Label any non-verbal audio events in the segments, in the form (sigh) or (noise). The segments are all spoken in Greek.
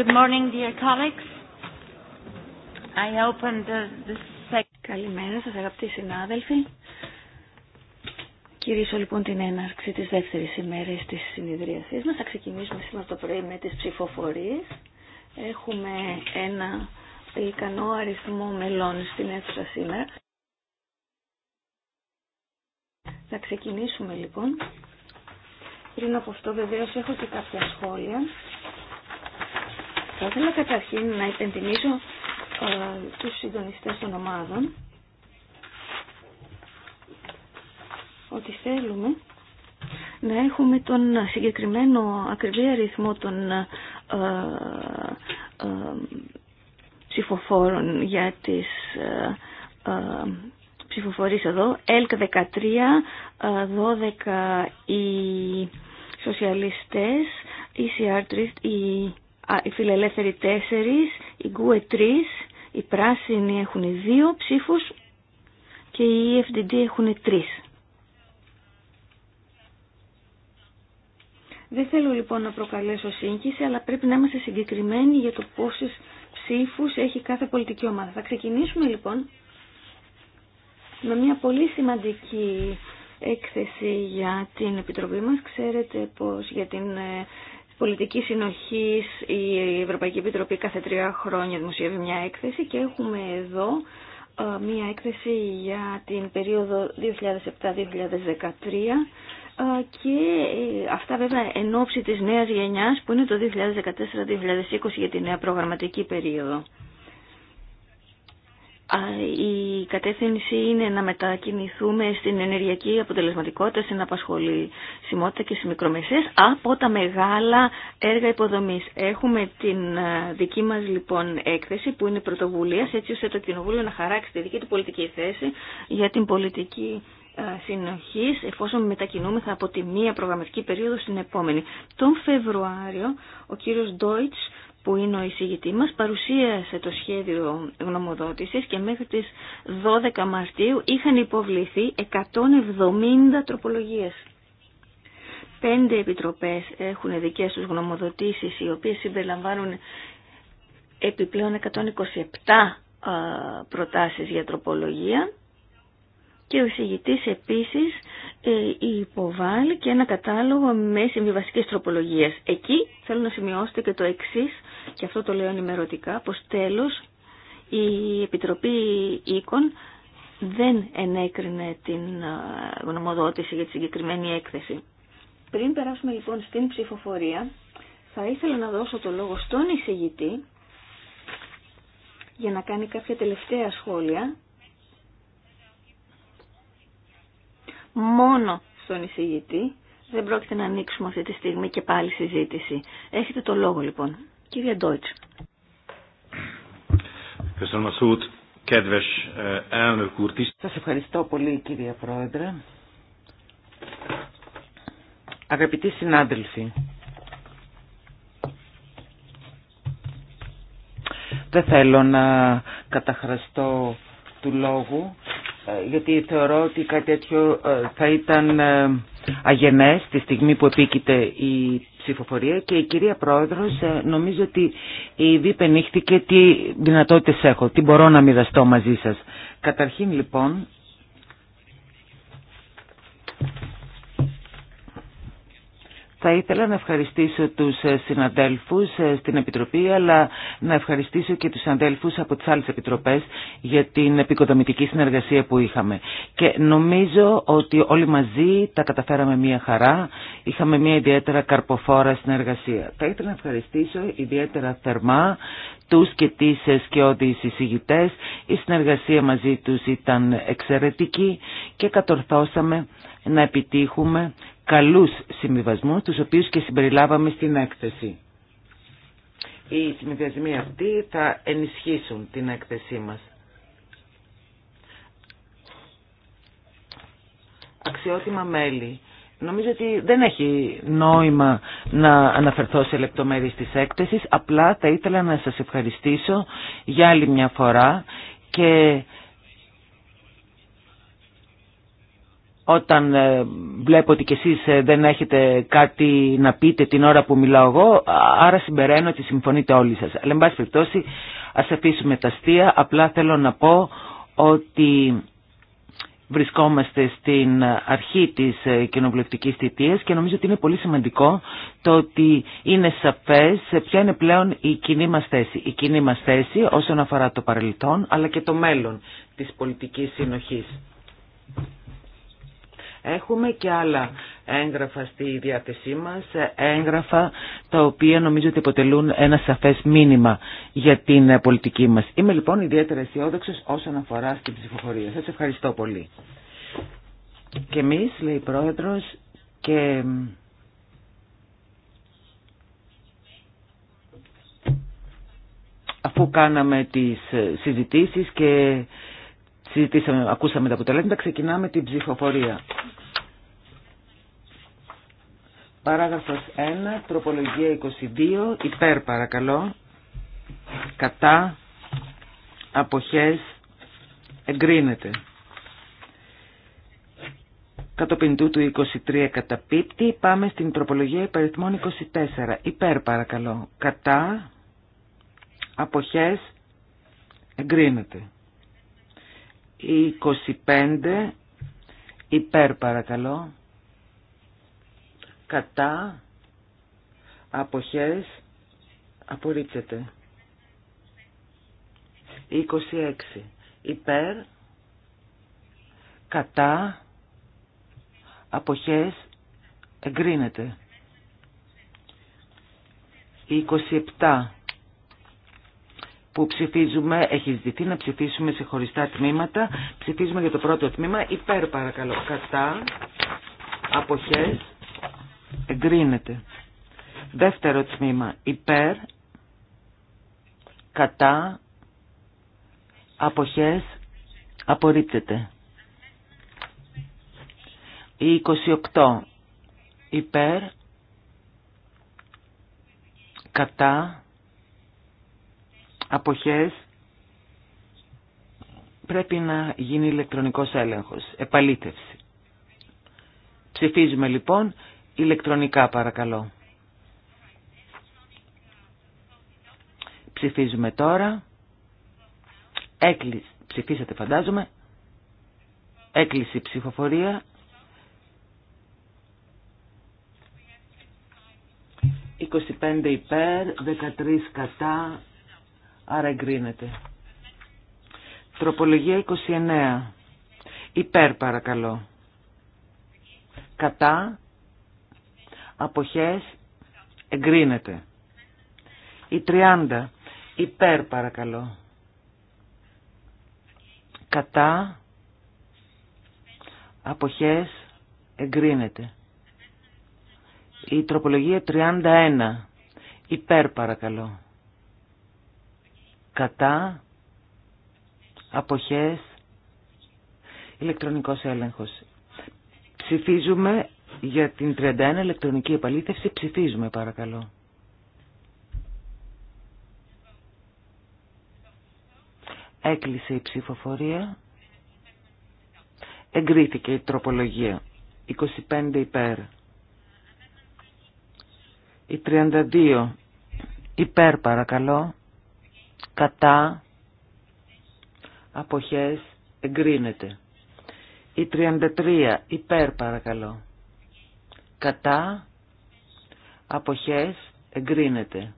Good morning, dear colleagues. I Καλημέρα σας αγαπητοί συνάδελφοι. Κυρίσω λοιπόν την έναρξη της δεύτερης ημέρας της συνεδρίασής μας. Θα ξεκινήσουμε σήμερα το πρωί με τις ψηφοφορίες. Έχουμε ένα ικανό αριθμό μελών στην αίθουσα σήμερα. Θα ξεκινήσουμε λοιπόν. Πριν από αυτό βεβαίως έχω και κάποια σχόλια. Θα ήθελα καταρχήν να υπενθυμίσω ε, τους συντονιστές των ομάδων ότι θέλουμε να έχουμε τον συγκεκριμένο ακριβή αριθμό των ε, ε, ψηφοφόρων για τις ε, ε, ψηφοφορίες εδώ. ΕΛΚ 13, 12 ε, οι σοσιαλιστές, ECR 3, οι οι φιλελεύθεροι τέσσερις, οι γκουε τρεις, οι πράσινοι έχουν δύο ψήφους και οι EFDD έχουν τρεις. Δεν θέλω λοιπόν να προκαλέσω σύγχυση, αλλά πρέπει να είμαστε συγκεκριμένοι για το πόσες ψήφους έχει κάθε πολιτική ομάδα. Θα ξεκινήσουμε λοιπόν με μια πολύ σημαντική έκθεση για την Επιτροπή μας. Ξέρετε πως για την ε, πολιτική συνοχής η Ευρωπαϊκή Επιτροπή κάθε τρία χρόνια δημοσιεύει μια έκθεση και έχουμε εδώ ε, μια έκθεση για την περίοδο 2007-2013 ε, και ε, αυτά βέβαια εν ώψη της νέας γενιάς που είναι το 2014-2020 για τη νέα προγραμματική περίοδο η κατεύθυνση είναι να μετακινηθούμε στην ενεργειακή αποτελεσματικότητα, στην απασχολησιμότητα και στις μικρομεσαίες από τα μεγάλα έργα υποδομής. Έχουμε την δική μας λοιπόν έκθεση που είναι πρωτοβουλία έτσι ώστε το Κοινοβούλιο να χαράξει τη δική του πολιτική θέση για την πολιτική συνοχή εφόσον μετακινούμεθα από τη μία προγραμματική περίοδο στην επόμενη. Τον Φεβρουάριο ο κύριος Ντόιτς που είναι ο εισηγητή μας, παρουσίασε το σχέδιο γνωμοδότησης και μέχρι τις 12 Μαρτίου είχαν υποβληθεί 170 τροπολογίες. Πέντε επιτροπές έχουν δικές τους γνωμοδοτήσεις, οι οποίες συμπεριλαμβάνουν επιπλέον 127 προτάσεις για τροπολογία και ο εισηγητής επίσης ε, υποβάλλει και ένα κατάλογο με συμβιβαστικές τροπολογίες. Εκεί θέλω να σημειώσετε και το εξής και αυτό το λέω ενημερωτικά, πως τέλος η Επιτροπή Οίκων δεν ενέκρινε την γνωμοδότηση για τη συγκεκριμένη έκθεση. Πριν περάσουμε λοιπόν στην ψηφοφορία, θα ήθελα να δώσω το λόγο στον εισηγητή για να κάνει κάποια τελευταία σχόλια. Μόνο στον εισηγητή. Δεν πρόκειται να ανοίξουμε αυτή τη στιγμή και πάλι συζήτηση. Έχετε το λόγο λοιπόν. Κύριε Ντόιτς. Eh, Σας ευχαριστώ πολύ κύριε Πρόεδρε. Αγαπητοί συνάδελφοι, δεν θέλω να καταχραστώ του λόγου ε, γιατί θεωρώ ότι κάτι τέτοιο ε, θα ήταν ε, αγενές τη στιγμή που επίκειται η ψηφοφορία και η κυρία Πρόεδρος ε, νομίζω ότι ήδη πενήχθηκε τι δυνατότητες έχω, τι μπορώ να μοιραστώ μαζί σας. Καταρχήν λοιπόν Θα ήθελα να ευχαριστήσω τους συναδέλφους ε, στην Επιτροπή αλλά να ευχαριστήσω και τους συναδέλφους από τις άλλες Επιτροπές για την επικοδομητική συνεργασία που είχαμε. Και νομίζω ότι όλοι μαζί τα καταφέραμε μία χαρά, είχαμε μία ιδιαίτερα καρποφόρα συνεργασία. Θα ήθελα να ευχαριστήσω ιδιαίτερα θερμά τους και τις σκιώδεις εισηγητές. Η συνεργασία μαζί τους ήταν εξαιρετική και κατορθώσαμε να επιτύχουμε καλούς συμβιβασμούς, τους οποίους και συμπεριλάβαμε στην έκθεση. Οι συμβιβασμοί αυτοί θα ενισχύσουν την έκθεσή μας. Αξιότιμα μέλη. Νομίζω ότι δεν έχει νόημα να αναφερθώ σε λεπτομέρειες της έκθεσης, απλά θα ήθελα να σας ευχαριστήσω για άλλη μια φορά και Όταν ε, βλέπω ότι κι εσείς ε, δεν έχετε κάτι να πείτε την ώρα που μιλάω εγώ, άρα συμπεραίνω ότι συμφωνείτε όλοι σας. Αλλά, εν πάση περιπτώσει, ας αφήσουμε τα αστεία. Απλά θέλω να πω ότι βρισκόμαστε στην αρχή της ε, κοινοβουλευτικής θητείας και νομίζω ότι είναι πολύ σημαντικό το ότι είναι σαφές ποια είναι πλέον η κοινή μας θέση. Η κοινή μας θέση όσον αφορά το παρελθόν αλλά και το μέλλον της πολιτικής συνοχής. Έχουμε και άλλα έγγραφα στη διάθεσή μας, έγγραφα τα οποία νομίζω ότι αποτελούν ένα σαφές μήνυμα για την πολιτική μας. Είμαι λοιπόν ιδιαίτερα αισιόδοξο όσον αφορά στην ψηφοφορία. Σας ευχαριστώ πολύ. Και εμείς, λέει Πρόεδρος, και... αφού κάναμε τις συζητήσεις και συζητήσαμε, ακούσαμε τα αποτελέσματα, ξεκινάμε την ψηφοφορία. Παράγραφος 1, τροπολογία 22, υπέρ παρακαλώ, κατά, αποχές, εγκρίνεται. Κατόπιν του 23 καταπίπτει, πάμε στην τροπολογία υπαριθμών 24, υπέρ παρακαλώ, κατά, αποχές, εγκρίνεται. 25 υπέρ παρακαλώ. Κατά αποχές η 26 υπέρ κατά αποχές εγκρίνεται. 27 που ψηφίζουμε έχει ζητηθεί να ψηφίσουμε σε χωριστά τμήματα. Ψηφίζουμε για το πρώτο τμήμα. Υπέρ παρακαλώ. Κατά. Αποχές. Εγκρίνεται. Δεύτερο τμήμα. Υπέρ. Κατά. Αποχές. Απορρίπτεται. Η 28. Υπέρ. Κατά αποχές πρέπει να γίνει ηλεκτρονικός έλεγχος, επαλήθευση. Ψηφίζουμε λοιπόν ηλεκτρονικά παρακαλώ. Ψηφίζουμε τώρα. Έκλεισε. Ψηφίσατε φαντάζομαι. Έκλεισε η ψηφοφορία. 25 υπέρ, 13 κατά, Άρα εγκρίνεται. Τροπολογία 29. Υπέρ παρακαλώ. Κατά. Αποχές. Εγκρίνεται. Η 30. Υπέρ παρακαλώ. Κατά. Αποχές. Εγκρίνεται. Η τροπολογία 31. Υπέρ παρακαλώ κατά, αποχές, ηλεκτρονικός έλεγχος. Ψηφίζουμε για την 31 ηλεκτρονική επαλήθευση, ψηφίζουμε παρακαλώ. Έκλεισε η ψηφοφορία. Εγκρίθηκε η τροπολογία. 25 υπέρ. Η 32 υπέρ παρακαλώ κατά αποχές εγκρίνεται. Η 33 υπέρ παρακαλώ. Κατά αποχές εγκρίνεται.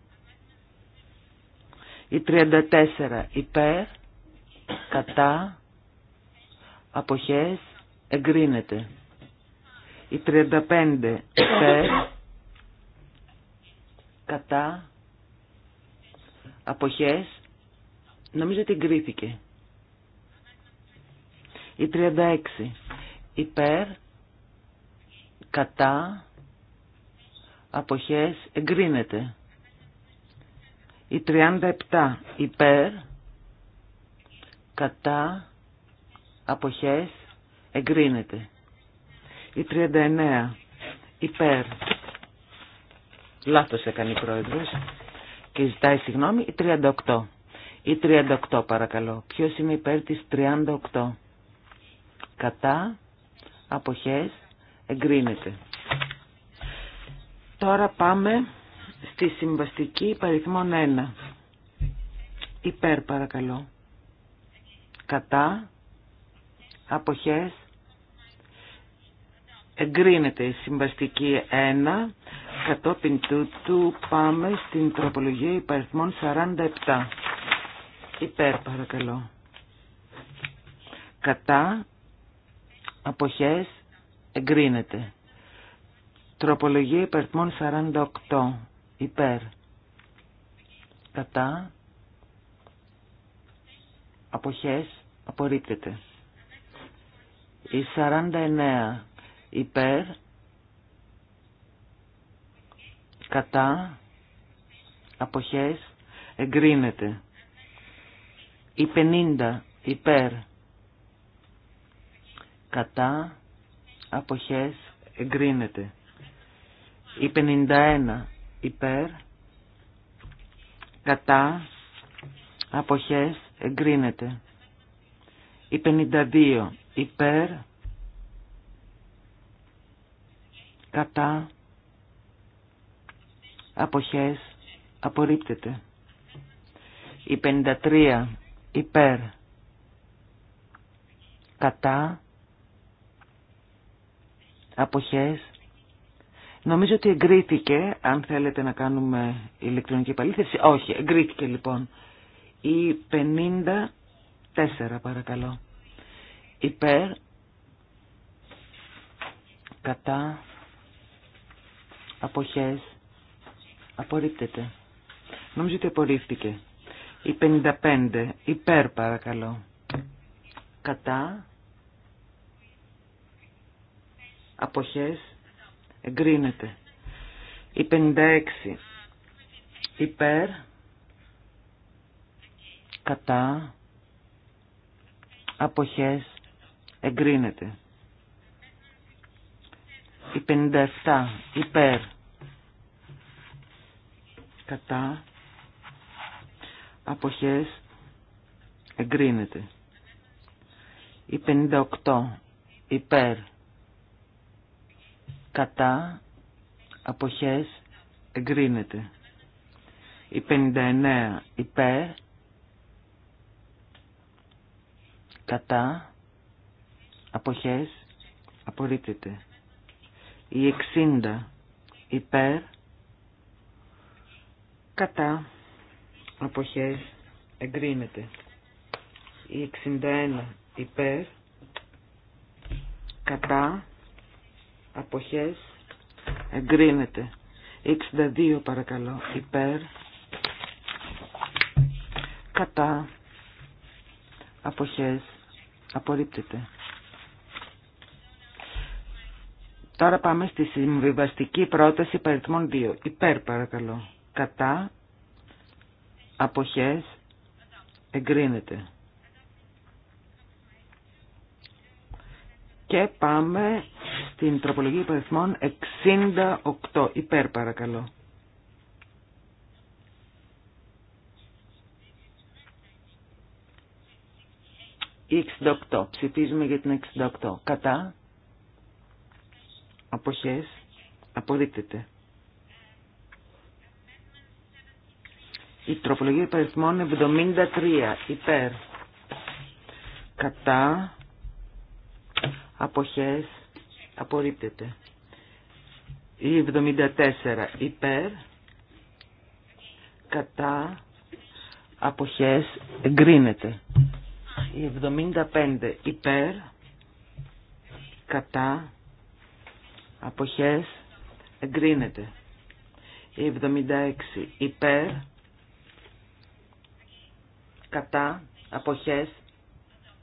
Η 34 υπέρ κατά αποχές εγκρίνεται. Η 35 υπέρ κατά αποχές νομίζω ότι εγκρίθηκε. Η 36 υπέρ κατά αποχές εγκρίνεται. Η 37 υπέρ κατά αποχές εγκρίνεται. Η 39 υπέρ λάθος έκανε η πρόεδρος και ζητάει συγγνώμη η 38. Η 38 παρακαλώ. Ποιος είναι υπέρ της 38. Κατά, αποχές, εγκρίνεται. Τώρα πάμε στη συμβαστική παριθμόν 1. Υπέρ παρακαλώ. Κατά, αποχές, εγκρίνεται η συμβαστική 1 Κατόπιν τούτου πάμε στην τροπολογία υπαριθμών 47. Υπέρ παρακαλώ. Κατά αποχές εγκρίνεται. Τροπολογία υπαριθμών 48. Υπέρ. Κατά αποχές απορρίπτεται. Η 49 υπέρ κατά, αποχές, εγκρίνεται. Η 50 υπέρ, κατά, αποχές, εγκρίνεται. Η 51 υπέρ, κατά, αποχές, εγκρίνεται. Η 52 υπέρ, κατά, αποχές απορρίπτεται. Η 53 υπέρ κατά αποχές Νομίζω ότι εγκρίθηκε, αν θέλετε να κάνουμε ηλεκτρονική επαλήθευση. Όχι, εγκρίθηκε λοιπόν. Η 54 παρακαλώ. Υπέρ, κατά, αποχές, Απορρίπτεται. Νομίζω ότι απορρίφθηκε. Η 55. Υπέρ παρακαλώ. Κατά. Αποχές. Εγκρίνεται. Η 56. Υπέρ. Κατά. Αποχές. Εγκρίνεται. Η 57. Υπέρ κατά αποχές εγκρίνεται. Η 58 υπέρ κατά αποχές εγκρίνεται. Η 59 υπέρ κατά αποχές απορρίπτεται. Η 60 υπέρ κατά αποχές εγκρίνεται η 61 υπέρ κατά αποχές εγκρίνεται 62 παρακαλώ υπέρ κατά αποχές απορρίπτεται Τώρα πάμε στη συμβιβαστική πρόταση περιθμών 2. Υπέρ παρακαλώ κατά αποχές εγκρίνεται. Και πάμε στην τροπολογία υπαριθμών 68 υπέρ παρακαλώ. Η 68. Ψηφίζουμε για την 68. Κατά. Αποχές. Απορρίπτεται. Η τροπολογία υπαριθμών 73 υπέρ κατά αποχές απορρίπτεται. Η 74 υπέρ κατά αποχές εγκρίνεται. Η 75 υπέρ κατά αποχές εγκρίνεται. Η 76 υπέρ κατά, αποχές,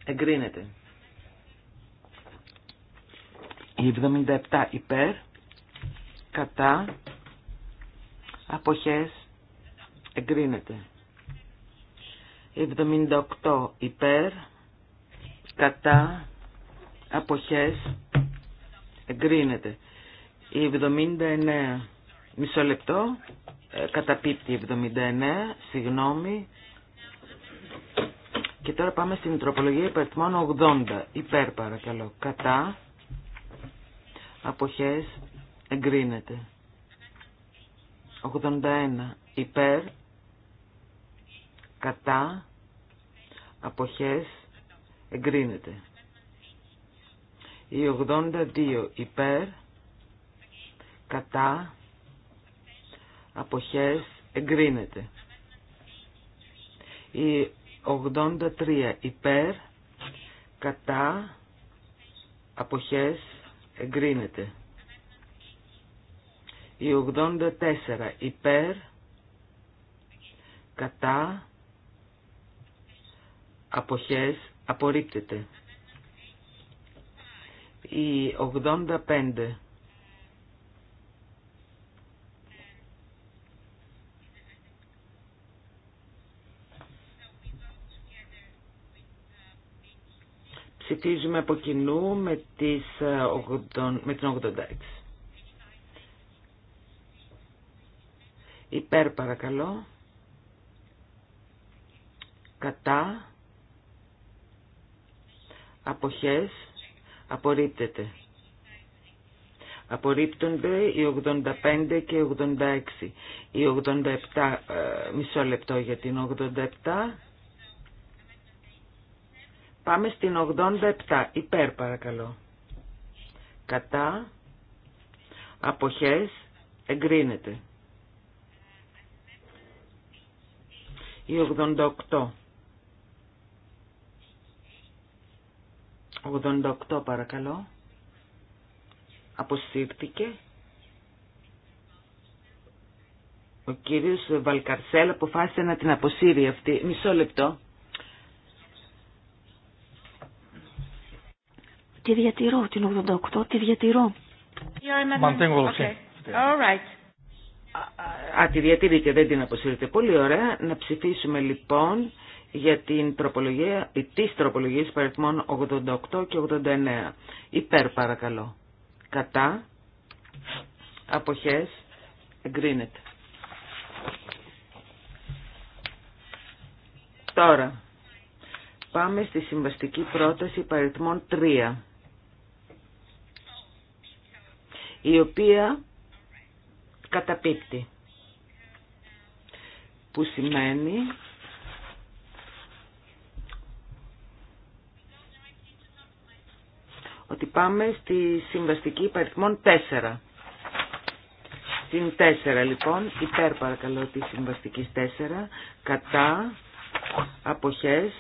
εγκρίνεται. Η 77 υπέρ, κατά, αποχές, εγκρίνεται. Η 78 υπέρ, κατά, αποχές, εγκρίνεται. Η 79, μισό λεπτό, ε, καταπίπτει η 79, συγγνώμη, και τώρα πάμε στην τροπολογία υπερθμών 80. Υπέρ παρακαλώ. Κατά. Αποχές. Εγκρίνεται. 81. Υπέρ. Κατά. Αποχές. Εγκρίνεται. Η 82. Υπέρ. Κατά. Αποχές. Εγκρίνεται. Η 83 υπέρ, κατά, αποχές, εγκρίνεται. Η 84 υπέρ, κατά, αποχές, απορρίπτεται. Η 85 ψηφίζουμε από κοινού με, τις, ε, με την 86. Υπέρ παρακαλώ. Κατά. Αποχές. Απορρίπτεται. Απορρίπτονται οι 85 και οι 86. Οι 87, ε, μισό λεπτό για την 87 Πάμε στην 87. Υπέρ παρακαλώ. Κατά. Αποχές. Εγκρίνεται. Η 88. 88 παρακαλώ. Αποσύρθηκε. Ο κύριος Βαλκαρσέλ αποφάσισε να την αποσύρει αυτή. Μισό λεπτό. Τη διατηρώ, την 88, τη διατηρώ. okay. Α, τη διατηρείτε, δεν την αποσύρετε. Πολύ ωραία. Να ψηφίσουμε λοιπόν για την τροπολογία, τις τροπολογίες παριθμών 88 και 89. Υπέρ παρακαλώ. Κατά. Αποχές. Εγκρίνεται. Τώρα, πάμε στη συμβαστική πρόταση παριθμών 3. η οποία καταπίπτει. Που σημαίνει ότι πάμε στη συμβαστική υπαριθμών 4. Στην 4 λοιπόν, υπέρ παρακαλώ τη συμβαστική 4, κατά αποχές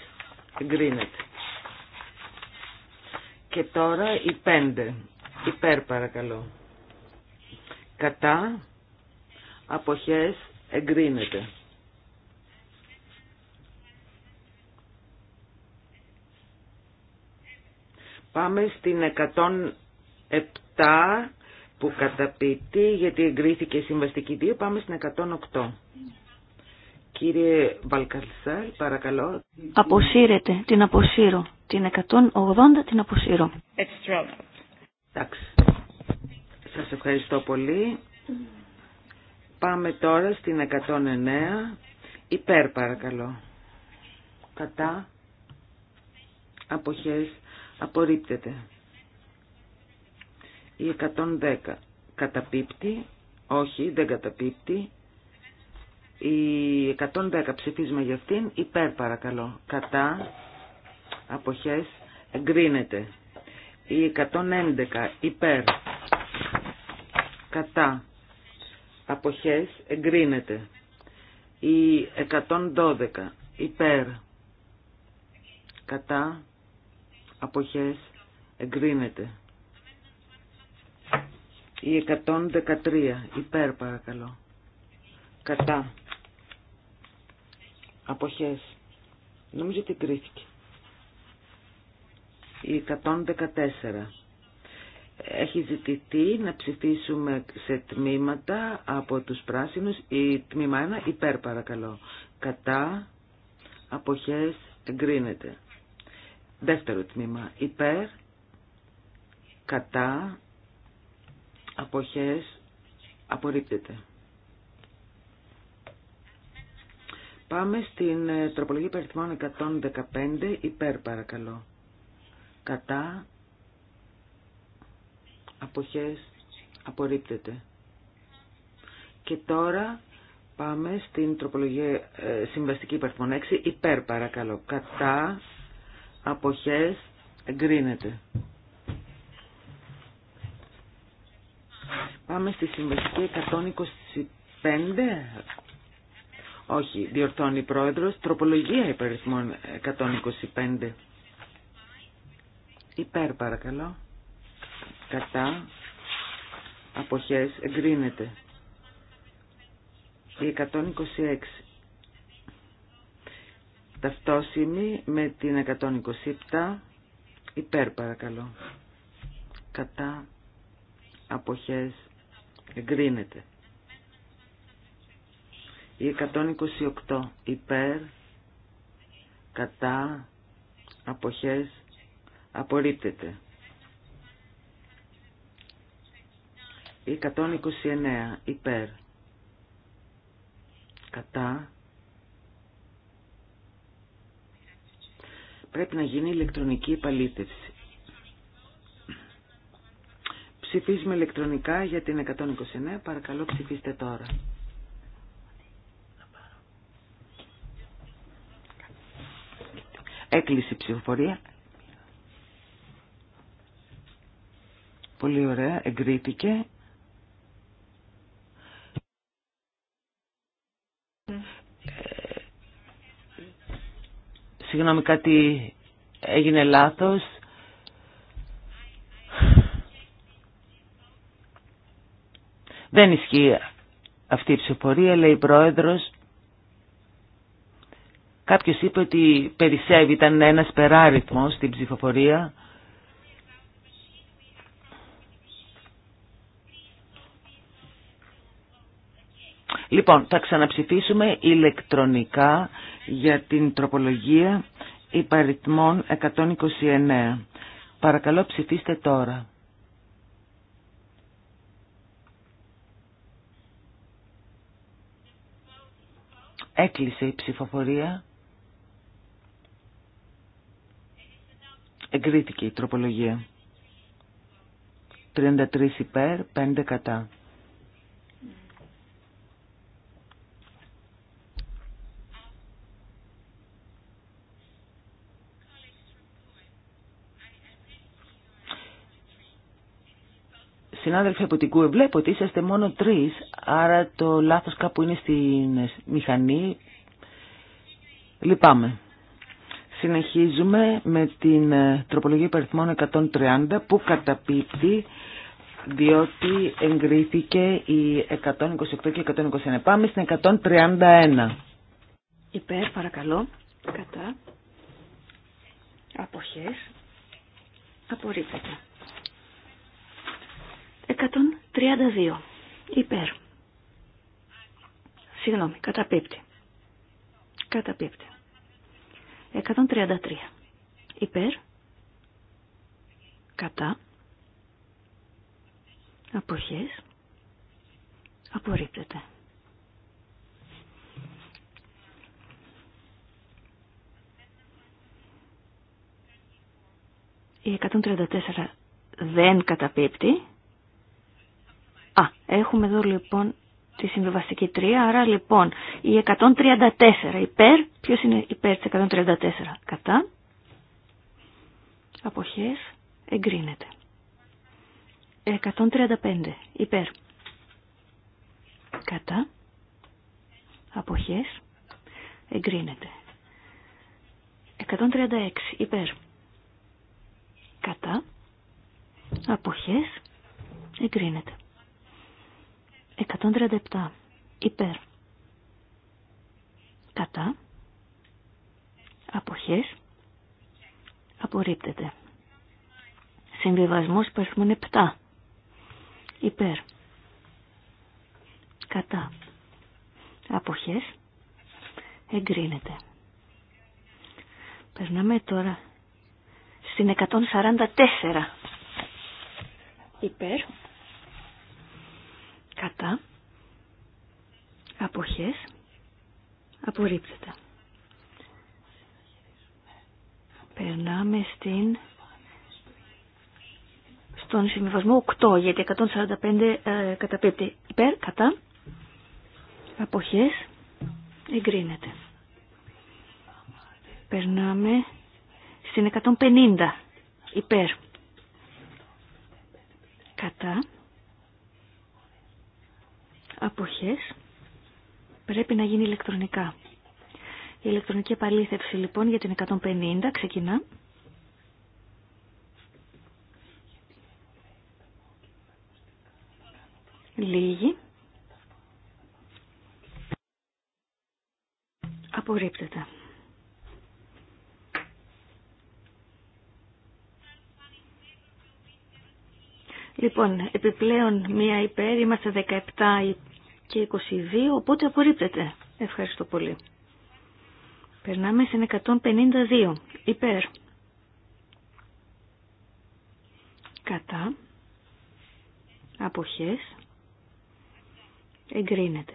εγκρίνεται. Και τώρα η 5, υπέρ παρακαλώ κατά αποχές εγκρίνεται. Πάμε στην 107 που καταπητεί γιατί εγκρίθηκε η συμβαστική 2. Πάμε στην 108. Κύριε Βαλκαλσάλ, παρακαλώ. Αποσύρετε, την αποσύρω. Την 180 την αποσύρω. Εντάξει. Σας ευχαριστώ πολύ. Πάμε τώρα στην 109. Υπέρ παρακαλώ. Κατά. Αποχές. Απορρίπτεται. Η 110. Καταπίπτει. Όχι, δεν καταπίπτει. Η 110 ψηφίζουμε για αυτήν. Υπέρ παρακαλώ. Κατά. Αποχές. Εγκρίνεται. Η 111. Υπέρ κατά αποχές εγκρίνεται η 112 υπέρ κατά αποχές εγκρίνεται η 113 υπέρ παρακαλώ κατά αποχές νομίζω ότι κρίθηκε η 114 έχει ζητηθεί να ψηφίσουμε σε τμήματα από τους πράσινους. Η τμήμα 1 υπέρ παρακαλώ. Κατά αποχές εγκρίνεται. Δεύτερο τμήμα υπέρ. Κατά αποχές απορρίπτεται. Πάμε στην ε, τροπολογία περιθμών 115 υπέρ παρακαλώ. Κατά αποχές απορρίπτεται. Και τώρα πάμε στην τροπολογία ε, συμβαστική υπαρθμόν 6, υπέρ παρακαλώ. Κατά αποχές εγκρίνεται. Πάμε στη συμβαστική 125. Όχι, διορθώνει η πρόεδρος. Τροπολογία υπερισμών 125. Υπέρ παρακαλώ κατά αποχές εγκρίνεται. Η 126 ταυτόσημη με την 127 υπέρ παρακαλώ. Κατά αποχές εγκρίνεται. Η 128 υπέρ κατά αποχές απορρίπτεται. 129 υπέρ κατά πρέπει να γίνει ηλεκτρονική επαλήθευση. Ψηφίζουμε ηλεκτρονικά για την 129. Παρακαλώ ψηφίστε τώρα. Έκλεισε η ψηφοφορία. Πολύ ωραία. Εγκρίθηκε. Συγγνώμη, κάτι έγινε λάθος. Δεν ισχύει αυτή η ψηφοφορία, λέει η Πρόεδρος. Κάποιος είπε ότι περισσεύει, ήταν ένας περάριθμος στην ψηφοφορία. Λοιπόν, θα ξαναψηφίσουμε ηλεκτρονικά για την τροπολογία υπαριθμών 129. Παρακαλώ ψηφίστε τώρα. Έκλεισε η ψηφοφορία. Εγκρίθηκε η τροπολογία. 33 υπέρ, 5 κατά. Συνάδελφοι από την ΚΟΕ, βλέπω ότι είσαστε μόνο τρεις, άρα το λάθος κάπου είναι στη μηχανή. Λυπάμαι. Συνεχίζουμε με την ε, τροπολογία υπεριθμών 130 που καταπίπτει διότι εγκρίθηκε η 128 και 129. Πάμε στην 131. Υπέρ, παρακαλώ. Κατά. Αποχές. Απορρίπτεται. 132 υπέρ. Συγγνώμη, καταπίπτει. Καταπίπτει. 133 υπέρ. Κατά. Αποχές. Απορρίπτεται. Η 134 δεν καταπίπτει. Α, έχουμε εδώ λοιπόν τη συμβιβαστική 3, άρα λοιπόν η 134 υπέρ, ποιος είναι υπέρ της 134, κατά, αποχές, εγκρίνεται. 135 υπέρ, κατά, αποχές, εγκρίνεται. 136 υπέρ, κατά, αποχές, εγκρίνεται. 137 υπέρ κατά αποχές απορρίπτεται. Συμβιβασμός έχουμε 7 υπέρ κατά αποχές εγκρίνεται. Περνάμε τώρα στην 144 υπέρ κατά αποχές απορρίπτεται. Περνάμε στην... στον συμβιβασμό 8 γιατί 145 ε, καταπέπτει υπέρ, κατά αποχές εγκρίνεται. Περνάμε στην 150 υπέρ κατά αποχές πρέπει να γίνει ηλεκτρονικά. Η ηλεκτρονική επαλήθευση λοιπόν για την 150 ξεκινά. Λίγη. Απορρίπτεται. Λοιπόν, επιπλέον μία υπέρ, είμαστε 17 υπέρ και 22, οπότε απορρίπτεται. Ευχαριστώ πολύ. Περνάμε στην 152. Υπέρ. Κατά. Αποχές. Εγκρίνεται.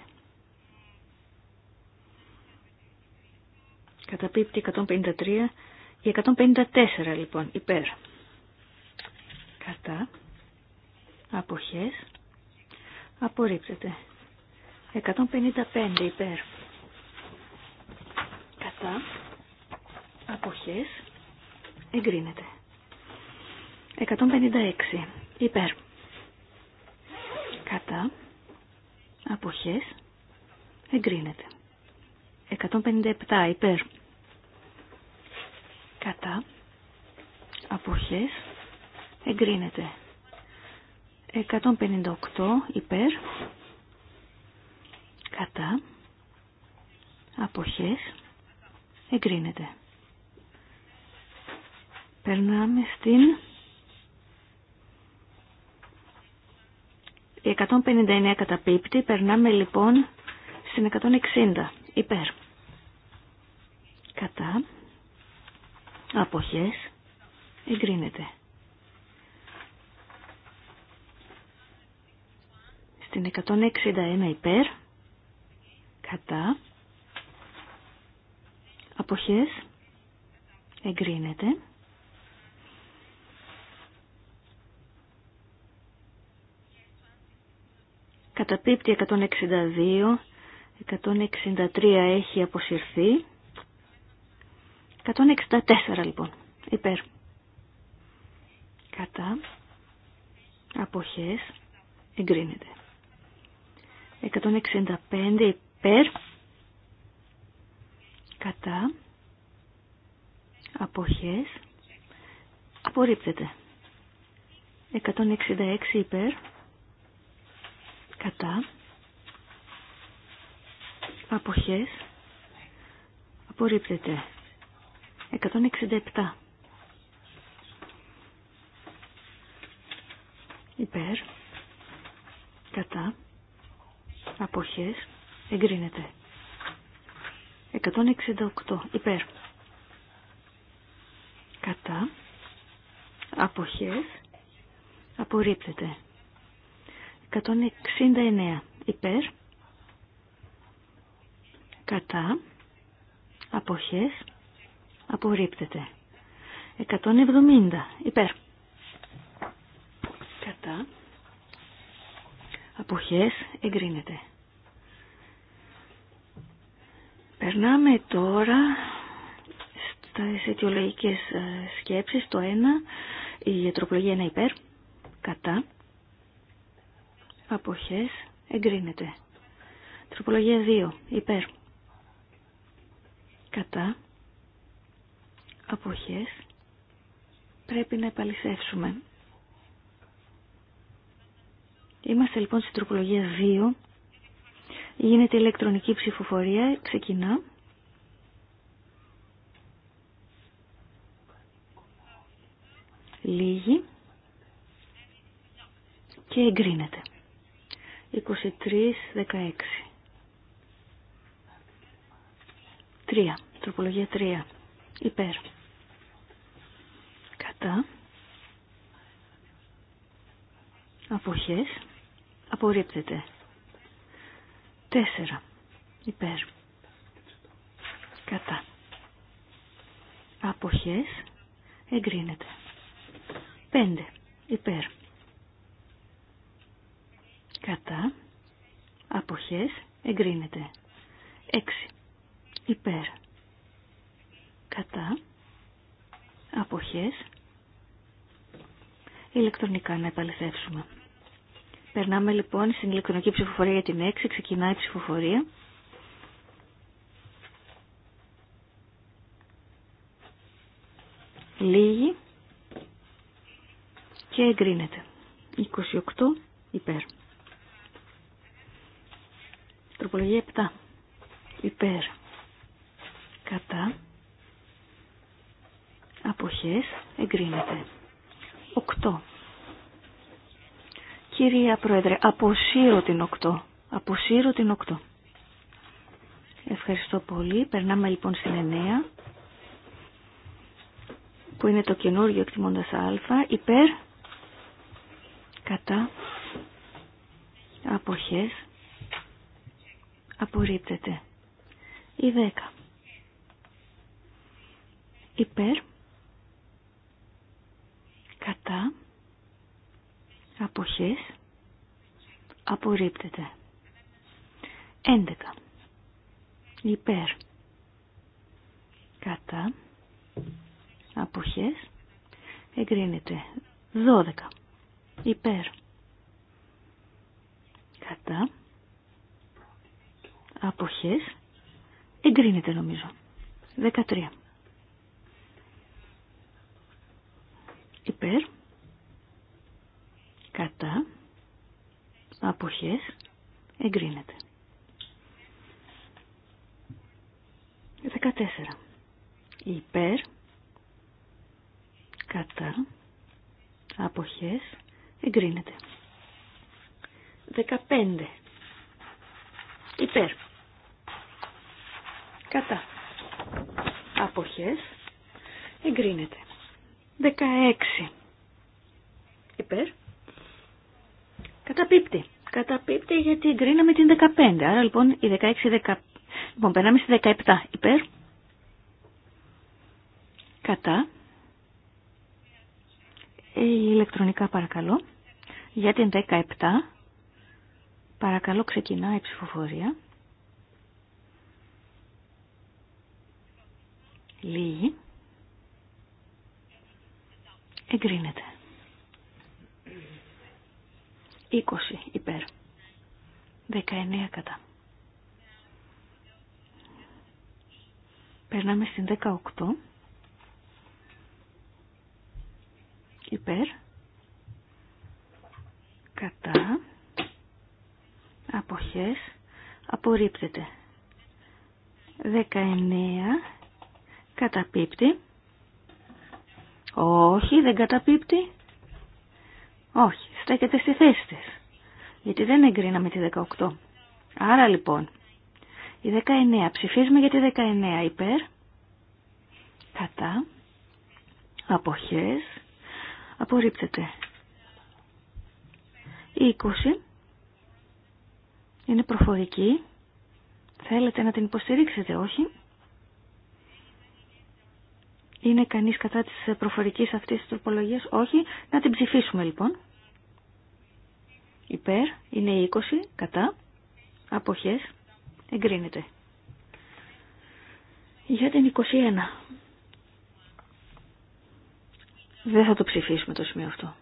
Καταπίπτει 153 και 154 λοιπόν. Υπέρ. Κατά. Αποχές. Απορρίπτεται. 155 υπέρ. Κατά. Αποχές. Εγκρίνεται. 156 υπέρ. Κατά. Αποχές. Εγκρίνεται. 157 υπέρ. Κατά. Αποχές. Εγκρίνεται. 158 υπέρ κατά αποχές εγκρίνεται. Περνάμε στην 159 πίπτη. περνάμε λοιπόν στην 160 υπέρ. Κατά αποχές εγκρίνεται. Στην 161 υπέρ κατά αποχές εγκρίνεται καταπίπτει 162 163 έχει αποσυρθεί 164 λοιπόν υπέρ κατά αποχές εγκρίνεται 165 υπέρ κατά αποχές απορρίπτεται 166 υπέρ κατά αποχές απορρίπτεται 167 υπέρ κατά αποχές εγκρίνεται. 168 υπέρ. Κατά. Αποχές. Απορρίπτεται. 169 υπέρ. Κατά. Αποχές. Απορρίπτεται. 170 υπέρ. Κατά. Αποχές εγκρίνεται. Περνάμε τώρα στις αιτιολογικές ε, σκέψεις. Το ένα, η τροπολογία είναι υπέρ, κατά, αποχές, εγκρίνεται. Τροπολογία 2, υπέρ, κατά, αποχές, πρέπει να επαληθεύσουμε. Είμαστε λοιπόν στην τροπολογία 2, Γίνεται ηλεκτρονική ψηφοφορία. Ξεκινά. Λίγη. Και εγκρίνεται. 23-16. τρία Τροπολογία τρία Υπέρ. Κατά. Αποχές. Απορρίπτεται. Τέσσερα υπέρ κατά αποχές εγκρίνεται 5 υπέρ κατά αποχές εγκρίνεται 6 υπέρ κατά αποχές ηλεκτρονικά να επαληθεύσουμε Περνάμε λοιπόν στην ηλεκτρονική ψηφοφορία για την 6. Ξεκινάει η ψηφοφορία. Λίγη και εγκρίνεται. 28 υπέρ. Τροπολογία 7 υπέρ. Κατά. Αποχές εγκρίνεται. 8 Κυρία Πρόεδρε, αποσύρω την 8. Αποσύρω την 8. Ευχαριστώ πολύ. Περνάμε λοιπόν στην 9 που είναι το καινούργιο εκτιμώντα α, υπέρ, κατά, αποχές, απορρίπτεται. Η 10. Υπέρ, κατά, αποχές απορρίπτεται. 11. Υπέρ. Κατά. Αποχές. Εγκρίνεται. 12. Υπέρ. Κατά. Αποχές. Εγκρίνεται νομίζω. 13. Υπέρ κατά αποχές εγκρίνεται. 14. Υπέρ κατά αποχές εγκρίνεται. 15. Υπέρ κατά αποχές εγκρίνεται. 16. Υπέρ Καταπίπτει. Καταπίπτει γιατί εγκρίναμε την 15. Άρα λοιπόν η 16, 10... Λοιπόν, περνάμε στη 17. Υπέρ. Κατά. Η ε, ηλεκτρονικά παρακαλώ. Για την 17. Παρακαλώ ξεκινά η ψηφοφορία. Λίγη. Εγκρίνεται. 20 υπέρ. 19 κατά. Περνάμε στην 18 υπέρ. Κατά. Αποχές. Απορρίπτεται. 19 καταπίπτει. Όχι, δεν καταπίπτει. Όχι, στέκεται στη θέση της. Γιατί δεν εγκρίναμε τη 18. Άρα λοιπόν, η 19. Ψηφίζουμε για τη 19 υπέρ. Κατά. Αποχές. Απορρίπτεται. Η 20. Είναι προφορική. Θέλετε να την υποστηρίξετε, όχι. Είναι κανείς κατά της προφορικής αυτής της τροπολογίας. Όχι. Να την ψηφίσουμε λοιπόν. Υπέρ. Είναι 20. Κατά. Αποχές. Εγκρίνεται. Για την 21. Δεν θα το ψηφίσουμε το σημείο αυτό.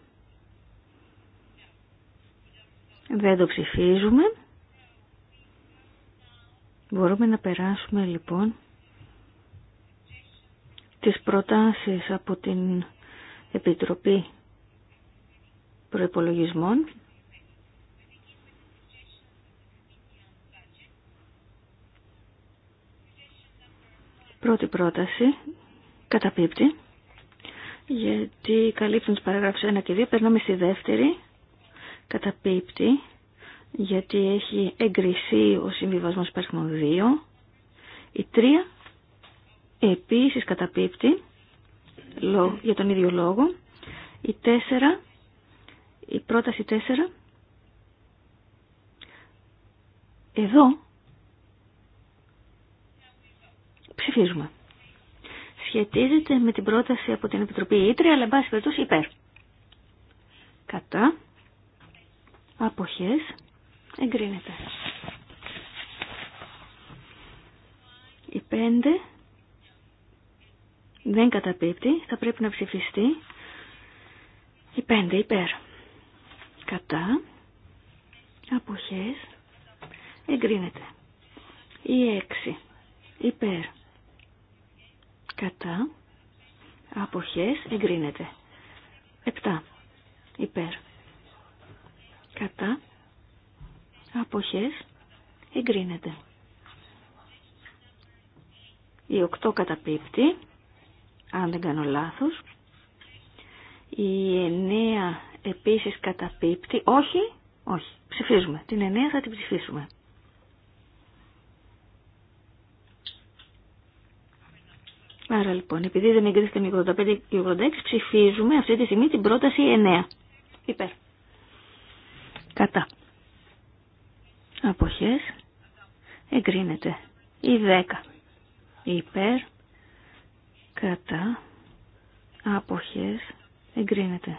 Δεν το ψηφίζουμε. Μπορούμε να περάσουμε λοιπόν τις προτάσεις από την Επιτροπή Προϋπολογισμών Πρώτη πρόταση, καταπίπτει, γιατί καλύπτουν τις παραγράφους 1 και 2, περνάμε στη δεύτερη, καταπίπτει, γιατί έχει εγκριθεί ο συμβιβασμός υπαρχμών 2, η 3 Επίσης καταπίπτει, για τον ίδιο λόγο, η 4, η πρόταση 4, εδώ ψηφίζουμε. Σχετίζεται με την πρόταση από την Επιτροπή Ήτρε, αλλά εν πάση υπέρ. Κατά. Αποχές. Εγκρίνεται. Η πέντε δεν καταπίπτει, θα πρέπει να ψηφιστεί η 5 υπέρ. Κατά, αποχές, εγκρίνεται. Η 6 υπέρ. Κατά, αποχές, εγκρίνεται. 7 υπέρ. Κατά, αποχές, εγκρίνεται. Η 8 καταπίπτει αν δεν κάνω λάθος. Η 9 επίσης καταπίπτει. Όχι, όχι. Ψηφίζουμε. Την 9 θα την ψηφίσουμε. Άρα λοιπόν, επειδή δεν εγκρίθηκε με 85 και 86, ψηφίζουμε αυτή τη στιγμή την πρόταση 9. Υπέρ. Κατά. Αποχές. Εγκρίνεται. Η 10. Υπέρ κατά άποχες εγκρίνεται.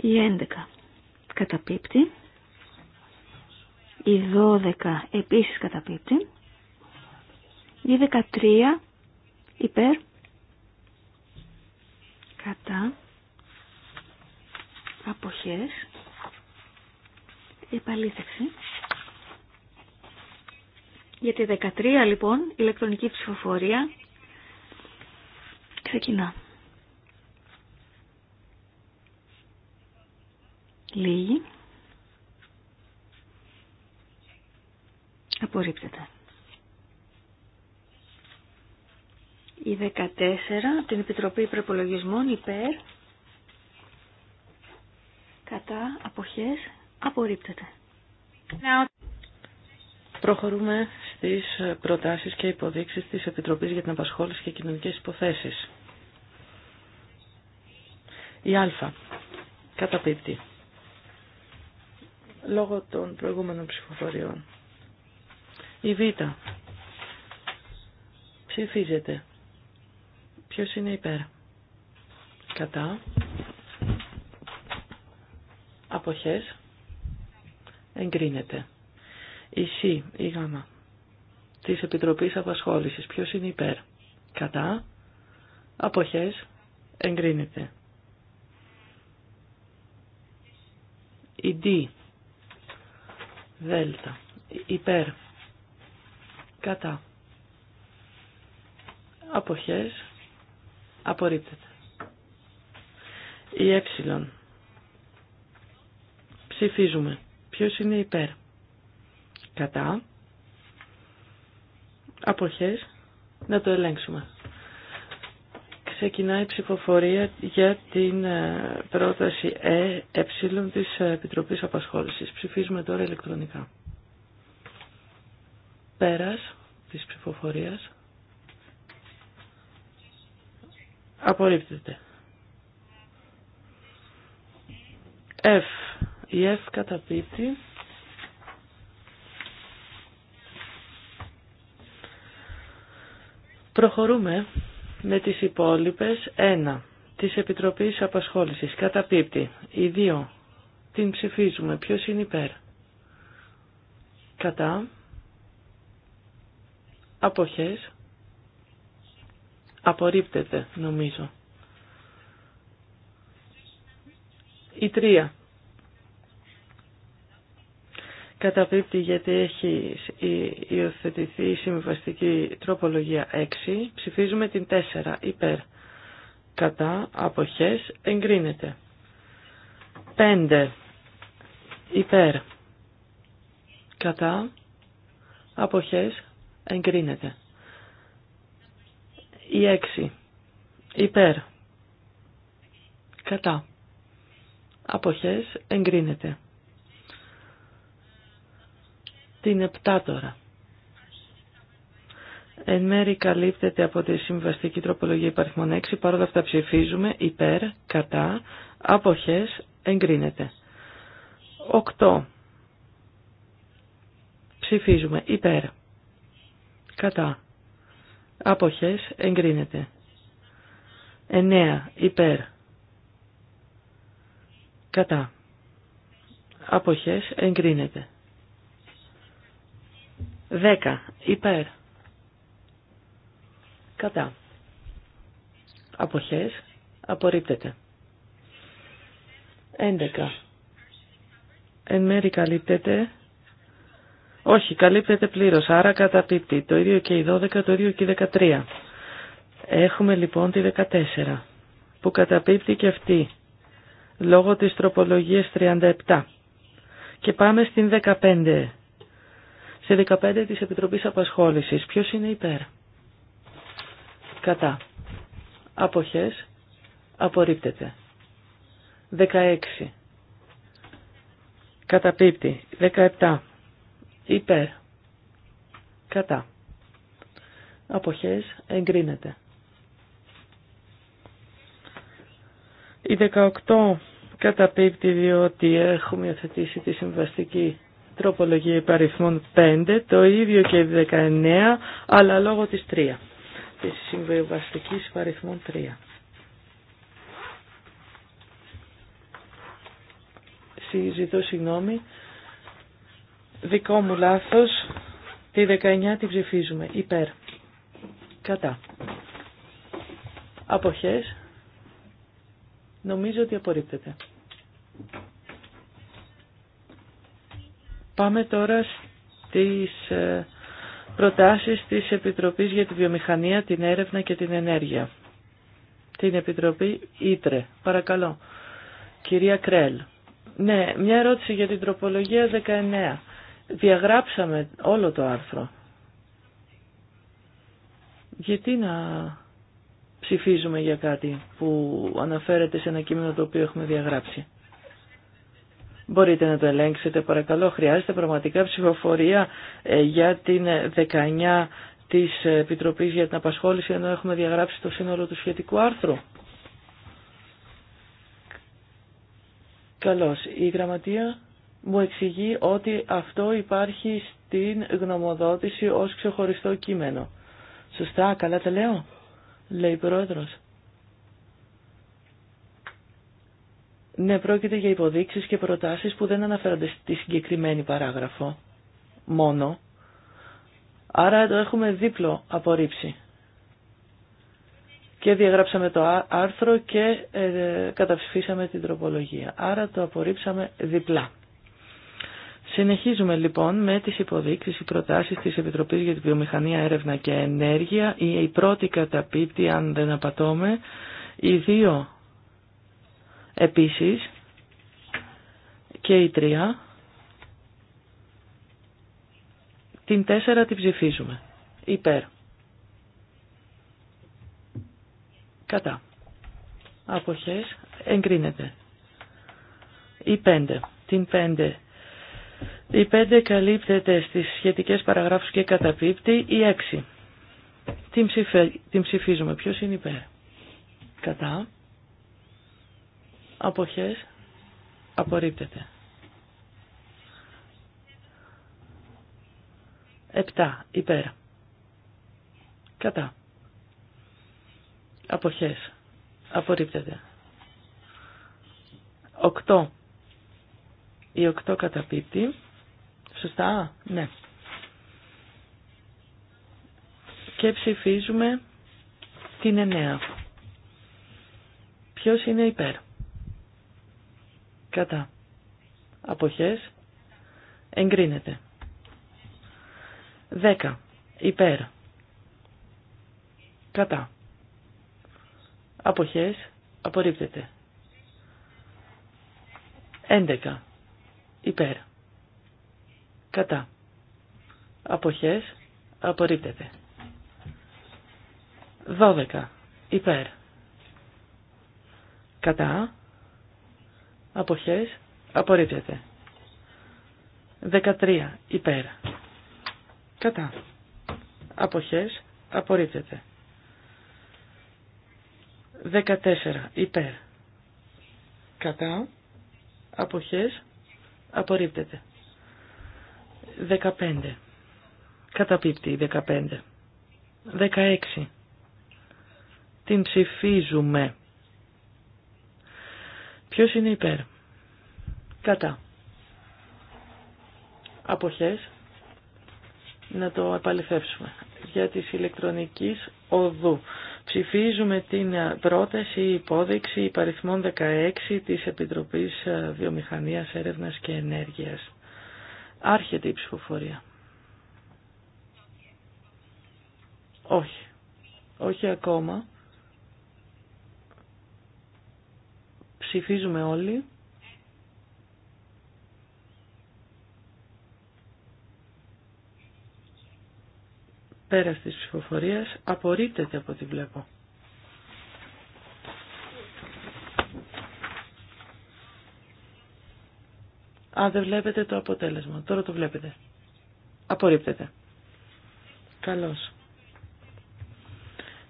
Η 11 καταπίπτει. Η 12 επίσης καταπίπτει. Η 13 υπέρ κατά αποχές επαλήθευση. Για τη 13 λοιπόν, ηλεκτρονική ψηφοφορία ξεκινά. Λίγη. Απορρίπτεται. Η 14 την Επιτροπή Προπολογισμών υπέρ κατά αποχές απορρίπτεται. Προχωρούμε στις προτάσεις και υποδείξεις τη Επιτροπής για την Απασχόληση και Κοινωνικές Υποθέσεις. Η Α. Καταπίπτει. Λόγω των προηγούμενων ψηφοφοριών. Η Β. Ψηφίζεται. Ποιος είναι υπέρ. Κατά. Αποχές. Εγκρίνεται. Η Σ, η Γάμα της Επιτροπής Απασχόλησης. Ποιος είναι υπέρ. Κατά. Αποχές. Εγκρίνεται. Η D. Δέλτα. Υπέρ. Κατά. Αποχές. Απορρίπτεται. Η ε. Ψηφίζουμε. Ποιος είναι υπέρ. Κατά αποχές να το ελέγξουμε. Ξεκινάει η ψηφοφορία για την ε, πρόταση ΕΕ της Επιτροπής Απασχόλησης. Ψηφίζουμε τώρα ηλεκτρονικά. Πέρας της ψηφοφορίας απορρίπτεται. F. Η Εφ καταπίτη. Προχωρούμε με τις υπόλοιπες. 1. Της Επιτροπής Απασχόλησης. Καταπίπτει. Οι 2. Την ψηφίζουμε. Ποιος είναι υπέρ. Κατά. Αποχές. Απορρίπτεται νομίζω. Η 3. Καταπίπτει γιατί έχει υιοθετηθεί η συμβιβαστική τροπολογία 6. Ψηφίζουμε την 4 υπέρ. Κατά αποχές εγκρίνεται. 5 υπέρ. Κατά αποχές εγκρίνεται. Η 6 υπέρ. Κατά αποχές εγκρίνεται. Την επτάτορα. τώρα. Εν μέρη καλύπτεται από τη συμβαστική τροπολογία υπαριθμών 6, παρόλα αυτά ψηφίζουμε υπέρ, κατά, αποχές, εγκρίνεται. 8. Ψηφίζουμε υπέρ, κατά, αποχές, εγκρίνεται. 9. Υπέρ, κατά, αποχές, εγκρίνεται. 10. Υπέρ. Κατά. Αποχές. Απορρίπτεται. 11. Εν μέρη καλύπτεται. Όχι, καλύπτεται πλήρως, άρα καταπίπτει. Το ίδιο και η 12, το ίδιο και η 13. Έχουμε λοιπόν τη 14, που καταπίπτει και αυτή, λόγω της τροπολογίας 37. Και πάμε στην 15 σε 15 της Επιτροπής Απασχόλησης. Ποιος είναι υπέρ. Κατά. Αποχές. Απορρίπτεται. 16. Καταπίπτει. 17. Υπέρ. Κατά. Αποχές. Εγκρίνεται. Η 18 καταπίπτει διότι έχουμε υιοθετήσει τη συμβαστική τροπολογία υπαριθμών 5, το ίδιο και 19, αλλά λόγω της 3, της συμβεβαστικής υπαριθμών 3. Συζητώ, συγγνώμη, δικό μου λάθος, τη 19 την ψηφίζουμε, υπέρ, κατά. Αποχές, νομίζω ότι απορρίπτεται. Πάμε τώρα στις ε, προτάσεις της Επιτροπής για τη Βιομηχανία, την Έρευνα και την Ενέργεια. Την Επιτροπή Ήτρε. Παρακαλώ. Κυρία Κρέλ. Ναι, μια ερώτηση για την τροπολογία 19. Διαγράψαμε όλο το άρθρο. Γιατί να ψηφίζουμε για κάτι που αναφέρεται σε ένα κείμενο το οποίο έχουμε διαγράψει. Μπορείτε να το ελέγξετε παρακαλώ. Χρειάζεται πραγματικά ψηφοφορία ε, για την 19 ε, της ε, Επιτροπής για την Απασχόληση ενώ έχουμε διαγράψει το σύνολο του σχετικού άρθρου. Καλώς. Η γραμματεία μου εξηγεί ότι αυτό υπάρχει στην γνωμοδότηση ως ξεχωριστό κείμενο. Σωστά, καλά τα λέω, λέει η Πρόεδρος. Ναι, πρόκειται για υποδείξεις και προτάσεις που δεν αναφέρονται στη συγκεκριμένη παράγραφο μόνο. Άρα το έχουμε δίπλο απορρίψει. Και διαγράψαμε το άρθρο και ε, καταψηφίσαμε την τροπολογία. Άρα το απορρίψαμε διπλά. Συνεχίζουμε λοιπόν με τις υποδείξεις, οι προτάσεις της Επιτροπής για τη Βιομηχανία, Έρευνα και Ενέργεια. Η πρώτη καταπίτη, αν δεν απατώμε, οι δύο Επίσης, και η 3, την 4 την ψηφίζουμε. Υπέρ. Κατά. Αποχές εγκρίνεται. Η 5. Την 5. Η 5 καλύπτεται στις σχετικές παραγράφους και καταπίπτει. Η 6. Την, ψηφίζουμε. Ποιος είναι υπέρ. Κατά αποχές απορρίπτεται. 7. Υπέρ. Κατά. Αποχές. Απορρίπτεται. 8. Η 8 καταπίπτει. Σωστά. Ναι. Και ψηφίζουμε την 9. Ποιος είναι υπέρ κατά αποχές εγκρίνεται 10 υπέρ κατά αποχές απορρίπτεται 11 υπέρ κατά αποχές απορρίπτεται 12 υπέρ κατά Αποχές. Απορρίπτεται. 13. Υπέρ. Κατά. Αποχές. Απορρίπτεται. 14. Υπέρ. Κατά. Αποχές. Απορρίπτεται. 15. Καταπίπτει 15. 16. Την ψηφίζουμε Ποιος είναι υπέρ. Κατά. Αποχές. Να το επαληθεύσουμε. Για της ηλεκτρονικής οδού. Ψηφίζουμε την πρόταση υπόδειξη υπαριθμών 16 της Επιτροπής Βιομηχανίας, Έρευνας και Ενέργειας. Άρχεται η ψηφοφορία. Όχι. Όχι ακόμα. Ψηφίζουμε όλοι. Πέρας της ψηφοφορίας απορρίπτεται από ό,τι βλέπω. Αν δεν βλέπετε το αποτέλεσμα. Τώρα το βλέπετε. Απορρίπτεται. Καλώς.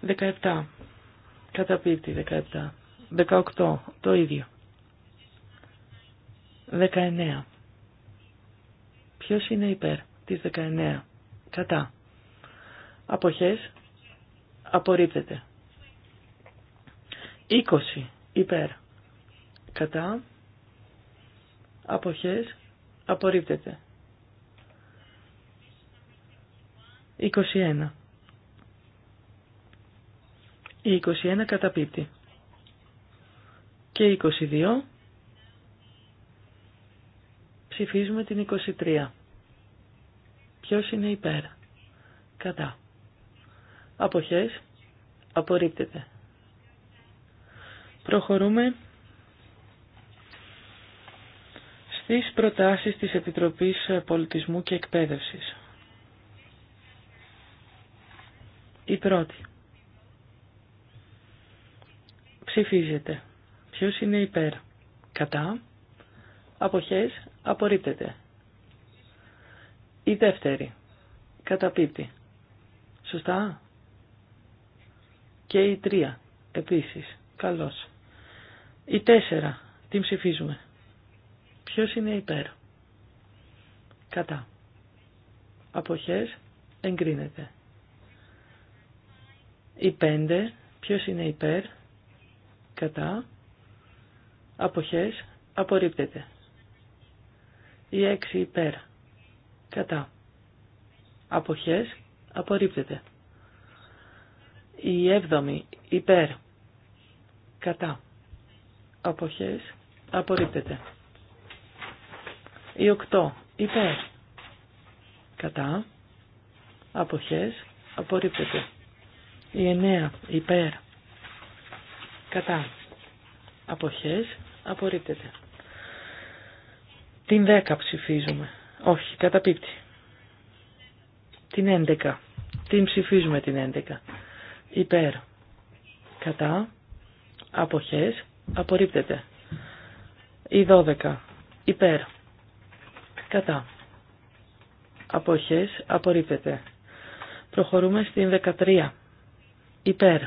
17. Καταπίπτει 17. 18. Το ίδιο. 19. Ποιος είναι υπέρ της 19. Κατά. Αποχές. Απορρίπτεται. 20. Υπέρ. Κατά. Αποχές. Απορρίπτεται. 21. Η 21 καταπίπτει και 22. Ψηφίζουμε την 23. Ποιος είναι υπέρ. Κατά. Αποχές. Απορρίπτεται. Προχωρούμε στις προτάσεις της Επιτροπής Πολιτισμού και Εκπαίδευσης. Η πρώτη. Ψηφίζεται. Ποιος είναι υπέρ. Κατά. Αποχές. Απορρίπτεται. Η δεύτερη. Καταπίπτει. Σωστά. Και η τρία. Επίσης. Καλώς. Η τέσσερα. Την ψηφίζουμε. Ποιος είναι υπέρ. Κατά. Αποχές. Εγκρίνεται. Η πέντε. Ποιος είναι υπέρ. Κατά. Αποχές. Απορρίπτεται. Η έξι υπέρ. Κατά. Αποχές. Απορρίπτεται. Η έβδομη υπέρ. Κατά. Αποχές. Απορρίπτεται. Η οκτώ υπέρ. Κατά. Αποχές. Απορρίπτεται. Η εννέα υπέρ. Κατά. Αποχές απορρίπτεται. Την 10 ψηφίζουμε. Όχι, καταπίπτει. Την 11. Την ψηφίζουμε την 11. Υπέρ. Κατά. Αποχές. Απορρίπτεται. Η 12. Υπέρ. Κατά. Αποχές. Απορρίπτεται. Προχωρούμε στην 13. Υπέρ.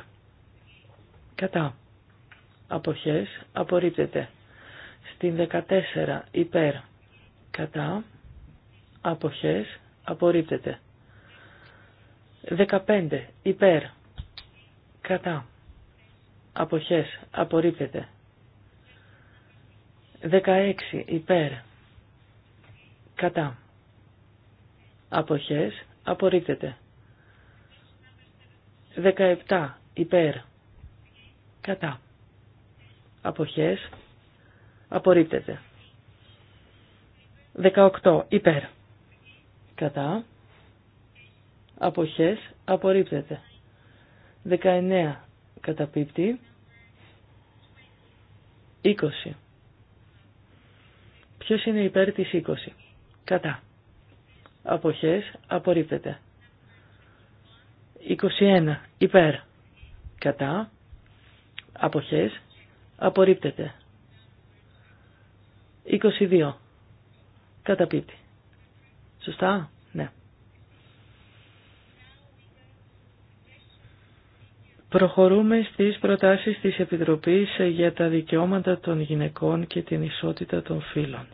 Κατά αποχές απορρίπτεται. Στην 14 υπέρ κατά αποχές απορρίπτεται. 15 υπέρ κατά αποχές απορρίπτεται. 16 υπέρ κατά αποχές απορρίπτεται. 17 υπέρ κατά αποχές απορρίπτεται. 18. Υπέρ. Κατά. Αποχές απορρίπτεται. 19. Καταπίπτει. 20. Ποιος είναι υπέρ της 20. Κατά. Αποχές απορρίπτεται. 21. Υπέρ. Κατά. Αποχές Απορρίπτεται. 22. Καταπίπτει. Σωστά. Ναι. Προχωρούμε στις προτάσεις της Επιτροπής για τα δικαιώματα των γυναικών και την ισότητα των φύλων.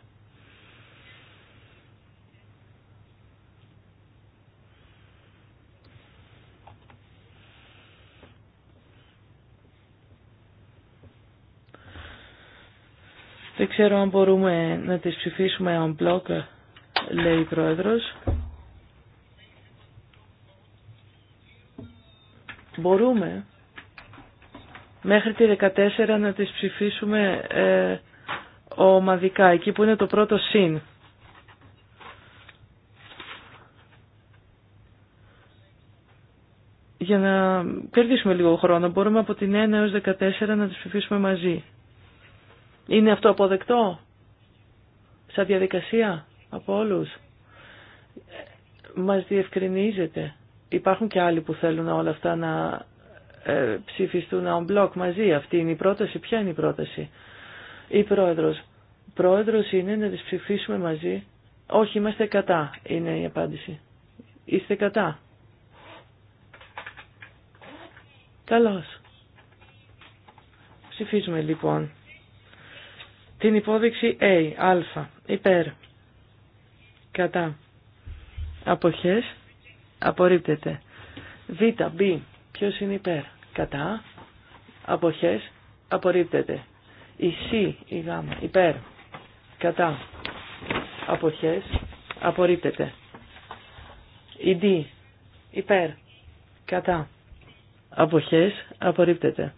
Δεν ξέρω αν μπορούμε να τις ψηφίσουμε on block, λέει η Πρόεδρος. Μπορούμε μέχρι τη 14 να τις ψηφίσουμε ε, ομαδικά, εκεί που είναι το πρώτο συν. Για να κερδίσουμε λίγο χρόνο, μπορούμε από την 1 έως 14 να τις ψηφίσουμε μαζί. Είναι αυτό αποδεκτό σαν διαδικασία από όλους. Μας διευκρινίζεται. Υπάρχουν και άλλοι που θέλουν όλα αυτά να ε, ψηφιστούν on block μαζί. Αυτή είναι η πρόταση. Ποια είναι η πρόταση. Η πρόεδρος. Πρόεδρος είναι να τις ψηφίσουμε μαζί. Όχι, είμαστε κατά, είναι η απάντηση. Είστε κατά. Καλώς. Ψηφίζουμε λοιπόν την υπόδειξη A, α, υπέρ, κατά, αποχές, απορρίπτεται. Β, B, ποιος είναι υπέρ, κατά, αποχές, απορρίπτεται. Η C, η Γ, υπέρ, κατά, αποχές, απορρίπτεται. Η D, υπέρ, κατά, αποχές, απορρίπτεται.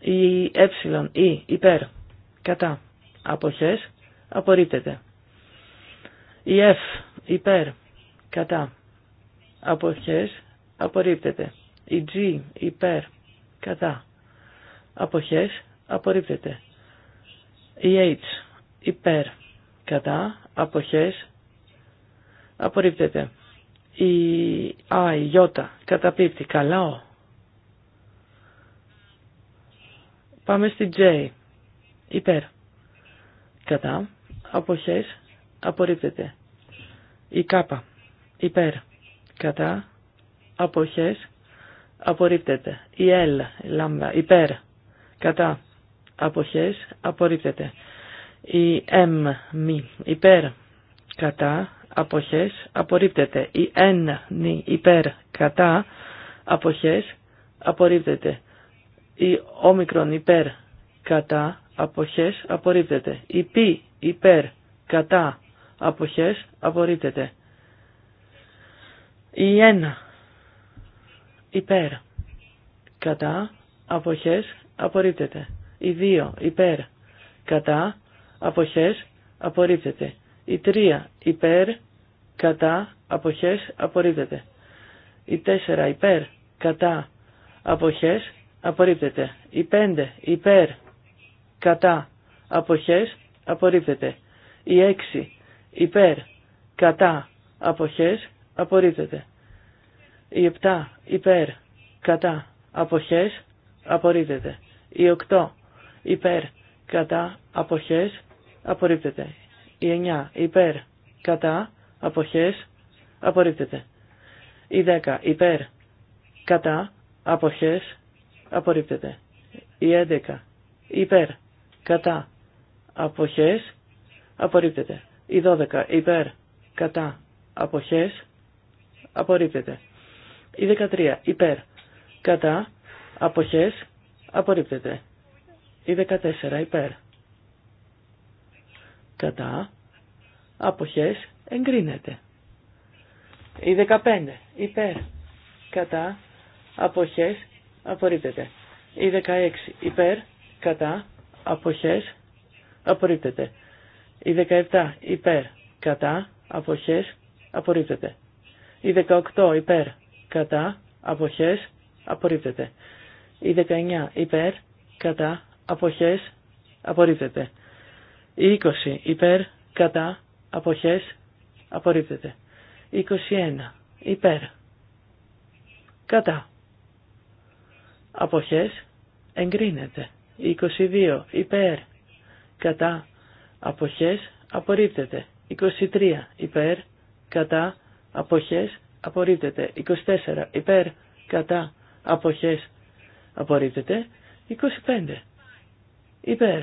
Η ε, η υπέρ, κατά, αποχές, απορρίπτεται. Η F, υπέρ, κατά, αποχές, απορρίπτεται. Η G, υπέρ, κατά, αποχές, απορρίπτεται. Η H, υπέρ, κατά, αποχές, απορρίπτεται. Η I, ιότα καταπίπτει, καλάω. Πάμε στη J υπέρ. Κατά, αποχές, απορρίπτεται. Η κάπα, υπέρ. Κατά, αποχές, απορρίπτεται. Η ελ, λάμδα, υπέρ. Κατά, αποχές, απορρίπτεται. Η εμ, μη, υπέρ. Κατά, αποχές, απορρίπτεται. Η εν, νη, υπέρ. Κατά, αποχές, απορρίπτεται. Η όμικρον υπέρ κατά αποχές απορρίπτεται. Η πι υπέρ κατά αποχές απορρίπτεται. Η 1 υπέρ κατά αποχές απορρίπτεται. Η δύο, υπέρ κατά αποχές απορρίπτεται. Η 3 υπέρ κατά αποχές απορρίπτεται. Η 4 υπέρ κατά αποχές απορρίπτεται. Η πέντε, υπέρ κατά, αποχές, απορρίπτεται. Η 6 υπέρ, κατά, αποχές, απορρίπτεται. Η 7 υπέρ, κατά, αποχές, απορρίπτεται. Η 8 υπέρ, κατά, αποχές, απορρίπτεται. Η 9 υπέρ, κατά, αποχές, απορρίπτεται. Η 10 υπέρ, κατά, αποχές, απορρίπτεται. Η 11 υπέρ, κατά αποχές απορρίπτεται. Η 12 υπέρ κατά αποχές απορρίπτεται. Η 13 υπέρ κατά αποχές απορρίπτεται. Η 14 υπέρ κατά αποχές εγκρίνεται. Η 15 υπέρ κατά αποχές απορρίπτεται. Η 16 υπέρ κατά αποχές απορρίπτεται. Η 17 υπέρ κατά αποχές απορρίπτεται. Η 18 υπέρ κατά αποχές απορρίπτεται. Η 19 υπέρ κατά αποχές απορρίπτεται. Η 20 υπέρ κατά αποχές απορρίπτεται. Η 21 υπέρ κατά αποχές εγκρίνεται. 22 υπέρ κατά αποχές απορρίπτεται 23 υπέρ κατά αποχές απορρίπτεται 24 υπέρ κατά αποχές απορρίπτεται 25 υπέρ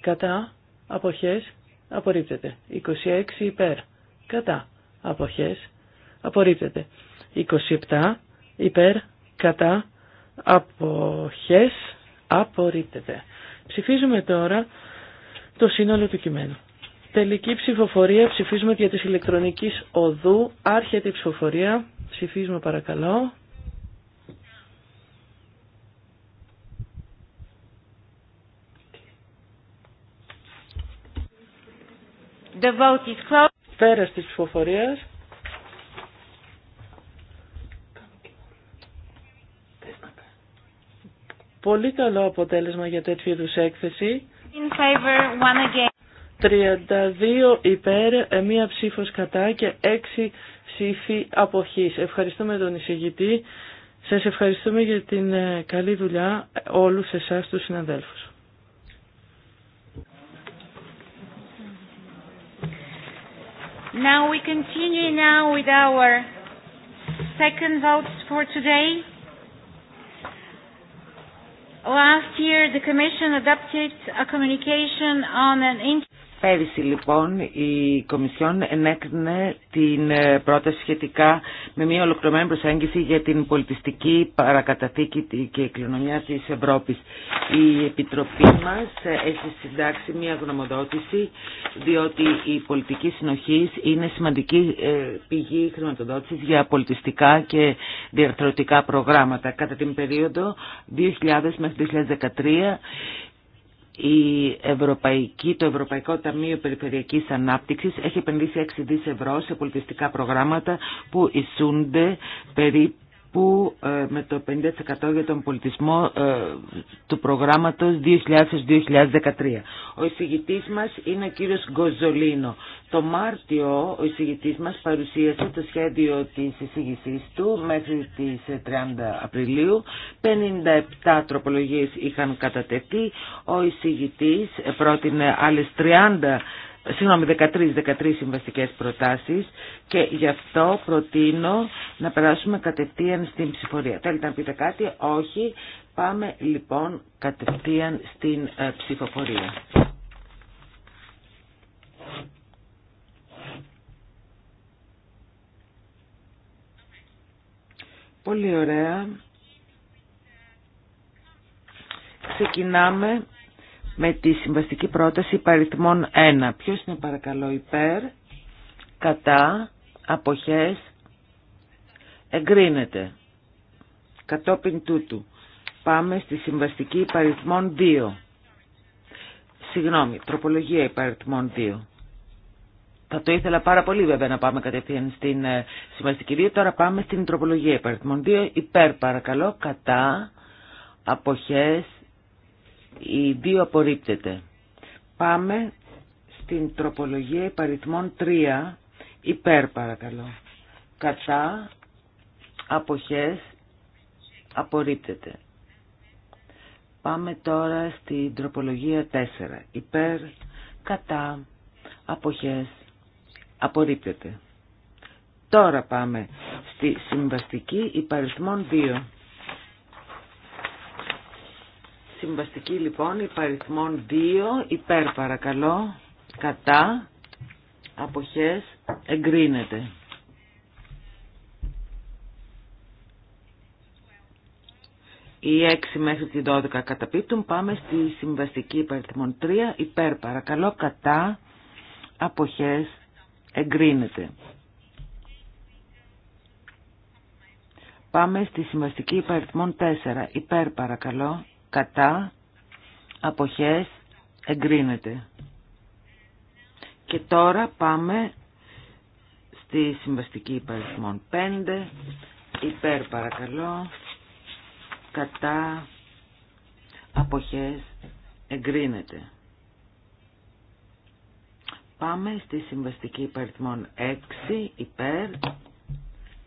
κατά αποχές απορρίπτεται 26 υπέρ κατά αποχές απορρίπτεται 27 υπέρ κατά αποχές Απορρίπτεται. Ψηφίζουμε τώρα το σύνολο του κειμένου. Τελική ψηφοφορία. Ψηφίζουμε για της ηλεκτρονικής οδού. Άρχεται η ψηφοφορία. Ψηφίζουμε παρακαλώ. The vote is της Πολύ καλό αποτέλεσμα για τέτοιου είδους έκθεση. 32 υπέρ, ε, μία ψήφος κατά και 6 ψήφοι αποχής. Ευχαριστούμε τον εισηγητή. Σας ευχαριστούμε για την ε, καλή δουλειά ε, όλους εσάς τους συναδέλφους. Now we continue now with our second for today. Last year, the Commission adopted a communication on an Πέρυσι λοιπόν η Κομισιόν ενέκρινε την ε, πρόταση σχετικά με μια ολοκληρωμένη προσέγγιση για την πολιτιστική παρακαταθήκη και κληρονομιά της Ευρώπης. Η Επιτροπή μας έχει συντάξει μια γνωμοδότηση διότι η πολιτική συνοχή είναι σημαντική ε, πηγή χρηματοδότησης για πολιτιστικά και διαρθρωτικά προγράμματα. Κατά την περίοδο 2000 μέχρι 2013 η Ευρωπαϊκή, το Ευρωπαϊκό Ταμείο Περιφερειακής Ανάπτυξης έχει επενδύσει 6 δις ευρώ σε πολιτιστικά προγράμματα που ισούνται περίπου που ε, με το 50% για τον πολιτισμό ε, του προγράμματος 2000-2013. Ο εισηγητής μας είναι ο κύριος Γκοζολίνο. Το Μάρτιο ο εισηγητής μας παρουσίασε το σχέδιο της εισηγησής του μέχρι τις 30 Απριλίου. 57 τροπολογίες είχαν κατατεθεί. Ο εισηγητής πρότεινε άλλες 30 συγγνώμη, 13, 13 συμβαστικές προτάσεις και γι' αυτό προτείνω να περάσουμε κατευθείαν στην ψηφορία. Θέλετε να πείτε κάτι, όχι, πάμε λοιπόν κατευθείαν στην ε, ψηφοφορία. Πολύ ωραία. Ξεκινάμε με τη συμβαστική πρόταση παριθμών 1. Ποιος είναι παρακαλώ υπέρ, κατά, αποχές, εγκρίνεται. Κατόπιν τούτου. Πάμε στη συμβαστική υπαριθμών 2. Συγγνώμη, τροπολογία υπαριθμών 2. Θα το ήθελα πάρα πολύ βέβαια να πάμε κατευθείαν στην ε, συμβαστική 2. Τώρα πάμε στην τροπολογία υπαριθμών 2. Υπέρ παρακαλώ, κατά, αποχές, οι δύο απορρίπτεται. Πάμε στην τροπολογία υπαριθμών 3, υπέρ παρακαλώ. Κατά, αποχές, απορρίπτεται. Πάμε τώρα στην τροπολογία 4, υπέρ, κατά, αποχές, απορρίπτεται. Τώρα πάμε στη συμβαστική υπαριθμών 2. Συμβαστική λοιπόν υπαριθμών 2 υπέρ παρακαλώ κατά αποχές εγκρίνεται. Οι 6 μέχρι τη 12 καταπίπτουν. Πάμε στη συμβαστική υπαριθμών 3 υπέρ παρακαλώ κατά αποχές εγκρίνεται. Πάμε στη συμβαστική υπαριθμών 4 υπέρ παρακαλώ κατά, αποχές, εγκρίνεται. Και τώρα πάμε στη συμβαστική υπαριθμών 5, υπέρ παρακαλώ, κατά, αποχές, εγκρίνεται. Πάμε στη συμβαστική υπαριθμών 6, υπέρ,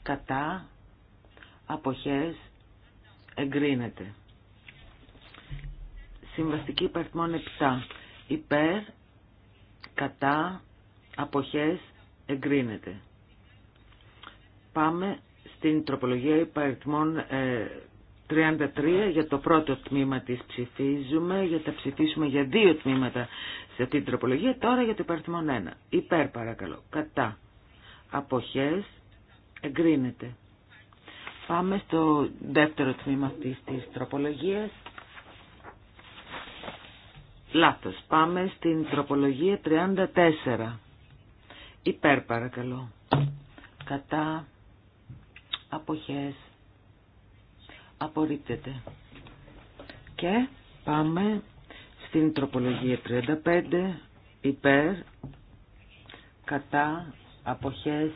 κατά, αποχές, εγκρίνεται. Συμβαστική υπαριθμών 7. Υπέρ, κατά, αποχές, εγκρίνεται. Πάμε στην τροπολογία υπαριθμών 33 ε, για το πρώτο τμήμα της ψηφίζουμε, για τα ψηφίσουμε για δύο τμήματα σε αυτή την τροπολογία, τώρα για το υπαριθμόν 1. Υπέρ παρακαλώ, κατά, αποχές, εγκρίνεται. Πάμε στο δεύτερο τμήμα αυτής της τροπολογίας, Λάθος. Πάμε στην τροπολογία 34. Υπέρ παρακαλώ. Κατά αποχές απορρίπτεται. Και πάμε στην τροπολογία 35. Υπέρ κατά αποχές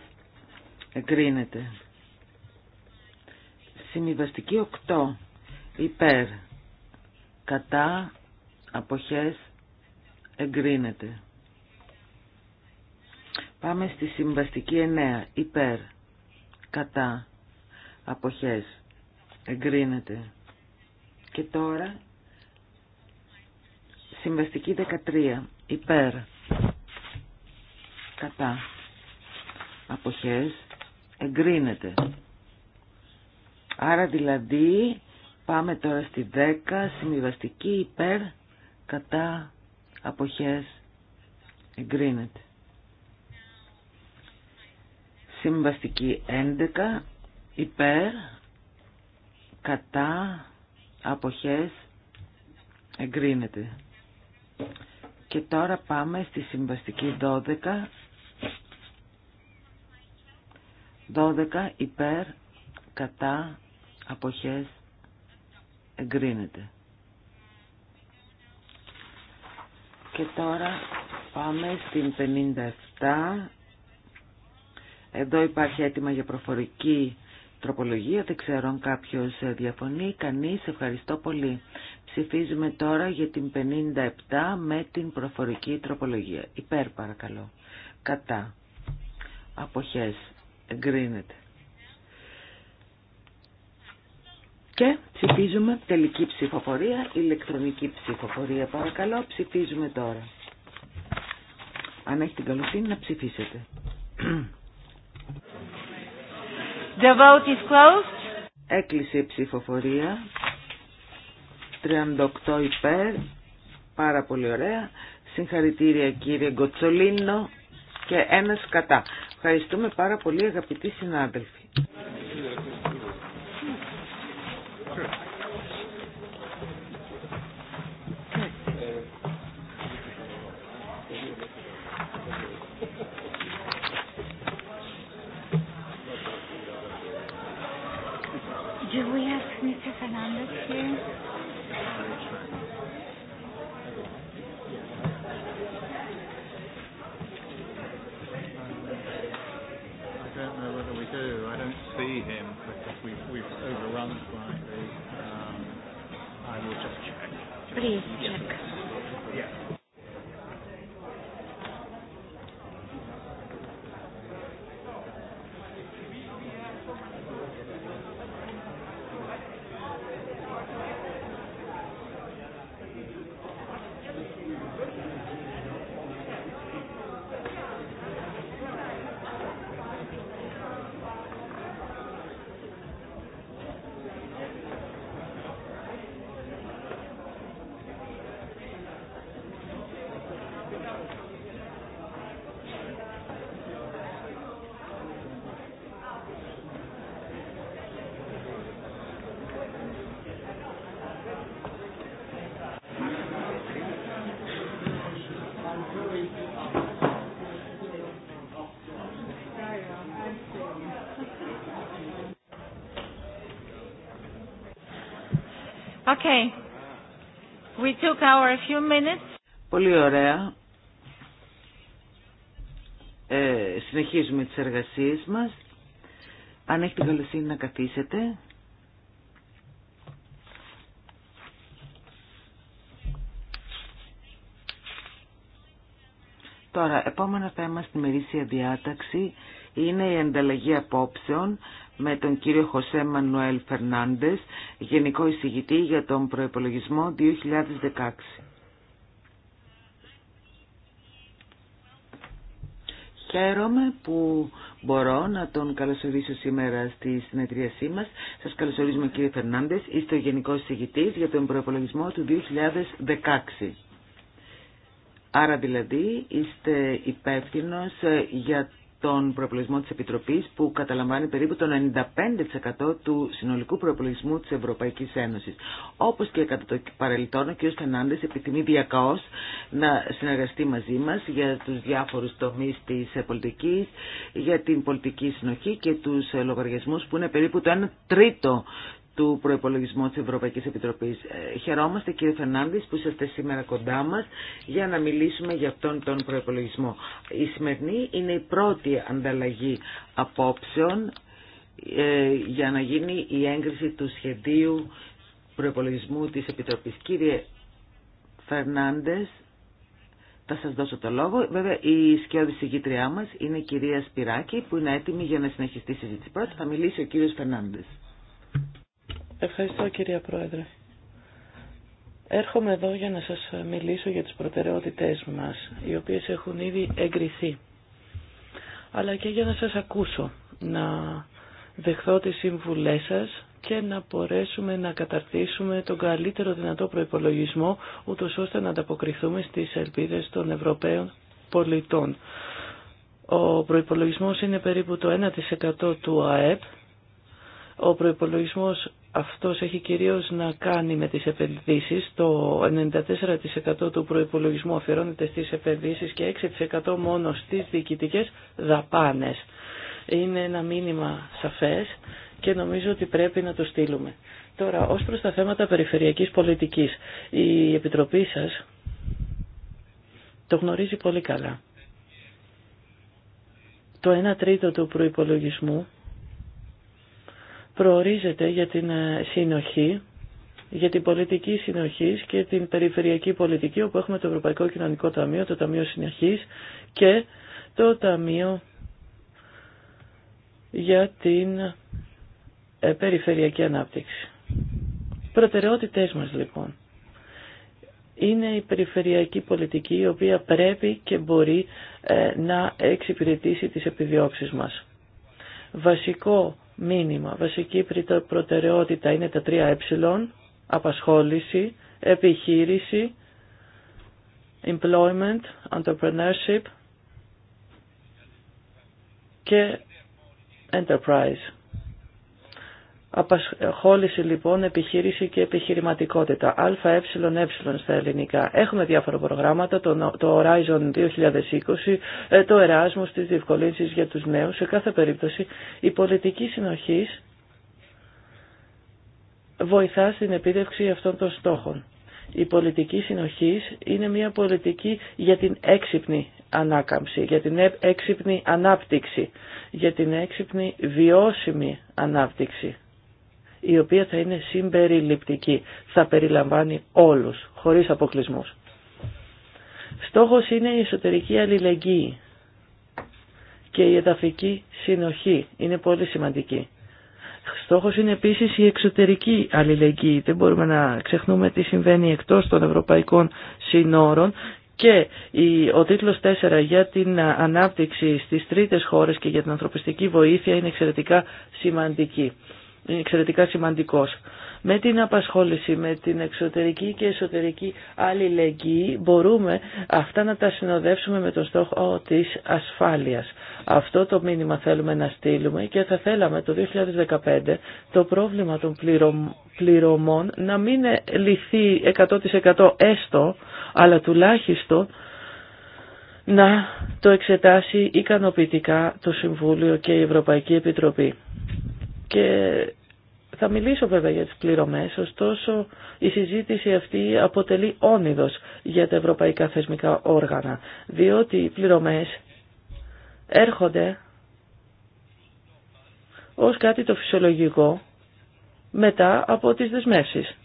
εγκρίνεται. Συμβιβαστική 8. Υπέρ κατά αποχές εγκρίνεται. Πάμε στη συμβαστική 9. Υπέρ. Κατά. Αποχές. Εγκρίνεται. Και τώρα. Συμβαστική 13. Υπέρ. Κατά. Αποχές. Εγκρίνεται. Άρα δηλαδή πάμε τώρα στη 10. Συμβαστική υπέρ κατά αποχές εγκρίνεται. Συμβαστική 11 υπέρ κατά αποχές εγκρίνεται. Και τώρα πάμε στη συμβαστική 12 12 υπέρ κατά αποχές εγκρίνεται. Και τώρα πάμε στην 57. Εδώ υπάρχει έτοιμα για προφορική τροπολογία. Δεν ξέρω αν κάποιος διαφωνεί. Κανείς. Ευχαριστώ πολύ. Ψηφίζουμε τώρα για την 57 με την προφορική τροπολογία. Υπέρ παρακαλώ. Κατά. Αποχές. Εγκρίνεται. Και ψηφίζουμε τελική ψηφοφορία, ηλεκτρονική ψηφοφορία παρακαλώ, ψηφίζουμε τώρα. Αν έχει την καλοσύνη να ψηφίσετε. The vote is closed. Έκλεισε η ψηφοφορία. 38 υπέρ. Πάρα πολύ ωραία. Συγχαρητήρια κύριε Γκοτσολίνο και ένας κατά. Ευχαριστούμε πάρα πολύ αγαπητοί συνάδελφοι. Fernandez here. I don't know whether we do. I don't see him because we've, we've overrun slightly. Um, I will just check. Please check. Okay. We took our few minutes. Πολύ ωραία. Ε, συνεχίζουμε τις εργασίες μας. Αν έχετε καλοσύνη να καθίσετε. Τώρα, επόμενο θέμα στη μερίσια διάταξη είναι η ανταλλαγή απόψεων με τον κύριο Χωσέ Μανουέλ Φερνάντες, Γενικό Εισηγητή για τον προεπολογισμό 2016. Χαίρομαι που μπορώ να τον καλωσορίσω σήμερα στη συνεδρίασή μας. Σας καλωσορίζουμε κύριε Φερνάντες, είστε ο Γενικός Συγητής για τον προεπολογισμό του 2016. Άρα δηλαδή είστε υπεύθυνος ε, για τον προπολογισμό της Επιτροπής που καταλαμβάνει περίπου το 95% του συνολικού προπολογισμού της Ευρωπαϊκής Ένωσης. Όπως και κατά το παρελθόν, ο κ. Φενάντες επιθυμεί διακαώς να συνεργαστεί μαζί μας για τους διάφορους τομείς της πολιτικής, για την πολιτική συνοχή και τους λογαριασμούς που είναι περίπου το 1 τρίτο του προπολογισμού της Ευρωπαϊκής Επιτροπής. Ε, χαιρόμαστε κύριε Φερνάνδης που είστε σήμερα κοντά μας για να μιλήσουμε για αυτόν τον προπολογισμό. Η σημερινή είναι η πρώτη ανταλλαγή απόψεων ε, για να γίνει η έγκριση του σχεδίου προπολογισμού της Επιτροπής. Κύριε Φερνάντες, θα σας δώσω το λόγο. Βέβαια, η σκιώδη συγκήτριά μας είναι η κυρία Σπυράκη, που είναι έτοιμη για να συνεχιστεί η συζήτηση. Πρώτα θα μιλήσει ο κύριος Φερνάντες. Ευχαριστώ κυρία Πρόεδρε. Έρχομαι εδώ για να σας μιλήσω για τις προτεραιότητές μας, οι οποίες έχουν ήδη εγκριθεί. Αλλά και για να σας ακούσω, να δεχθώ τις σύμβουλές σας και να μπορέσουμε να καταρτήσουμε τον καλύτερο δυνατό προϋπολογισμό, ούτως ώστε να ανταποκριθούμε στις ελπίδες των Ευρωπαίων πολιτών. Ο προϋπολογισμός είναι περίπου το 1% του ΑΕΠ. Ο προϋπολογισμός αυτός έχει κυρίως να κάνει με τις επενδύσεις. Το 94% του προϋπολογισμού αφιερώνεται στις επενδύσεις και 6% μόνο στις διοικητικές δαπάνες. Είναι ένα μήνυμα σαφές και νομίζω ότι πρέπει να το στείλουμε. Τώρα, ως προς τα θέματα περιφερειακής πολιτικής, η Επιτροπή σας το γνωρίζει πολύ καλά. Το 1 τρίτο του προϋπολογισμού προορίζεται για την ε, συνοχή, για την πολιτική συνοχή και την περιφερειακή πολιτική, όπου έχουμε το Ευρωπαϊκό Κοινωνικό Ταμείο, το Ταμείο Συνοχή και το Ταμείο για την ε, περιφερειακή ανάπτυξη. Προτεραιότητές μας λοιπόν είναι η περιφερειακή πολιτική η οποία πρέπει και μπορεί ε, να εξυπηρετήσει τις επιδιώξεις μας. Βασικό μήνυμα. Βασική προτεραιότητα είναι τα τρία ε, απασχόληση, επιχείρηση, employment, entrepreneurship και enterprise. Απασχόληση λοιπόν, επιχείρηση και επιχειρηματικότητα. ΑΕΕ στα ελληνικά. Έχουμε διάφορα προγράμματα, το Horizon 2020, ε, το Erasmus, τις διευκολύνσεις για τους νέους. Σε κάθε περίπτωση η πολιτική συνοχής βοηθά στην επίτευξη αυτών των στόχων. Η πολιτική συνοχής είναι μια πολιτική για την έξυπνη ανάκαμψη, για την έξυπνη ανάπτυξη, για την έξυπνη βιώσιμη ανάπτυξη η οποία θα είναι συμπεριληπτική. Θα περιλαμβάνει όλους, χωρίς αποκλεισμούς. Στόχος είναι η εσωτερική αλληλεγγύη και η εδαφική συνοχή. Είναι πολύ σημαντική. Στόχος είναι επίσης η εξωτερική αλληλεγγύη. Δεν μπορούμε να ξεχνούμε τι συμβαίνει εκτός των ευρωπαϊκών συνόρων και ο τίτλος 4 για την ανάπτυξη στις τρίτες χώρες και για την ανθρωπιστική βοήθεια είναι εξαιρετικά σημαντική εξαιρετικά σημαντικός. Με την απασχόληση, με την εξωτερική και εσωτερική αλληλεγγύη μπορούμε αυτά να τα συνοδεύσουμε με τον στόχο της ασφάλειας. Αυτό το μήνυμα θέλουμε να στείλουμε και θα θέλαμε το 2015 το πρόβλημα των πληρωμών να μην λυθεί 100% έστω, αλλά τουλάχιστον να το εξετάσει ικανοποιητικά το Συμβούλιο και η Ευρωπαϊκή Επιτροπή. Και θα μιλήσω βέβαια για τις πληρωμές, ωστόσο η συζήτηση αυτή αποτελεί όνειδος για τα ευρωπαϊκά θεσμικά όργανα, διότι οι πληρωμές έρχονται ως κάτι το φυσιολογικό μετά από τις δεσμεύσεις.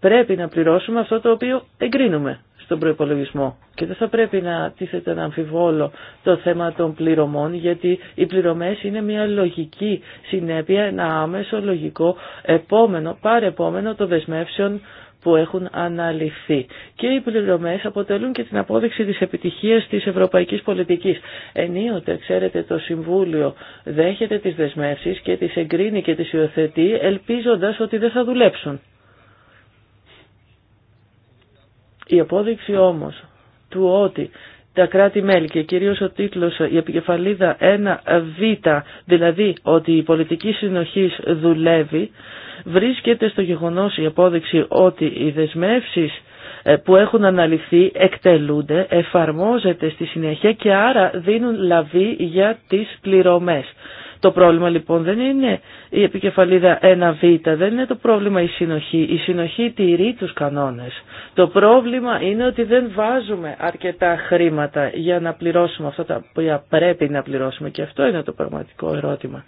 Πρέπει να πληρώσουμε αυτό το οποίο εγκρίνουμε στον προπολογισμό. Και δεν θα πρέπει να τίθεται να αμφιβόλο το θέμα των πληρωμών, γιατί οι πληρωμές είναι μια λογική συνέπεια, ένα άμεσο λογικό επόμενο, παρεπόμενο των δεσμεύσεων που έχουν αναλυθεί. Και οι πληρωμές αποτελούν και την απόδειξη της επιτυχίας της ευρωπαϊκής πολιτικής. Ενίοτε, ξέρετε, το Συμβούλιο δέχεται τις δεσμεύσεις και τις εγκρίνει και τις υιοθετεί, ελπίζοντας ότι δεν θα δουλέψουν. Η απόδειξη όμως του ότι τα κράτη-μέλη και κυρίως ο τίτλος, η επικεφαλίδα 1β, δηλαδή ότι η πολιτική συνοχής δουλεύει, βρίσκεται στο γεγονός η απόδειξη ότι οι δεσμεύσεις ε, που έχουν αναλυθεί εκτελούνται, εφαρμόζεται στη συνέχεια και άρα δίνουν λαβή για τις πληρωμές. Το πρόβλημα λοιπόν δεν είναι η επικεφαλίδα 1β, δεν είναι το πρόβλημα η συνοχή. Η συνοχή τηρεί τους κανόνες. Το πρόβλημα είναι ότι δεν βάζουμε αρκετά χρήματα για να πληρώσουμε αυτά τα οποία πρέπει να πληρώσουμε και αυτό είναι το πραγματικό ερώτημα.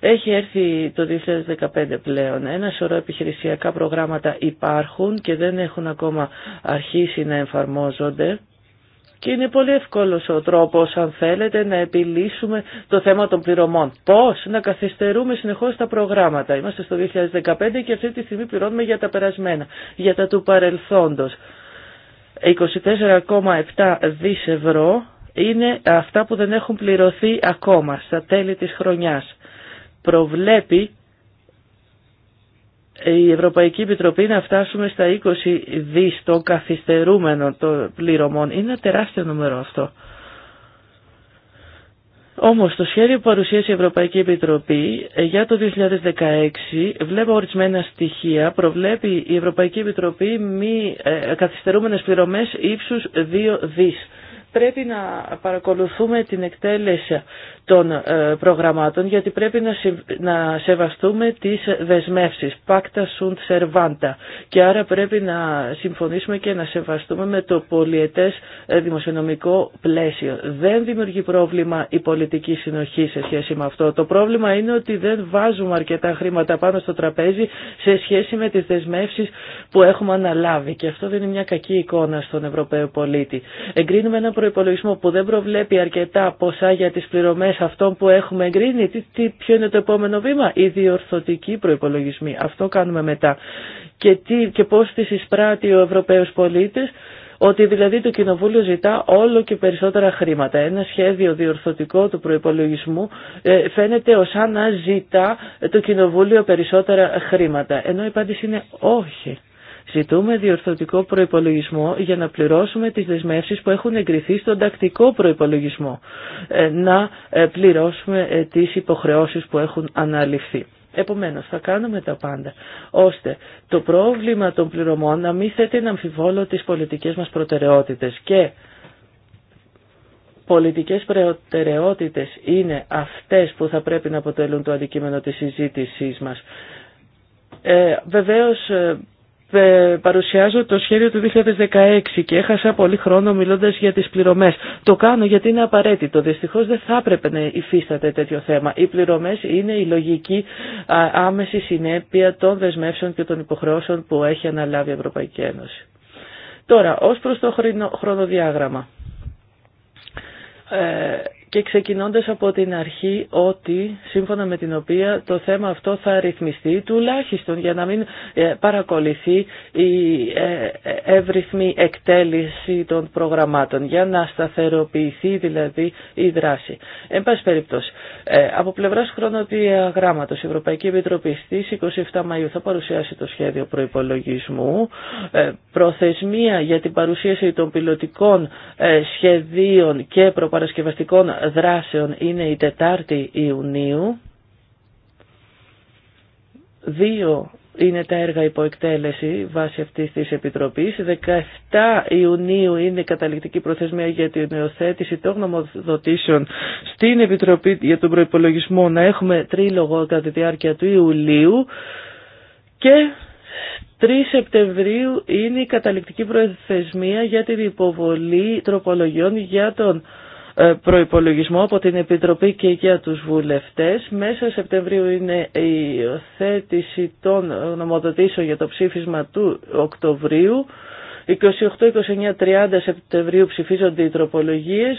Έχει έρθει το 2015 πλέον. Ένα σωρό επιχειρησιακά προγράμματα υπάρχουν και δεν έχουν ακόμα αρχίσει να εφαρμόζονται. Και είναι πολύ εύκολος ο τρόπος, αν θέλετε, να επιλύσουμε το θέμα των πληρωμών. Πώς να καθυστερούμε συνεχώς τα προγράμματα. Είμαστε στο 2015 και αυτή τη στιγμή πληρώνουμε για τα περασμένα, για τα του παρελθόντος. 24,7 δις ευρώ είναι αυτά που δεν έχουν πληρωθεί ακόμα στα τέλη της χρονιάς. Προβλέπει η Ευρωπαϊκή Επιτροπή να φτάσουμε στα 20 δις το καθυστερούμενο των πληρωμών. Είναι ένα τεράστιο νούμερο αυτό. Όμως το σχέδιο που παρουσίασε η Ευρωπαϊκή Επιτροπή ε, για το 2016 βλέπω ορισμένα στοιχεία προβλέπει η Ευρωπαϊκή Επιτροπή μη ε, καθυστερούμενες πληρωμές ύψους 2 δις πρέπει να παρακολουθούμε την εκτέλεση των ε, προγραμμάτων γιατί πρέπει να σεβαστούμε τις δεσμεύσεις pacta sunt servanta και άρα πρέπει να συμφωνήσουμε και να σεβαστούμε με το πολιετές ε, δημοσιονομικό πλαίσιο. Δεν δημιουργεί πρόβλημα η πολιτική συνοχή σε σχέση με αυτό. Το πρόβλημα είναι ότι δεν βάζουμε αρκετά χρήματα πάνω στο τραπέζι σε σχέση με τις δεσμεύσεις που έχουμε αναλάβει και αυτό δεν είναι μια κακή εικόνα στον Ευρωπαίο πολίτη. Εγκρίνουμε ένα προπολογισμό που δεν προβλέπει αρκετά ποσά για τι πληρωμές αυτών που έχουμε εγκρίνει, τι, τι, ποιο είναι το επόμενο βήμα, οι διορθωτικοί προπολογισμοί. Αυτό κάνουμε μετά. Και, τι, και πώς τις εισπράττει ο Ευρωπαίος πολίτης, ότι δηλαδή το Κοινοβούλιο ζητά όλο και περισσότερα χρήματα. Ένα σχέδιο διορθωτικό του προϋπολογισμού ε, φαίνεται ως αν ζητά το Κοινοβούλιο περισσότερα χρήματα. Ενώ η απάντηση είναι όχι. Ζητούμε διορθωτικό προπολογισμό για να πληρώσουμε τι δεσμεύσει που έχουν εγκριθεί στον τακτικό προπολογισμό. Ε, να ε, πληρώσουμε ε, τι υποχρεώσει που έχουν αναλυφθεί. Επομένως θα κάνουμε τα πάντα, ώστε το πρόβλημα των πληρωμών να μην θέτει να αμφιβόλω τις πολιτικές μας προτεραιότητες και πολιτικές προτεραιότητε είναι αυτές που θα πρέπει να αποτελούν το αντικείμενο τη συζήτησή μα. Ε, ε, παρουσιάζω το σχέδιο του 2016 και έχασα πολύ χρόνο μιλώντας για τις πληρωμές. Το κάνω γιατί είναι απαραίτητο. Δυστυχώς δεν θα έπρεπε να υφίσταται τέτοιο θέμα. Οι πληρωμές είναι η λογική άμεση συνέπεια των δεσμεύσεων και των υποχρεώσεων που έχει αναλάβει η Ευρωπαϊκή Ένωση. Τώρα, ως προς το χρονοδιάγραμμα. Ε, και ξεκινώντας από την αρχή ότι σύμφωνα με την οποία το θέμα αυτό θα ρυθμιστεί τουλάχιστον για να μην ε, παρακολουθεί η ε, ε, εύρυθμη εκτέλεση των προγραμμάτων για να σταθεροποιηθεί δηλαδή η δράση. Εν πάση περιπτώσει, από πλευράς χρονοδιαγράμματος η Ευρωπαϊκή Επιτροπή στις 27 Μαΐου θα παρουσιάσει το σχέδιο προϋπολογισμού, προθεσμία για την παρουσίαση των πιλωτικών σχεδίων και προπαρασκευαστικών δράσεων είναι η 4η Ιουνίου. Δύο είναι τα έργα υπό εκτέλεση βάσει αυτής της Επιτροπής. 17 Ιουνίου είναι η καταληκτική προθεσμία για την νεοθέτηση των γνωμοδοτήσεων στην Επιτροπή για τον Προϋπολογισμό να έχουμε τρίλογο κατά τη διάρκεια του Ιουλίου και 3 Σεπτεμβρίου είναι η καταληκτική προθεσμία για την υποβολή τροπολογιών για τον ε, προϋπολογισμό από την Επιτροπή και για τους βουλευτές. Μέσα Σεπτεμβρίου είναι η θέτηση των νομοδοτήσεων για το ψήφισμα του Οκτωβρίου. 28, 29, 30 Σεπτεμβρίου ψηφίζονται οι τροπολογίες,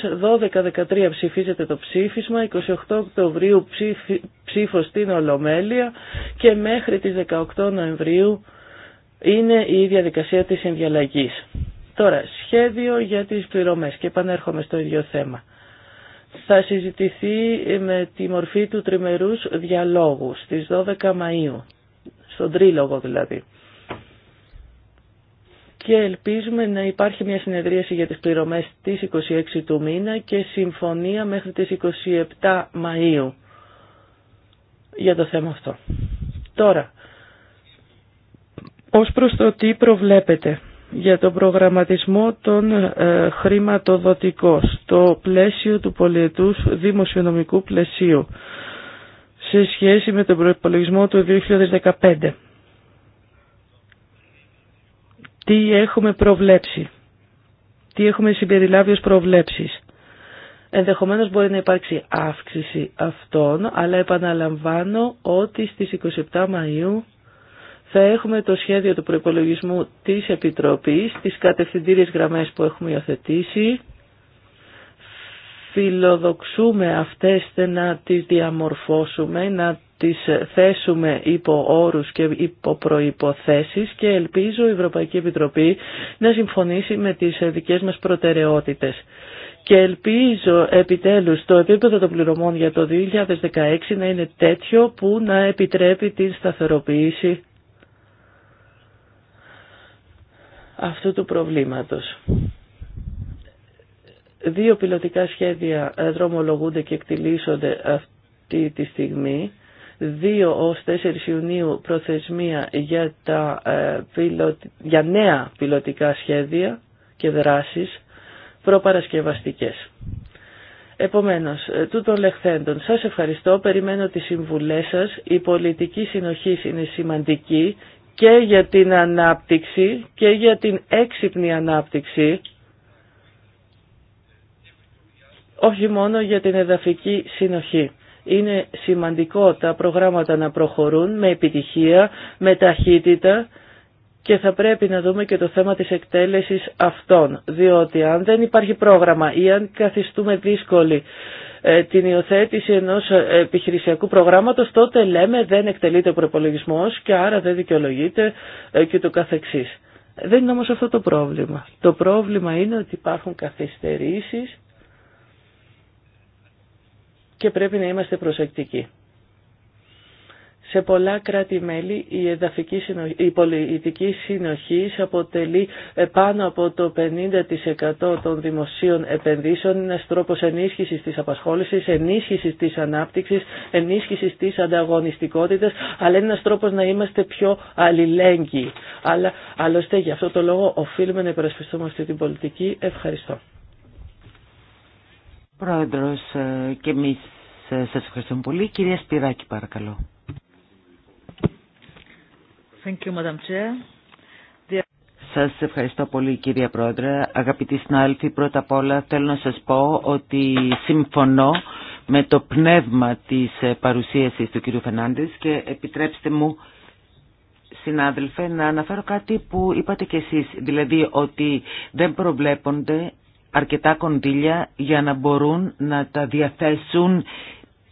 12, 13 ψηφίζεται το ψήφισμα, 28 Οκτωβρίου ψηφο ψήφος στην Ολομέλεια και μέχρι τις 18 Νοεμβρίου είναι η διαδικασία της συνδιαλλαγής. Τώρα, σχέδιο για τις πληρωμές και επανέρχομαι στο ίδιο θέμα. Θα συζητηθεί με τη μορφή του τριμερούς διαλόγου στις 12 Μαΐου, στον τρίλογο δηλαδή. Και ελπίζουμε να υπάρχει μια συνεδρίαση για τις πληρωμές στις 26 του μήνα και συμφωνία μέχρι τις 27 Μαΐου για το θέμα αυτό. Τώρα, ως προς το τι προβλέπετε για τον προγραμματισμό των ε, χρηματοδοτικών στο πλαίσιο του πολιετούς δημοσιονομικού πλαισίου σε σχέση με τον προϋπολογισμό του 2015. Τι έχουμε προβλέψει, τι έχουμε συμπεριλάβει ως προβλέψεις. Ενδεχομένως μπορεί να υπάρξει αύξηση αυτών, αλλά επαναλαμβάνω ότι στις 27 Μαΐου θα έχουμε το σχέδιο του προϋπολογισμού της Επιτροπής, τις κατευθυντήριες γραμμές που έχουμε υιοθετήσει. Φιλοδοξούμε αυτές να τις διαμορφώσουμε, να τις θέσουμε υπό όρους και υπό προϋποθέσεις και ελπίζω η Ευρωπαϊκή Επιτροπή να συμφωνήσει με τις δικές μας προτεραιότητες. Και ελπίζω επιτέλους το επίπεδο των πληρωμών για το 2016 να είναι τέτοιο που να επιτρέπει την σταθεροποίηση αυτού του προβλήματος. Δύο πιλωτικά σχέδια ε, δρομολογούνται και εκτιλήσονται αυτή τη στιγμή. 2 ως 4 Ιουνίου προθεσμία για, τα, ε, για νέα πιλωτικά σχέδια και δράσεις προπαρασκευαστικές. Επομένως, ε, τούτων λεχθέντων, σας ευχαριστώ, περιμένω τις συμβουλές σας. Η πολιτική συνοχή είναι σημαντική και για την ανάπτυξη και για την έξυπνη ανάπτυξη όχι μόνο για την εδαφική συνοχή. Είναι σημαντικό τα προγράμματα να προχωρούν με επιτυχία, με ταχύτητα και θα πρέπει να δούμε και το θέμα της εκτέλεσης αυτών, διότι αν δεν υπάρχει πρόγραμμα ή αν καθιστούμε δύσκολοι ε, την υιοθέτηση ενός ε, επιχειρησιακού προγράμματος, τότε λέμε δεν εκτελείται ο προπολογισμό και άρα δεν δικαιολογείται ε, και το καθεξής. Δεν είναι όμως αυτό το πρόβλημα. Το πρόβλημα είναι ότι υπάρχουν καθυστερήσεις και πρέπει να είμαστε προσεκτικοί. Σε πολλά κράτη-μέλη η, εδαφική η πολιτική συνοχή αποτελεί ε, πάνω από το 50% των δημοσίων επενδύσεων. Είναι τρόπο ενίσχυση τη της απασχόλησης, τη της ανάπτυξης, τη ανταγωνιστικότητα, αλλά είναι ένα τρόπο να είμαστε πιο αλληλέγγυοι. Αλλά άλλωστε για αυτό το λόγο οφείλουμε να υπερασπιστούμε αυτή την πολιτική. Ευχαριστώ. Πρόεδρος ε, και εμείς ε, σας ευχαριστούμε πολύ. Κυρία Σπυράκη παρακαλώ. Σα Σας ευχαριστώ πολύ κυρία Πρόεδρε. Αγαπητοί συνάδελφοι, πρώτα απ' όλα θέλω να σας πω ότι συμφωνώ με το πνεύμα της ε, παρουσίασης του κύριου Φενάντης και επιτρέψτε μου συνάδελφε να αναφέρω κάτι που είπατε κι εσείς, δηλαδή ότι δεν προβλέπονται αρκετά κονδύλια για να μπορούν να τα διαθέσουν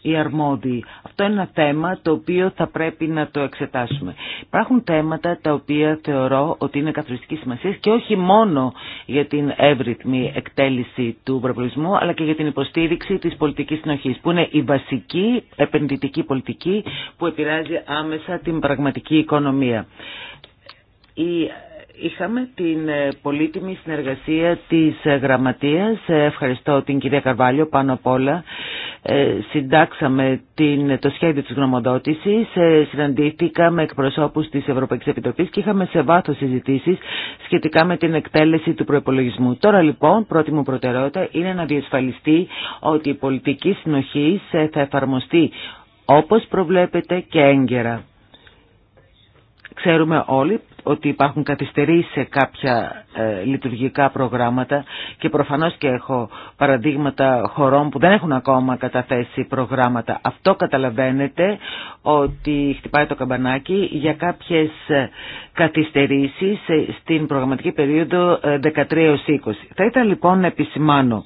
οι αρμόδιοι αυτό είναι ένα θέμα το οποίο θα πρέπει να το εξετάσουμε. Υπάρχουν θέματα τα οποία θεωρώ ότι είναι καθοριστική σημασία και όχι μόνο για την εύρυθμη εκτέλεση του προβολισμού, αλλά και για την υποστήριξη της πολιτικής συνοχής που είναι η βασική επενδυτική πολιτική που επηρεάζει άμεσα την πραγματική οικονομία. Η Είχαμε την ε, πολύτιμη συνεργασία της ε, Γραμματείας. Ε, ευχαριστώ την κυρία Καρβάλιο πάνω απ' όλα. Συντάξαμε την, το σχέδιο της γνωμοδότησης, συναντήθηκα με εκπροσώπους της Ευρωπαϊκής Επιτροπής και είχαμε σε βάθος συζητήσεις σχετικά με την εκτέλεση του προϋπολογισμού. Τώρα λοιπόν, πρώτη μου προτεραιότητα είναι να διασφαλιστεί ότι η πολιτική συνοχή θα εφαρμοστεί όπως προβλέπεται και έγκαιρα. Ξέρουμε όλοι ότι υπάρχουν καθυστερήσει σε κάποια ε, λειτουργικά προγράμματα και προφανώς και έχω παραδείγματα χωρών που δεν έχουν ακόμα καταθέσει προγράμματα. Αυτό καταλαβαίνετε ότι χτυπάει το καμπανάκι για κάποιες ε, καθυστερήσεις ε, στην προγραμματική περίοδο 13-20. Θα ήταν λοιπόν να επισημάνω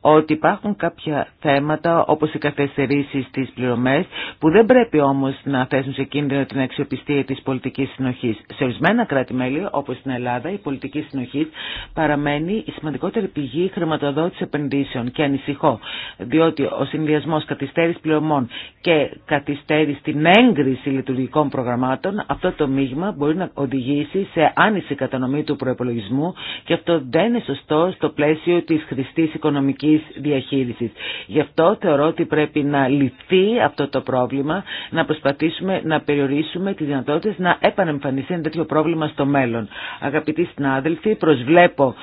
ότι υπάρχουν κάποια θέματα όπως οι καθεστερήσεις στις πληρωμές που δεν πρέπει όμως να θέσουν σε κίνδυνο την αξιοπιστία της πολιτικής συνοχής. Σε ορισμένα κράτη-μέλη όπως στην Ελλάδα η πολιτική συνοχή παραμένει η σημαντικότερη πηγή χρηματοδότηση επενδύσεων και ανησυχώ διότι ο συνδυασμός καθυστέρης πληρωμών και καθυστέρηση στην έγκριση λειτουργικών προγραμμάτων αυτό το μείγμα μπορεί να οδηγήσει σε άνηση κατανομή του προπολογισμού και αυτό δεν είναι σωστό στο πλαίσιο της χρηστής οικονομικής διαχείρισης. Γι' αυτό θεωρώ ότι πρέπει να λυθεί αυτό το πρόβλημα, να προσπαθήσουμε να περιορίσουμε τις δυνατότητες να επανεμφανιστεί ένα τέτοιο πρόβλημα στο μέλλον. Αγαπητοί συνάδελφοι, προσβλέπω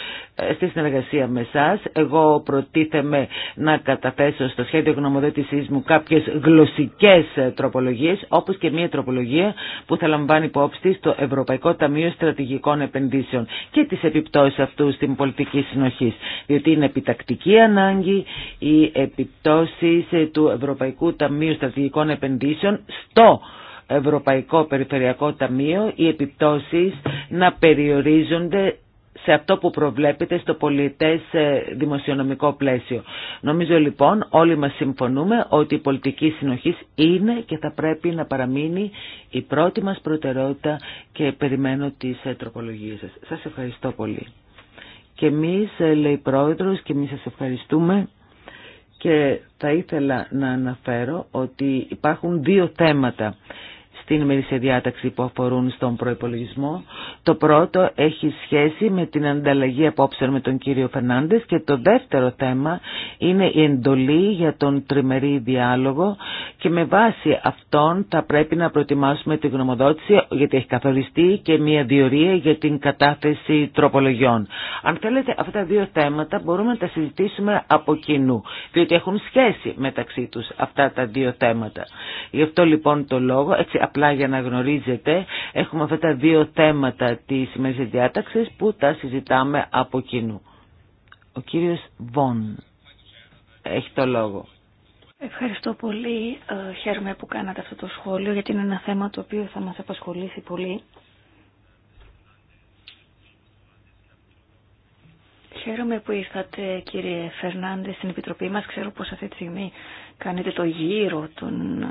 στη συνεργασία με εσά. Εγώ προτίθεμαι να καταθέσω στο σχέδιο γνωμοδότησή μου κάποιε γλωσσικέ τροπολογίε, όπω και μια τροπολογία που θα λαμβάνει υπόψη στο Ευρωπαϊκό Ταμείο Στρατηγικών Επενδύσεων και τι επιπτώσει αυτού στην πολιτική συνοχή. Διότι είναι επιτακτική ανάγκη οι επιπτώσει του Ευρωπαϊκού Ταμείου Στρατηγικών Επενδύσεων στο Ευρωπαϊκό Περιφερειακό Ταμείο οι επιπτώσεις να περιορίζονται σε αυτό που προβλέπεται στο πολιτές ε, δημοσιονομικό πλαίσιο. Νομίζω λοιπόν όλοι μας συμφωνούμε ότι η πολιτική συνοχής είναι και θα πρέπει να παραμείνει η πρώτη μας προτεραιότητα και περιμένω τις ε, τροπολογίες σας. Σας ευχαριστώ πολύ. Και εμείς, ε, λέει πρόεδρος, και εμείς σας ευχαριστούμε και θα ήθελα να αναφέρω ότι υπάρχουν δύο θέματα στην ημερήσια διάταξη που αφορούν στον προϋπολογισμό. Το πρώτο έχει σχέση με την ανταλλαγή απόψεων με τον κύριο Φερνάντες και το δεύτερο θέμα είναι η εντολή για τον τριμερή διάλογο και με βάση αυτόν θα πρέπει να προετοιμάσουμε τη γνωμοδότηση γιατί έχει καθοριστεί και μια διορία για την κατάθεση τροπολογιών. Αν θέλετε αυτά τα δύο θέματα μπορούμε να τα συζητήσουμε από κοινού διότι έχουν σχέση μεταξύ τους αυτά τα δύο θέματα. Γι' αυτό λοιπόν το λόγο έτσι απλά για να γνωρίζετε, έχουμε αυτά τα δύο θέματα της σημερινή διάταξη που τα συζητάμε από κοινού. Ο κύριος Βον έχει το λόγο. Ευχαριστώ πολύ. Ε, χαίρομαι που κάνατε αυτό το σχόλιο γιατί είναι ένα θέμα το οποίο θα μας απασχολήσει πολύ. Χαίρομαι που ήρθατε κύριε Φερνάντε στην Επιτροπή μας. Ξέρω πως αυτή τη στιγμή κάνετε το γύρο των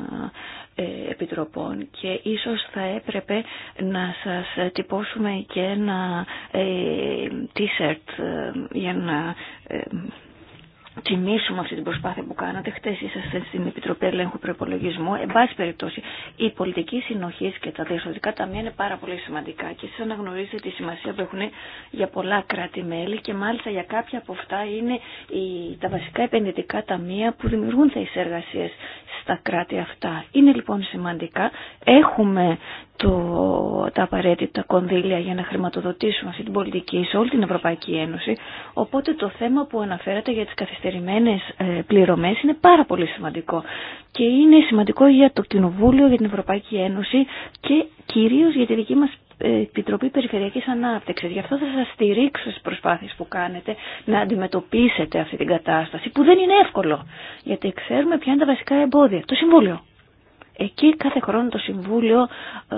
ε, Επιτροπών και ίσως θα έπρεπε να σας τυπώσουμε και ένα ε, t-shirt ε, για να τιμήσουμε αυτή την προσπάθεια που κάνατε. Χθε ήσασταν στην Επιτροπή Ελέγχου Προπολογισμού. Εν πάση περιπτώσει, η πολιτική συνοχή και τα διευθυντικά ταμεία είναι πάρα πολύ σημαντικά και εσεί αναγνωρίζετε τη σημασία που έχουν για πολλά κράτη-μέλη και μάλιστα για κάποια από αυτά είναι η, τα βασικά επενδυτικά ταμεία που δημιουργούν θέσει εργασία στα κράτη αυτά. Είναι λοιπόν σημαντικά. Έχουμε το, τα απαραίτητα κονδύλια για να χρηματοδοτήσουμε αυτή την πολιτική σε όλη την Ευρωπαϊκή Ένωση. Οπότε το θέμα που αναφέρατε για τι καθυστερήσει καθυστερημένες ε, πληρωμές είναι πάρα πολύ σημαντικό και είναι σημαντικό για το Κοινοβούλιο, για την Ευρωπαϊκή Ένωση και κυρίως για τη δική μας ε, Επιτροπή Περιφερειακής Ανάπτυξης. Γι' αυτό θα σας στηρίξω στις προσπάθειες που κάνετε να αντιμετωπίσετε αυτή την κατάσταση που δεν είναι εύκολο γιατί ξέρουμε ποια είναι τα βασικά εμπόδια. Το Συμβούλιο. Εκεί κάθε χρόνο το Συμβούλιο ε,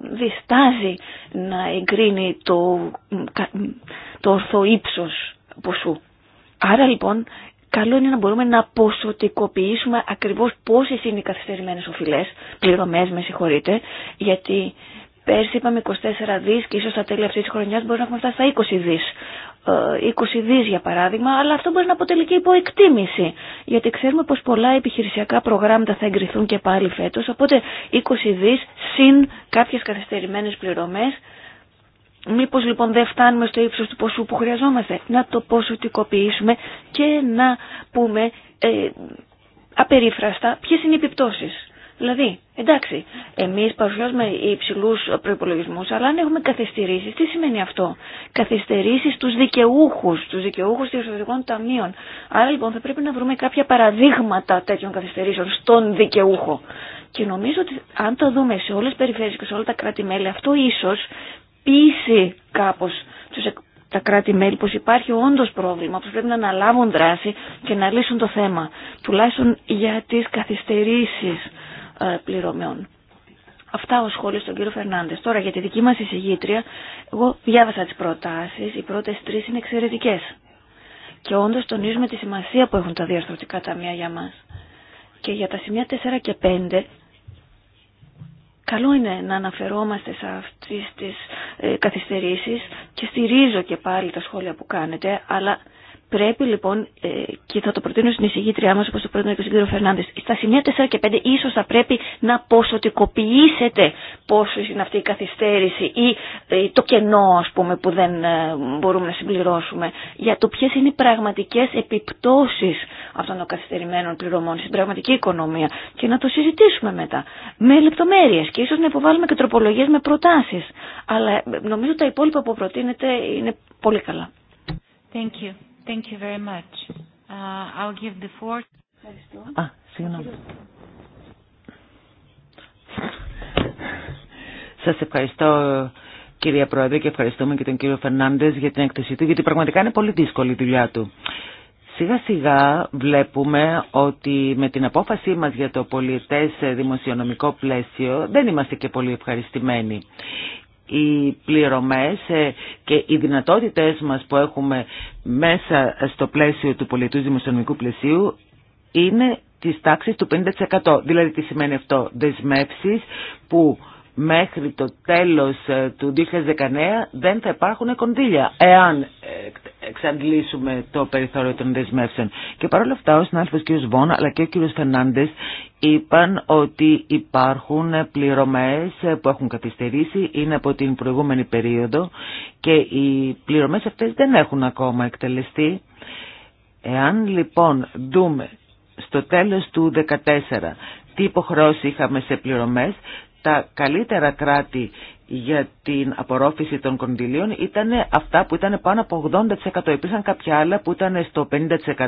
διστάζει να εγκρίνει το, το ορθό ύψος ποσού. Άρα λοιπόν καλό είναι να μπορούμε να ποσοτικοποιήσουμε ακριβώς πόσες είναι οι καθυστερημένες οφειλές, πληρωμές με συγχωρείτε, γιατί πέρσι είπαμε 24 δις και ίσως στα τέλη αυτής της χρονιάς μπορεί να έχουμε φτάσει στα 20 δις. 20 ε, δις για παράδειγμα, αλλά αυτό μπορεί να αποτελεί και υποεκτίμηση. Γιατί ξέρουμε πως πολλά επιχειρησιακά προγράμματα θα εγκριθούν και πάλι φέτος, οπότε 20 δις συν κάποιες καθυστερημένες πληρωμές Μήπως λοιπόν δεν φτάνουμε στο ύψος του ποσού που χρειαζόμαστε. Να το ποσοτικοποιήσουμε και να πούμε ε, απερίφραστα ποιες είναι οι επιπτώσεις. Δηλαδή, εντάξει, εμεί παρουσιάζουμε υψηλού προπολογισμού, αλλά αν έχουμε καθυστερήσει, τι σημαίνει αυτό. Καθυστερήσει στους δικαιούχου, στους δικαιούχου των ταμείων. Άρα λοιπόν θα πρέπει να βρούμε κάποια παραδείγματα τέτοιων καθυστερήσεων στον δικαιούχο. Και νομίζω ότι αν το δούμε σε όλε τι περιφέρειε και σε όλα τα κράτη-μέλη, αυτό ίσω πιστοποιήσει κάπως τους, τα κράτη-μέλη πως υπάρχει όντως πρόβλημα, πως πρέπει να αναλάβουν δράση και να λύσουν το θέμα, τουλάχιστον για τις καθυστερήσεις ε, πληρωμιών. Αυτά ο σχόλιο στον κύριο Φερνάντε. Τώρα για τη δική μα εισηγήτρια, εγώ διάβασα τι προτάσει. Οι πρώτε τρει είναι εξαιρετικέ. Και όντω τονίζουμε τη σημασία που έχουν τα διαρθρωτικά ταμεία για μα. Και για τα σημεία 4 και 5 Καλό είναι να αναφερόμαστε σε αυτές τις ε, καθυστερήσεις και στηρίζω και πάλι τα σχόλια που κάνετε, αλλά Πρέπει λοιπόν, ε, και θα το προτείνω στην εισηγήτριά μα, όπω το πρότεινε και ο κύριο Φερνάνδη, στα σημεία 4 και 5 ίσω θα πρέπει να ποσοτικοποιήσετε πόσο είναι αυτή η καθυστέρηση ή ε, το κενό, α πούμε, που δεν ε, μπορούμε να συμπληρώσουμε, για το ποιε είναι οι πραγματικέ επιπτώσει αυτών των καθυστερημένων πληρωμών στην πραγματική οικονομία και να το συζητήσουμε μετά με λεπτομέρειε και ίσω να υποβάλουμε και τροπολογίε με προτάσει. Αλλά νομίζω τα υπόλοιπα που προτείνετε είναι πολύ καλά. Thank you. Thank you very much. Uh, I'll give the floor. Ευχαριστώ. ευχαριστώ κυρία Πρόεδρε και ευχαριστούμε και τον κύριο Φερνάντε για την έκθεσή του γιατί πραγματικά είναι πολύ δύσκολη η δουλειά του. Σιγά σιγά βλέπουμε ότι με την απόφασή μας για το πολιτέ δημοσιονομικό πλαίσιο δεν είμαστε και πολύ ευχαριστημένοι οι πληρωμές ε, και οι δυνατότητες μας που έχουμε μέσα στο πλαίσιο του πολιτού δημοσιονομικού πλαισίου είναι της τάξης του 50%. Δηλαδή τι σημαίνει αυτό, δεσμεύσεις που μέχρι το τέλος ε, του 2019 δεν θα υπάρχουν κονδύλια εάν ε, εξαντλήσουμε το περιθώριο των δεσμεύσεων. Και παρόλα αυτά ο συνάδελφος κ. Βόν αλλά και ο κ. Φερνάντες είπαν ότι υπάρχουν πληρωμές που έχουν καθυστερήσει, είναι από την προηγούμενη περίοδο και οι πληρωμές αυτές δεν έχουν ακόμα εκτελεστεί. Εάν λοιπόν δούμε στο τέλος του 2014 τι υποχρεώσει είχαμε σε πληρωμές, τα καλύτερα κράτη για την απορρόφηση των κονδυλίων ήταν αυτά που ήταν πάνω από 80%. Υπήρχαν κάποια άλλα που ήταν στο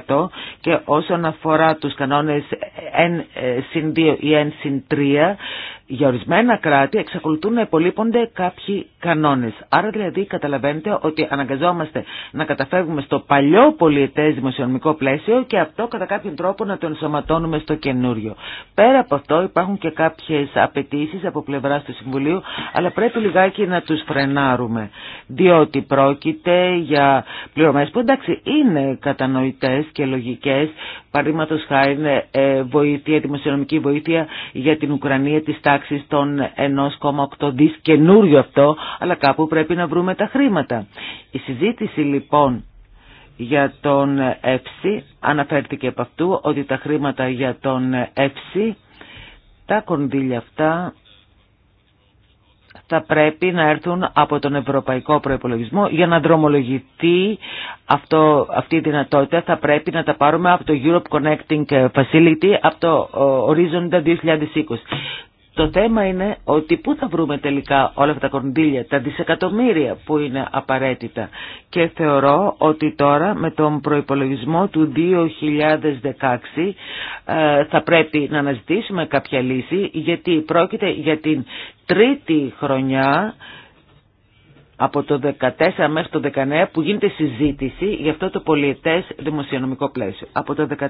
50% και όσον αφορά τους κανόνες N 2 ε, ή N 3 για ορισμένα κράτη εξακολουθούν να υπολείπονται κάποιοι κανόνες. Άρα δηλαδή καταλαβαίνετε ότι αναγκαζόμαστε να καταφεύγουμε στο παλιό πολιετές δημοσιονομικό πλαίσιο και αυτό κατά κάποιον τρόπο να το ενσωματώνουμε στο καινούριο. Πέρα από αυτό υπάρχουν και κάποιες απαιτήσει από πλευρά του Συμβουλίου, αλλά πρέπει λιγάκι να τους φρενάρουμε. Διότι πρόκειται για πληρωμές που εντάξει είναι κατανοητές και λογικές, παραδείγματος χάρη ε, βοήθεια, δημοσιονομική βοήθεια για την Ουκρανία της τάξης των 1,8 δις καινούριο αυτό, αλλά κάπου πρέπει να βρούμε τα χρήματα. Η συζήτηση λοιπόν για τον ΕΦΣΥ αναφέρθηκε από αυτού ότι τα χρήματα για τον ΕΦΣΥ, τα κονδύλια αυτά θα πρέπει να έρθουν από τον Ευρωπαϊκό Προϋπολογισμό για να δρομολογηθεί αυτό, αυτή η δυνατότητα θα πρέπει να τα πάρουμε από το Europe Connecting Facility από το Horizon 2020. Το θέμα είναι ότι πού θα βρούμε τελικά όλα αυτά τα κονδύλια, τα δισεκατομμύρια που είναι απαραίτητα. Και θεωρώ ότι τώρα με τον προϋπολογισμό του 2016 ε, θα πρέπει να αναζητήσουμε κάποια λύση γιατί πρόκειται για την τρίτη χρονιά από το 14 μέχρι το 19 που γίνεται συζήτηση για αυτό το πολιετές δημοσιονομικό πλαίσιο. Από το 14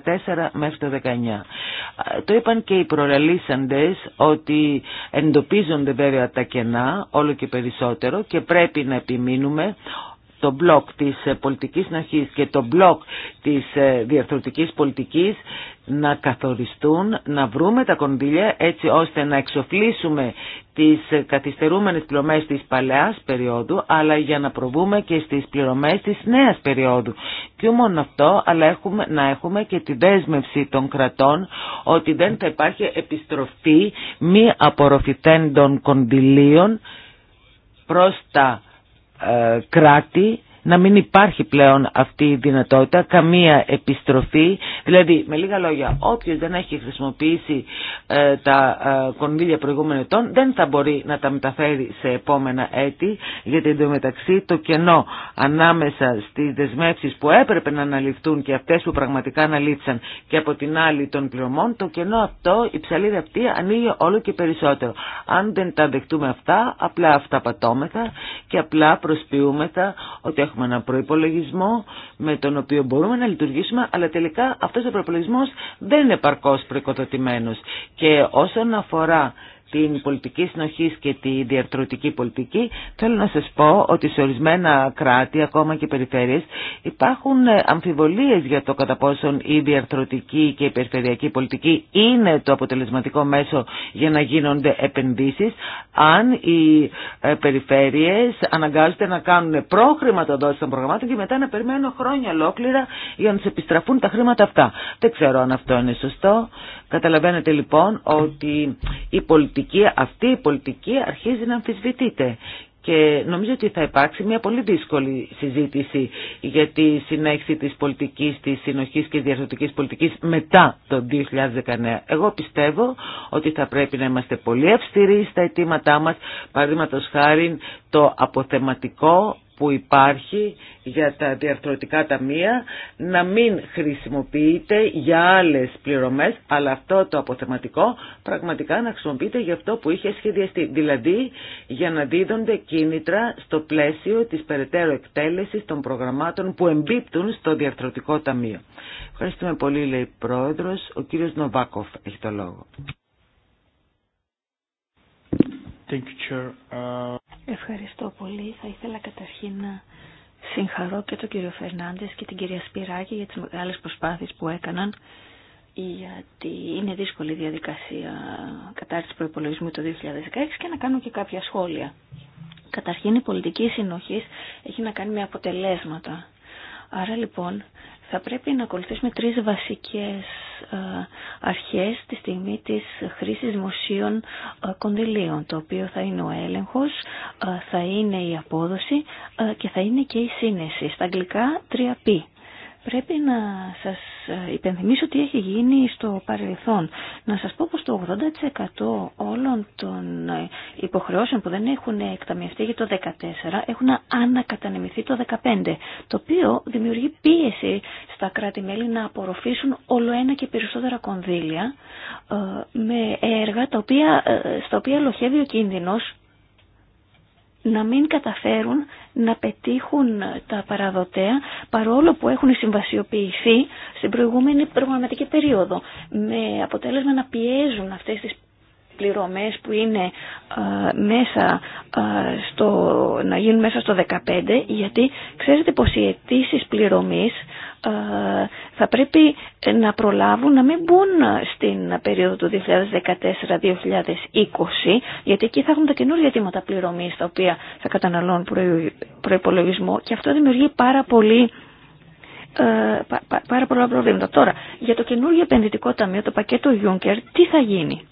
μέχρι το 19. Ε, το είπαν και οι προλαλήσαντες ότι εντοπίζονται βέβαια τα κενά όλο και περισσότερο και πρέπει να επιμείνουμε το μπλοκ της ε, πολιτικής συνοχής και το μπλοκ της ε, διαρθρωτικής πολιτικής να καθοριστούν, να βρούμε τα κονδύλια έτσι ώστε να εξοφλήσουμε τις ε, καθυστερούμενες πληρωμές της παλαιάς περίοδου αλλά για να προβούμε και στις πληρωμές της νέας περίοδου. Και μόνο αυτό, αλλά έχουμε, να έχουμε και τη δέσμευση των κρατών ότι δεν θα υπάρχει επιστροφή μη απορροφητέντων κονδυλίων προς τα ε, κράτη να μην υπάρχει πλέον αυτή η δυνατότητα, καμία επιστροφή. Δηλαδή, με λίγα λόγια, όποιος δεν έχει χρησιμοποιήσει ε, τα ε, κονδύλια προηγούμενων ετών δεν θα μπορεί να τα μεταφέρει σε επόμενα έτη, γιατί εντωμεταξύ το κενό ανάμεσα στις δεσμεύσεις που έπρεπε να αναλυφθούν και αυτές που πραγματικά αναλύθησαν και από την άλλη των πληρωμών, το κενό αυτό, η ψαλίδα αυτή ανοίγει όλο και περισσότερο. Αν δεν τα δεχτούμε αυτά, απλά αυτά πατώμεθα και απλά προσποιούμεθα ότι έχουμε ένα προϋπολογισμό με τον οποίο μπορούμε να λειτουργήσουμε, αλλά τελικά αυτός ο προπολογισμό δεν είναι παρκώ προοικοδοτημένος. Και όσον αφορά την πολιτική συνοχή και τη διαρθρωτική πολιτική, θέλω να σας πω ότι σε ορισμένα κράτη, ακόμα και περιφέρειες, υπάρχουν ε, αμφιβολίες για το κατά πόσον η διαρθρωτική και η περιφερειακή πολιτική είναι το αποτελεσματικό μέσο για να γίνονται επενδύσεις, αν οι ε, περιφέρειες αναγκάζονται να κάνουν προχρηματοδότηση των προγραμμάτων και μετά να περιμένουν χρόνια ολόκληρα για να τους επιστραφούν τα χρήματα αυτά. Δεν ξέρω αν αυτό είναι σωστό. Καταλαβαίνετε λοιπόν ότι η πολιτική, αυτή η πολιτική αρχίζει να αμφισβητείται και νομίζω ότι θα υπάρξει μια πολύ δύσκολη συζήτηση για τη συνέχιση της πολιτικής, της συνοχής και διαρθρωτικής πολιτικής μετά το 2019. Εγώ πιστεύω ότι θα πρέπει να είμαστε πολύ αυστηροί στα αιτήματά μας, παραδείγματος χάρη το αποθεματικό που υπάρχει για τα διαρθρωτικά ταμεία να μην χρησιμοποιείται για άλλες πληρωμές, αλλά αυτό το αποθεματικό πραγματικά να χρησιμοποιείται για αυτό που είχε σχεδιαστεί. Δηλαδή για να δίδονται κίνητρα στο πλαίσιο της περαιτέρω εκτέλεσης των προγραμμάτων που εμπίπτουν στο διαρθρωτικό ταμείο. Ευχαριστούμε πολύ, λέει Πρόεδρος. Ο κύριος Νοβάκοφ έχει το λόγο. Thank you, uh, Ευχαριστώ πολύ. Θα ήθελα καταρχήν να συγχαρώ και τον κύριο Φερνάντες και την κυρία Σπυράκη για τις μεγάλες προσπάθειες που έκαναν γιατί είναι δύσκολη η διαδικασία κατάρτισης προπολογισμού το 2016 και να κάνω και κάποια σχόλια. Καταρχήν η πολιτική συνοχή έχει να κάνει με αποτελέσματα. Άρα λοιπόν θα πρέπει να ακολουθήσουμε τρεις βασικές ε, αρχές τη στιγμή της χρήσης δημοσίων ε, κονδυλίων, το οποίο θα είναι ο έλεγχος, ε, θα είναι η απόδοση και θα είναι και η σύνεση. Στα αγγλικά 3P. Πρέπει να σας ε, υπενθυμίσω τι έχει γίνει στο παρελθόν. Να σας πω πως το 80% όλων των ε, υποχρεώσεων που δεν έχουν εκταμιευτεί για το 2014 έχουν ανακατανεμηθεί το 2015, το οποίο δημιουργεί πίεση στα κράτη-μέλη να απορροφήσουν όλο ένα και περισσότερα κονδύλια ε, με έργα τα οποία, στα οποία λοχεύει ο κίνδυνος να μην καταφέρουν να πετύχουν τα παραδοτέα παρόλο που έχουν συμβασιοποιηθεί στην προηγούμενη προγραμματική περίοδο με αποτέλεσμα να πιέζουν αυτές τις πληρωμές που είναι ε, μέσα ε, στο, να γίνουν μέσα στο 15 γιατί ξέρετε πως οι αιτήσει πληρωμής ε, θα πρέπει να προλάβουν να μην μπουν στην περίοδο του 2014-2020 γιατί εκεί θα έχουν τα καινούργια αιτήματα πληρωμής τα οποία θα καταναλώνουν προϋπολογισμό και αυτό δημιουργεί πάρα πολύ πάρα πολλά προβλήματα. Τώρα, για το καινούργιο επενδυτικό ταμείο, το πακέτο Juncker, τι θα γίνει.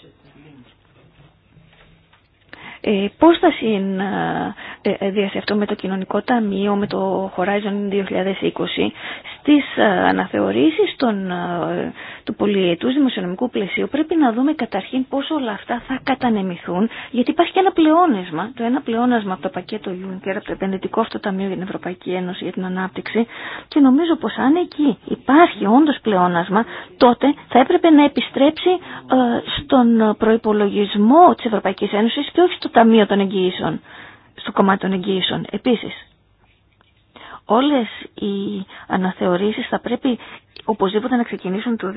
Ε, πώς θα συνδυαστεί ε, αυτό με το κοινωνικό ταμείο, με το Horizon 2020, στις ε, αναθεωρήσεις των ε, του του δημοσιονομικού πλαισίου πρέπει να δούμε καταρχήν πώ όλα αυτά θα κατανεμηθούν, γιατί υπάρχει και ένα πλεόνασμα, το ένα πλεόνασμα από το πακέτο Juncker, από το επενδυτικό αυτό ταμείο για την Ευρωπαϊκή Ένωση για την Ανάπτυξη και νομίζω πω αν εκεί υπάρχει όντω πλεόνασμα, τότε θα έπρεπε να επιστρέψει ε, στον προπολογισμό τη Ευρωπαϊκή Ένωση και όχι στο Ταμείο των Εγγυήσεων, στο κομμάτι των εγγυήσεων. Επίσης, Όλες οι αναθεωρήσεις θα πρέπει οπωσδήποτε να ξεκινήσουν το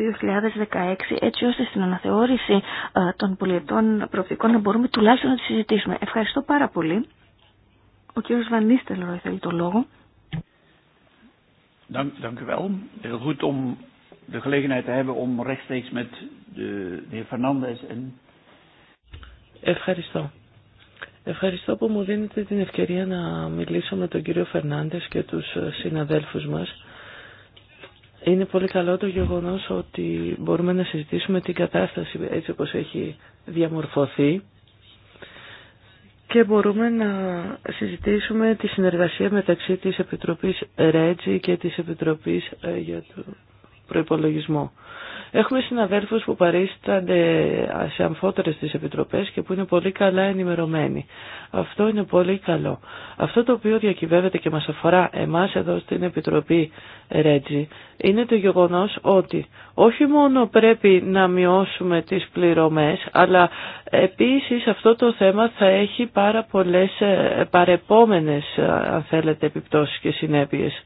2016 έτσι ώστε στην αναθεώρηση ε, των πολιετών προοπτικών να μπορούμε τουλάχιστον να τις συζητήσουμε. Ευχαριστώ πάρα πολύ. Ο κύριος Βανίστελρο θέλει το λόγο. Ευχαριστώ. Ευχαριστώ που μου δίνετε την ευκαιρία να μιλήσω με τον κύριο Φερνάντες και τους συναδέλφους μας. Είναι πολύ καλό το γεγονός ότι μπορούμε να συζητήσουμε την κατάσταση έτσι όπως έχει διαμορφωθεί και μπορούμε να συζητήσουμε τη συνεργασία μεταξύ της Επιτροπής Ρέτζη και της Επιτροπής ε, για προϋπολογισμό. Έχουμε συναδέλφους που παρίστανται σε αμφότερες τι επιτροπές και που είναι πολύ καλά ενημερωμένοι. Αυτό είναι πολύ καλό. Αυτό το οποίο διακυβεύεται και μας αφορά εμάς εδώ στην Επιτροπή Ρέτζι είναι το γεγονός ότι όχι μόνο πρέπει να μειώσουμε τις πληρωμές αλλά επίσης αυτό το θέμα θα έχει πάρα πολλές παρεπόμενες αν θέλετε επιπτώσεις και συνέπειες.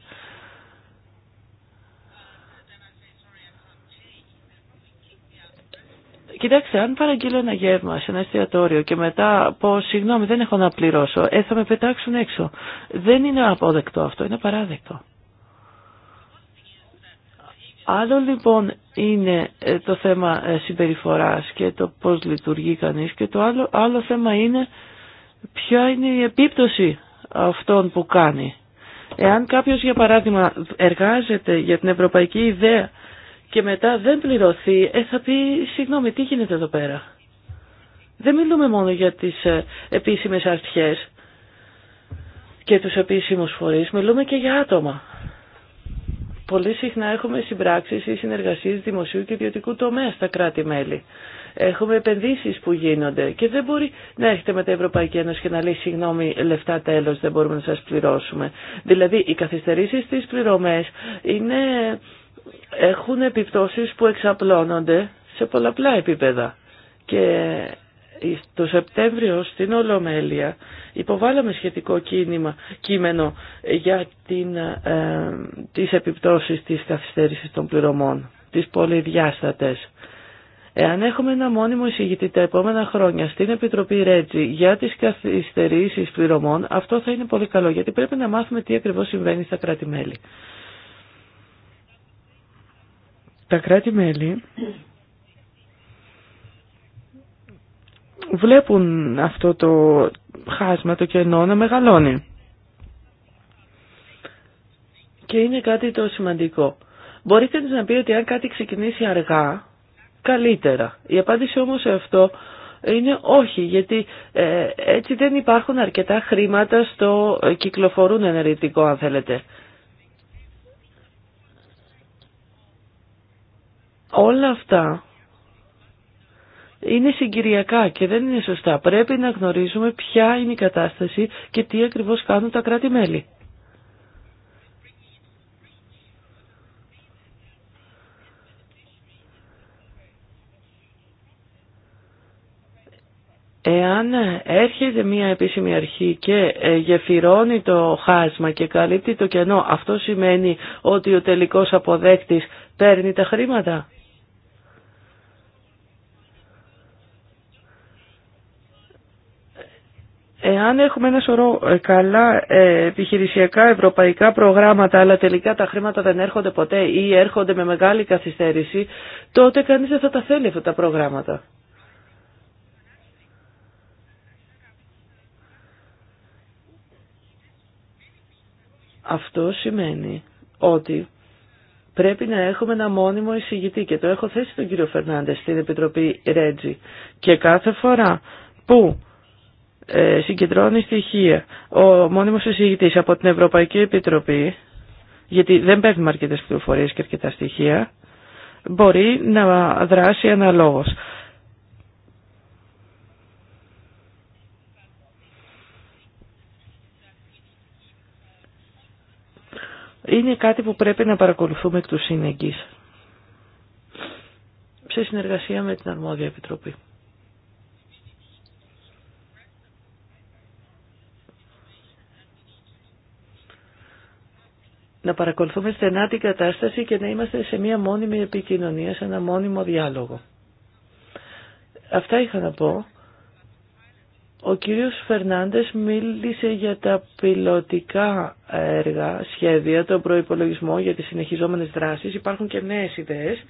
Κοιτάξτε, αν παραγγείλω ένα γεύμα σε ένα εστιατόριο και μετά πω συγγνώμη δεν έχω να πληρώσω, ε, θα με πετάξουν έξω. Δεν είναι αποδεκτό αυτό, είναι παράδεκτο. Άλλο λοιπόν είναι ε, το θέμα ε, συμπεριφοράς και το πώς λειτουργεί κανείς και το άλλο, άλλο θέμα είναι ποια είναι η επίπτωση αυτών που κάνει. Εάν κάποιος για παράδειγμα εργάζεται για την ευρωπαϊκή ιδέα και μετά δεν πληρωθεί, ε, θα πει συγγνώμη τι γίνεται εδώ πέρα. Δεν μιλούμε μόνο για τις ε, επίσημες αρχές και τους επίσημους φορείς, μιλούμε και για άτομα. Πολύ συχνά έχουμε συμπράξεις ή συνεργασίες δημοσίου και ιδιωτικού τομέα στα κράτη-μέλη. Έχουμε επενδύσει που γίνονται και δεν μπορεί να έρχεται με την Ευρωπαϊκή Ένωση και να λέει συγγνώμη, λεφτά τέλο, δεν μπορούμε να σα πληρώσουμε. Δηλαδή, οι καθυστερήσει στι πληρωμέ είναι έχουν επιπτώσεις που εξαπλώνονται σε πολλαπλά επίπεδα. Και το Σεπτέμβριο στην Ολομέλεια υποβάλαμε σχετικό κίνημα, κείμενο για την, ε, τις επιπτώσεις της καθυστέρησης των πληρωμών, τις πολυδιάστατες. Εάν έχουμε ένα μόνιμο εισηγητή τα επόμενα χρόνια στην Επιτροπή Ρέτζι για τις καθυστερήσεις πληρωμών, αυτό θα είναι πολύ καλό, γιατί πρέπει να μάθουμε τι ακριβώς συμβαίνει στα κράτη-μέλη τα κράτη-μέλη βλέπουν αυτό το χάσμα, το κενό να μεγαλώνει. Και είναι κάτι το σημαντικό. Μπορεί κανείς να πει ότι αν κάτι ξεκινήσει αργά, καλύτερα. Η απάντηση όμως σε αυτό είναι όχι, γιατί ε, έτσι δεν υπάρχουν αρκετά χρήματα στο ε, κυκλοφορούν ενεργητικό αν θέλετε. Όλα αυτά είναι συγκυριακά και δεν είναι σωστά. Πρέπει να γνωρίζουμε ποια είναι η κατάσταση και τι ακριβώς κάνουν τα κράτη-μέλη. Εάν έρχεται μια επίσημη αρχή και ε, γεφυρώνει το χάσμα και καλύπτει το κενό, αυτό σημαίνει ότι ο τελικός αποδέκτης παίρνει τα χρήματα. Εάν έχουμε ένα σωρό ε, καλά ε, επιχειρησιακά ευρωπαϊκά προγράμματα αλλά τελικά τα χρήματα δεν έρχονται ποτέ ή έρχονται με μεγάλη καθυστέρηση, τότε κανείς δεν θα τα θέλει αυτά τα προγράμματα. Αυτό σημαίνει ότι πρέπει να έχουμε ένα μόνιμο εισηγητή και το έχω θέσει τον κύριο Φερνάντες στην Επιτροπή Ρέτζι και κάθε φορά που ε, συγκεντρώνει στοιχεία. Ο μόνιμος εισηγητής από την Ευρωπαϊκή Επιτροπή, γιατί δεν παίρνουμε αρκετές πληροφορίες και αρκετά στοιχεία, μπορεί να δράσει αναλόγως. Είναι κάτι που πρέπει να παρακολουθούμε εκ του συνεγγύς. Σε συνεργασία με την Αρμόδια Επιτροπή. να παρακολουθούμε στενά την κατάσταση και να είμαστε σε μια μόνιμη επικοινωνία, σε ένα μόνιμο διάλογο. Αυτά είχα να πω. Ο κύριος Φερνάντες μίλησε για τα πιλωτικά έργα, σχέδια, τον προϋπολογισμό για τις συνεχιζόμενες δράσεις. Υπάρχουν και νέες ιδέες.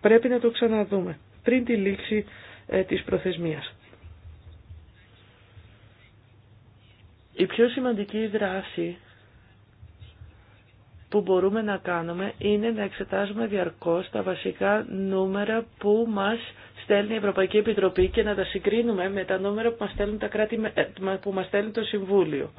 Πρέπει να το ξαναδούμε πριν τη λήξη ε, της προθεσμίας. Η πιο σημαντική δράση που μπορούμε να κάνουμε είναι να εξετάζουμε διαρκώς τα βασικά νούμερα που μας στέλνει η Ευρωπαϊκή Επιτροπή και να τα συγκρίνουμε με τα νούμερα που μας τα ε, στέλνει το Συμβούλιο.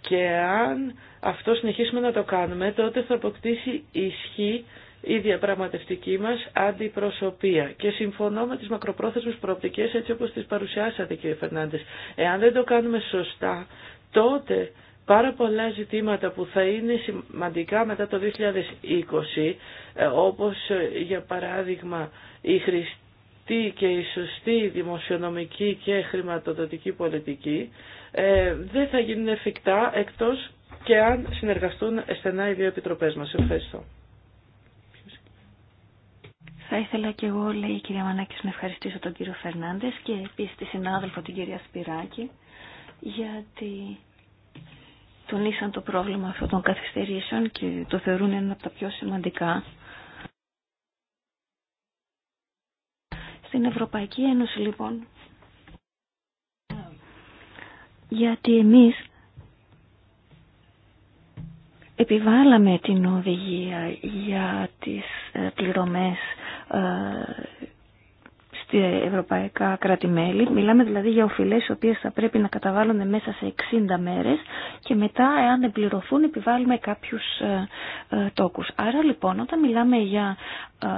Και αν αυτό συνεχίσουμε να το κάνουμε, τότε θα αποκτήσει ισχύ η διαπραγματευτική μας αντιπροσωπεία. Και συμφωνώ με τις μακροπρόθεσμες προοπτικές έτσι όπως τις παρουσιάσατε κύριε Φερνάντες. Εάν δεν το κάνουμε σωστά, τότε πάρα πολλά ζητήματα που θα είναι σημαντικά μετά το 2020, ε, όπως ε, για παράδειγμα η χρηστή και η σωστή δημοσιονομική και χρηματοδοτική πολιτική, ε, δεν θα γίνουν εφικτά εκτός και αν συνεργαστούν στενά οι δύο επιτροπές μας. Ευχαριστώ. Θα ήθελα και εγώ, λέει η κυρία Μανάκης, να ευχαριστήσω τον κύριο Φερνάντες και επίσης τη συνάδελφο την κυρία Σπυράκη γιατί τονίσαν το πρόβλημα αυτών των καθυστερήσεων και το θεωρούν ένα από τα πιο σημαντικά. Στην Ευρωπαϊκή Ένωση λοιπόν, γιατί εμείς επιβάλαμε την οδηγία για τις ε, πληρωμές ε, στη ευρωπαϊκά κράτη-μέλη. Μιλάμε δηλαδή για οφειλές οι οποίες θα πρέπει να καταβάλλονται μέσα σε 60 μέρες και μετά εάν εμπληρωθούν επιβάλλουμε κάποιους ε, ε, τόκους. Άρα λοιπόν όταν μιλάμε για ε,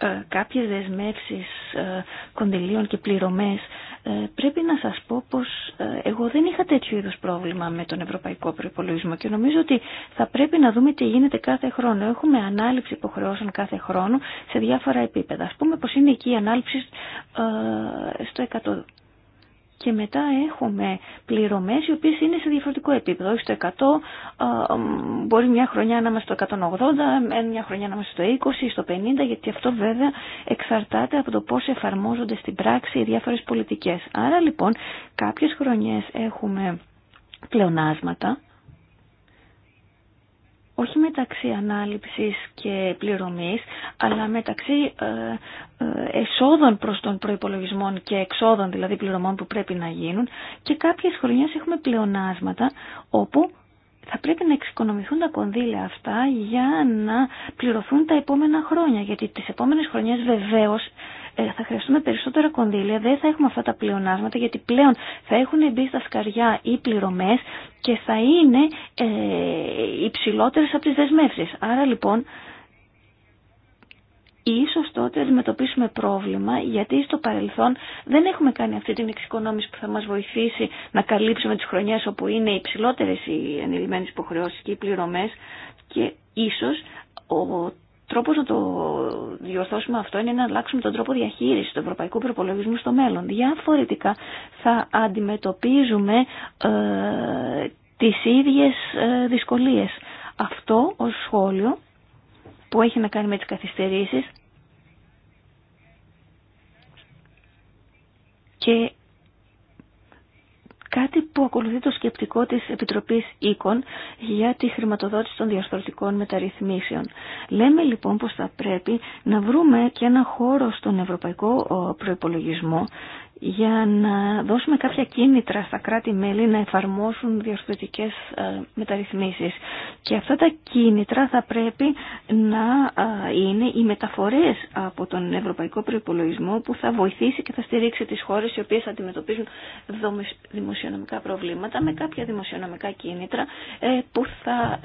ε, κάποιες δεσμεύσεις ε, κονδυλίων και πληρωμές ε, πρέπει να σας πω πως εγώ δεν είχα τέτοιο είδους πρόβλημα με τον ευρωπαϊκό προϋπολογισμό και νομίζω ότι θα πρέπει να δούμε τι γίνεται κάθε χρόνο. Έχουμε ανάληψη υποχρεώσεων κάθε χρόνο σε διάφορα επίπεδα. Ας πούμε πως είναι εκεί η ανάληψη στο και μετά έχουμε πληρωμές οι οποίες είναι σε διαφορετικό επίπεδο. Όχι στο 100, μπορεί μια χρονιά να είμαστε στο 180, μια χρονιά να είμαστε στο 20, στο 50, γιατί αυτό βέβαια εξαρτάται από το πώς εφαρμόζονται στην πράξη οι διάφορες πολιτικές. Άρα λοιπόν κάποιες χρονιές έχουμε πλεονάσματα όχι μεταξύ ανάληψης και πληρωμής, αλλά μεταξύ ε, ε, εσόδων προς τον προϋπολογισμό και εξόδων, δηλαδή πληρωμών που πρέπει να γίνουν και κάποιες χρονιές έχουμε πλεονάσματα όπου θα πρέπει να εξοικονομηθούν τα κονδύλια αυτά για να πληρωθούν τα επόμενα χρόνια. Γιατί τις επόμενες χρονιές βεβαίως ε, θα χρειαστούμε περισσότερα κονδύλια, δεν θα έχουμε αυτά τα πλεονάσματα γιατί πλέον θα έχουν μπει στα σκαριά οι πληρωμές και θα είναι ε, υψηλότερες από τις δεσμεύσεις. Άρα λοιπόν ίσως τότε αντιμετωπίσουμε πρόβλημα γιατί στο παρελθόν δεν έχουμε κάνει αυτή την εξοικονόμηση που θα μας βοηθήσει να καλύψουμε τις χρονιές όπου είναι υψηλότερες οι ενηλυμένες υποχρεώσεις και οι πληρωμές και ίσως ο τρόπος να το διορθώσουμε αυτό είναι να αλλάξουμε τον τρόπο διαχείρισης του ευρωπαϊκού προπολογισμού στο μέλλον. Διαφορετικά θα αντιμετωπίζουμε ε, τις ίδιες ε, δυσκολίες. Αυτό ω σχόλιο που έχει να κάνει με τις καθυστερήσει. και κάτι που ακολουθεί το σκεπτικό της Επιτροπής Οίκων για τη χρηματοδότηση των διαστροτικών μεταρρυθμίσεων. Λέμε λοιπόν πως θα πρέπει να βρούμε και ένα χώρο στον ευρωπαϊκό προϋπολογισμό για να δώσουμε κάποια κίνητρα στα κράτη-μέλη να εφαρμόσουν διορθωτικές ε, μεταρρυθμίσεις. Και αυτά τα κίνητρα θα πρέπει να ε, είναι οι μεταφορές από τον Ευρωπαϊκό Προϋπολογισμό που θα βοηθήσει και θα στηρίξει τις χώρες οι οποίες αντιμετωπίζουν δημοσιονομικά προβλήματα με κάποια δημοσιονομικά κίνητρα ε, που θα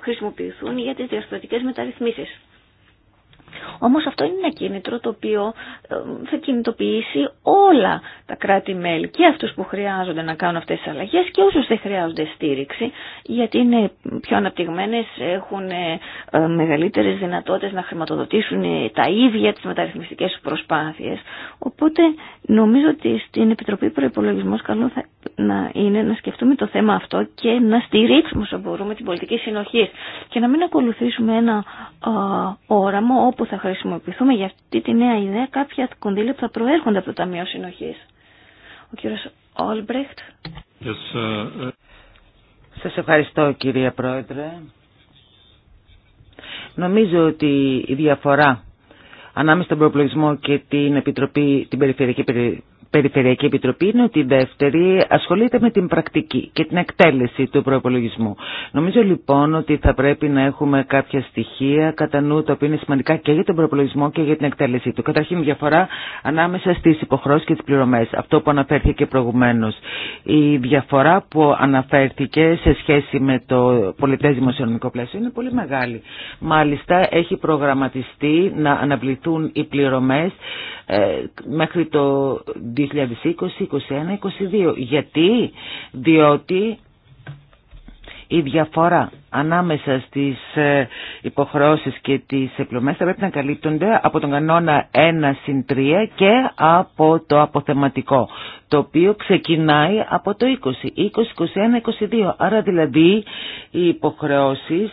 χρησιμοποιηθούν για τις διορθωτικές μεταρρυθμίσεις. Όμως αυτό είναι ένα κίνητρο το οποίο ε, θα κινητοποιήσει όλα τα κράτη-μέλη και αυτούς που χρειάζονται να κάνουν αυτές τις αλλαγές και όσους δεν χρειάζονται στήριξη γιατί είναι πιο αναπτυγμένες, έχουν ε, ε, μεγαλύτερες δυνατότητες να χρηματοδοτήσουν τα ίδια τις μεταρρυθμιστικές προσπάθειες. Οπότε νομίζω ότι στην Επιτροπή Προϋπολογισμός καλό θα να είναι να σκεφτούμε το θέμα αυτό και να στηρίξουμε όσο μπορούμε την πολιτική συνοχή και να μην ακολουθήσουμε ένα όραμα που θα χρησιμοποιηθούμε για αυτή τη νέα ιδέα κάποια κονδύλια που θα προέρχονται από το Ταμείο συνοχή. Ο κύριος Όλμπρεχτ. Yes, uh... uh. ευχαριστώ κυρία Πρόεδρε. Νομίζω ότι η διαφορά ανάμεσα στον προπολογισμό και την, Επιτροπή, την Περιφερειακή Περιφερειακή Επιτροπή είναι ότι η δεύτερη ασχολείται με την πρακτική και την εκτέλεση του προπολογισμού. Νομίζω λοιπόν ότι θα πρέπει να έχουμε κάποια στοιχεία κατά νου τα οποία είναι σημαντικά και για τον προπολογισμό και για την εκτέλεση του. Καταρχήν διαφορά ανάμεσα στι υποχρεώσει και τι πληρωμέ. Αυτό που αναφέρθηκε προηγουμένω. Η διαφορά που αναφέρθηκε σε σχέση με το πολιτέ δημοσιονομικό πλαίσιο είναι πολύ μεγάλη. Μάλιστα έχει προγραμματιστεί να αναβληθούν οι πληρωμέ ε, μέχρι το 2020, 2021, 2022. Γιατί, διότι η διαφορά ανάμεσα στις ε, υποχρεώσεις και τις επιλογές θα πρέπει να καλύπτονται από τον κανόνα 1 συν 3 και από το αποθεματικό, το οποίο ξεκινάει από το 20, 20, 21, 22. Άρα δηλαδή οι υποχρεώσεις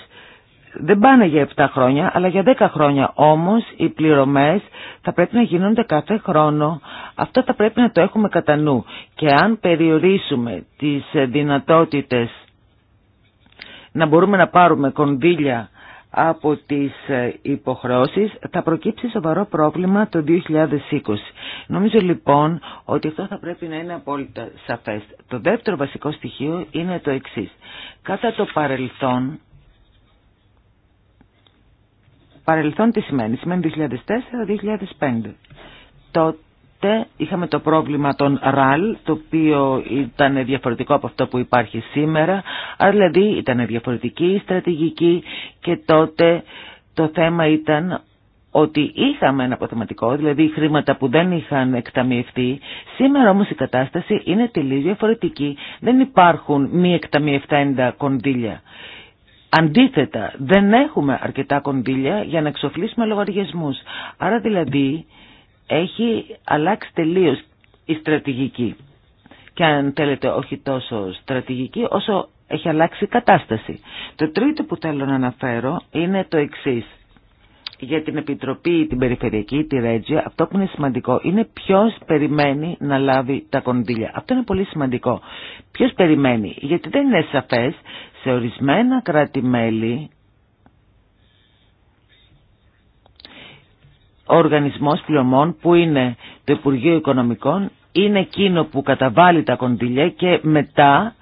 δεν πάνε για 7 χρόνια, αλλά για 10 χρόνια. Όμως οι πληρωμές θα πρέπει να γίνονται κάθε χρόνο. Αυτό θα πρέπει να το έχουμε κατά νου. Και αν περιορίσουμε τις δυνατότητες να μπορούμε να πάρουμε κονδύλια από τις ε, υποχρεώσεις θα προκύψει σοβαρό πρόβλημα το 2020. Νομίζω λοιπόν ότι αυτό θα πρέπει να είναι απόλυτα σαφές. Το δεύτερο βασικό στοιχείο είναι το εξής. Κατά το παρελθόν παρελθόν τι σημαίνει. Σημαίνει 2004-2005. Τότε είχαμε το πρόβλημα των ραλ, το οποίο ήταν διαφορετικό από αυτό που υπάρχει σήμερα. Άρα δηλαδή ήταν διαφορετική η στρατηγική και τότε το θέμα ήταν ότι είχαμε ένα αποθεματικό, δηλαδή χρήματα που δεν είχαν εκταμιευτεί. Σήμερα όμως η κατάσταση είναι τελείως διαφορετική. Δεν υπάρχουν μη εκταμιευτά κονδύλια. Αντίθετα, δεν έχουμε αρκετά κονδύλια για να εξοφλήσουμε λογαριασμούς. Άρα δηλαδή έχει αλλάξει τελείως η στρατηγική. Και αν θέλετε όχι τόσο στρατηγική όσο έχει αλλάξει η κατάσταση. Το τρίτο που θέλω να αναφέρω είναι το εξής για την Επιτροπή, την Περιφερειακή, τη Ρέτζια, αυτό που είναι σημαντικό είναι ποιος περιμένει να λάβει τα κονδύλια. Αυτό είναι πολύ σημαντικό. Ποιος περιμένει, γιατί δεν είναι σαφές σε ορισμένα κράτη-μέλη ο οργανισμός πληρωμών που είναι το Υπουργείο Οικονομικών είναι εκείνο που καταβάλει τα κονδύλια και μετά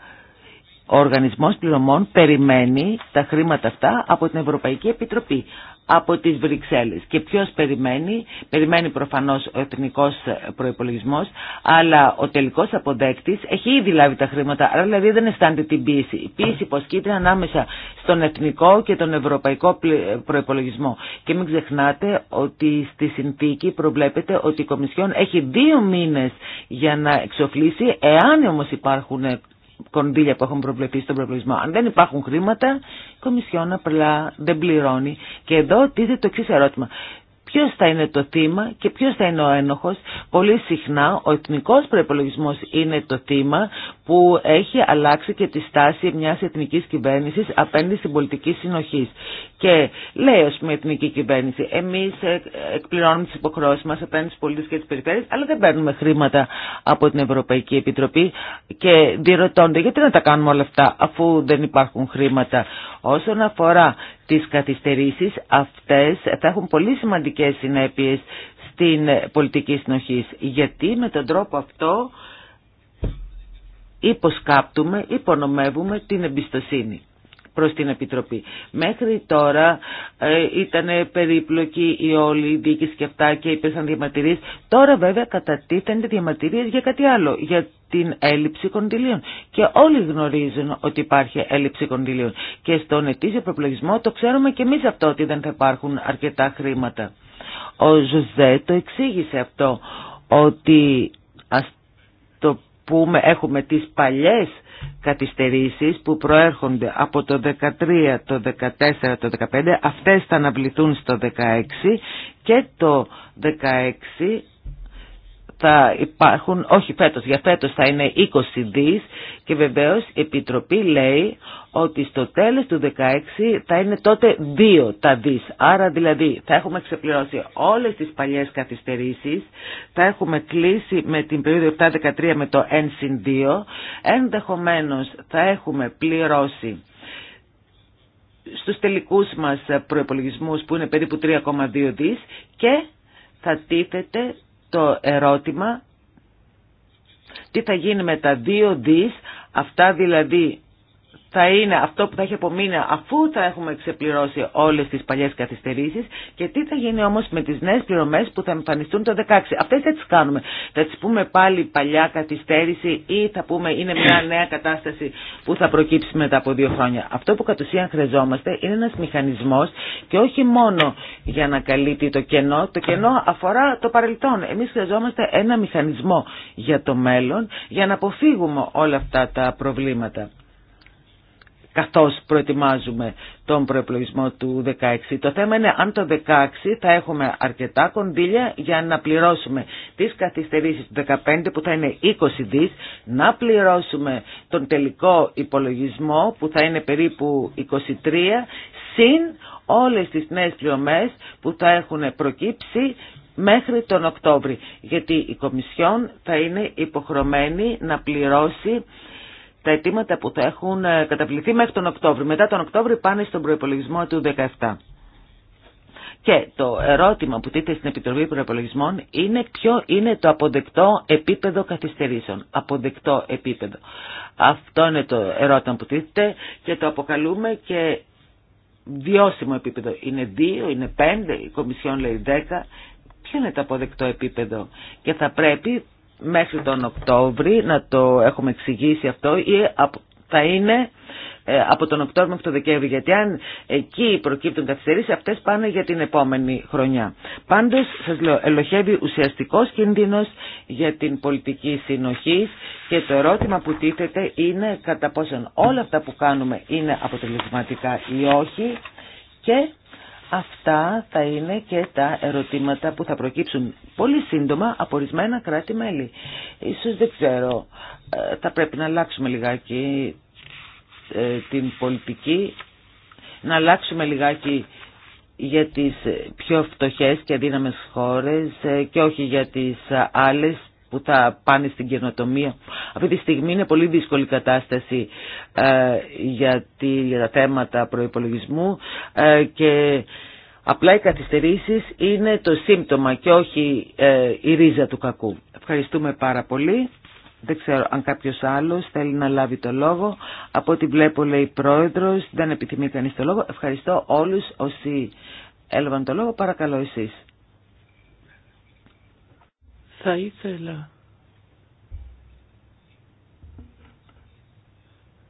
ο οργανισμός πληρωμών περιμένει τα χρήματα αυτά από την Ευρωπαϊκή Επιτροπή από τις Βρυξέλλες. Και ποιος περιμένει, περιμένει προφανώς ο εθνικός προϋπολογισμός, αλλά ο τελικός αποδέκτης έχει ήδη λάβει τα χρήματα, άρα δηλαδή δεν αισθάνεται την πίεση. Η πίεση υποσκείται ανάμεσα στον εθνικό και τον ευρωπαϊκό προϋπολογισμό. Και μην ξεχνάτε ότι στη συνθήκη προβλέπεται ότι η Κομισιόν έχει δύο μήνες για να εξοφλήσει, εάν όμως υπάρχουν κονδύλια που έχουν προβλεφθεί στον προβλεπισμό. Αν δεν υπάρχουν χρήματα, η Κομισιόν απλά δεν πληρώνει. Και εδώ τίθεται το εξή ερώτημα. Ποιο θα είναι το θύμα και ποιο θα είναι ο ένοχο. Πολύ συχνά ο εθνικό προπολογισμό είναι το θύμα που έχει αλλάξει και τη στάση μιας εθνικής κυβέρνησης απέναντι στην πολιτική συνοχή. Και λέει, α πούμε, η εθνική κυβέρνηση, εμείς ε, εκπληρώνουμε τις υποχρεώσεις μας απέναντι στους πολίτες και τις περιφέρειες, αλλά δεν παίρνουμε χρήματα από την Ευρωπαϊκή Επιτροπή και διερωτώνται γιατί να τα κάνουμε όλα αυτά αφού δεν υπάρχουν χρήματα. Όσον αφορά τις καθυστερήσεις, αυτές θα έχουν πολύ σημαντικές συνέπειες στην πολιτική συνοχή. Γιατί με τον τρόπο αυτό υποσκάπτουμε, υπονομεύουμε την εμπιστοσύνη προς την Επιτροπή. Μέχρι τώρα ε, ήταν περίπλοκη η όλη οι και αυτά και υπήρχαν διαμαρτυρίες. Τώρα βέβαια κατατίθενται διαμαρτυρίες για κάτι άλλο, για την έλλειψη κονδυλίων. Και όλοι γνωρίζουν ότι υπάρχει έλλειψη κονδυλίων. Και στον ετήσιο προπλογισμό το ξέρουμε και εμείς αυτό ότι δεν θα υπάρχουν αρκετά χρήματα. Ο Ζωζέ το εξήγησε αυτό ότι πούμε έχουμε τις παλιές καθυστερήσεις που προέρχονται από το 13, το 14, το 15, αυτές θα αναβληθούν στο 16 και το 16 θα υπάρχουν, όχι φέτος, για φέτος θα είναι 20 δις και βεβαίως η Επιτροπή λέει ότι στο τέλος του 16 θα είναι τότε 2 τα δις. Άρα δηλαδή θα έχουμε ξεπληρώσει όλες τις παλιές καθυστερήσεις, θα έχουμε κλείσει με την περίοδο 7-13 με το 1-2, ενδεχομένως θα έχουμε πληρώσει στους τελικούς μας προπολογισμού, που είναι περίπου 3,2 δις και θα τίθεται το ερώτημα τι θα γίνει με τα δύο δις, αυτά δηλαδή θα είναι αυτό που θα έχει απομείνει αφού θα έχουμε ξεπληρώσει όλες τις παλιές καθυστερήσεις και τι θα γίνει όμως με τις νέες πληρωμές που θα εμφανιστούν το 16. Αυτές θα τις κάνουμε. Θα τις πούμε πάλι παλιά καθυστέρηση ή θα πούμε είναι μια (coughs) νέα κατάσταση που θα προκύψει μετά από δύο χρόνια. Αυτό που κατ' ουσίαν χρειαζόμαστε είναι ένας μηχανισμός και όχι μόνο για να καλύπτει το κενό. Το κενό αφορά το παρελθόν. Εμείς χρειαζόμαστε ένα μηχανισμό για το μέλλον για να αποφύγουμε όλα αυτά τα προβλήματα καθώς προετοιμάζουμε τον προεπλογισμό του 16. Το θέμα είναι αν το 16 θα έχουμε αρκετά κονδύλια για να πληρώσουμε τις καθυστερήσεις του 15 που θα είναι 20 δις, να πληρώσουμε τον τελικό υπολογισμό που θα είναι περίπου 23, συν όλες τις νέες πληρωμές που θα έχουν προκύψει μέχρι τον Οκτώβρη, γιατί η Κομισιόν θα είναι υποχρεωμένη να πληρώσει τα αιτήματα που θα έχουν ε, καταβληθεί μέχρι τον Οκτώβριο. Μετά τον Οκτώβριο πάνε στον προπολογισμό του 2017. Και το ερώτημα που τίθεται στην Επιτροπή Προπολογισμών είναι ποιο είναι το αποδεκτό επίπεδο καθυστερήσεων. Αποδεκτό επίπεδο. Αυτό είναι το ερώτημα που τίθεται και το αποκαλούμε και βιώσιμο επίπεδο. Είναι 2, είναι 5, η Κομισιόν λέει 10. Ποιο είναι το αποδεκτό επίπεδο. Και θα πρέπει μέχρι τον Οκτώβρη, να το έχουμε εξηγήσει αυτό, ή θα είναι ε, από τον Οκτώβριο μέχρι τον Δεκέμβριο, γιατί αν εκεί προκύπτουν καθυστερήσει, αυτές πάνε για την επόμενη χρονιά. Πάντως σας λέω, ελοχεύει ουσιαστικός κίνδυνο για την πολιτική συνοχή και το ερώτημα που τίθεται είναι κατά πόσον όλα αυτά που κάνουμε είναι αποτελεσματικά ή όχι και Αυτά θα είναι και τα ερωτήματα που θα προκύψουν πολύ σύντομα από ορισμένα κράτη-μέλη. Ίσως δεν ξέρω, ε, θα πρέπει να αλλάξουμε λιγάκι ε, την πολιτική, να αλλάξουμε λιγάκι για τις πιο φτωχές και αδύναμες χώρες ε, και όχι για τις άλλες που θα πάνε στην καινοτομία. Αυτή τη στιγμή είναι πολύ δύσκολη κατάσταση ε, για, τα θέματα προϋπολογισμού ε, και απλά οι καθυστερήσεις είναι το σύμπτωμα και όχι ε, η ρίζα του κακού. Ευχαριστούμε πάρα πολύ. Δεν ξέρω αν κάποιος άλλος θέλει να λάβει το λόγο. Από ό,τι βλέπω λέει πρόεδρος, δεν επιθυμεί κανείς το λόγο. Ευχαριστώ όλους όσοι έλαβαν το λόγο. Παρακαλώ εσείς. Θα ήθελα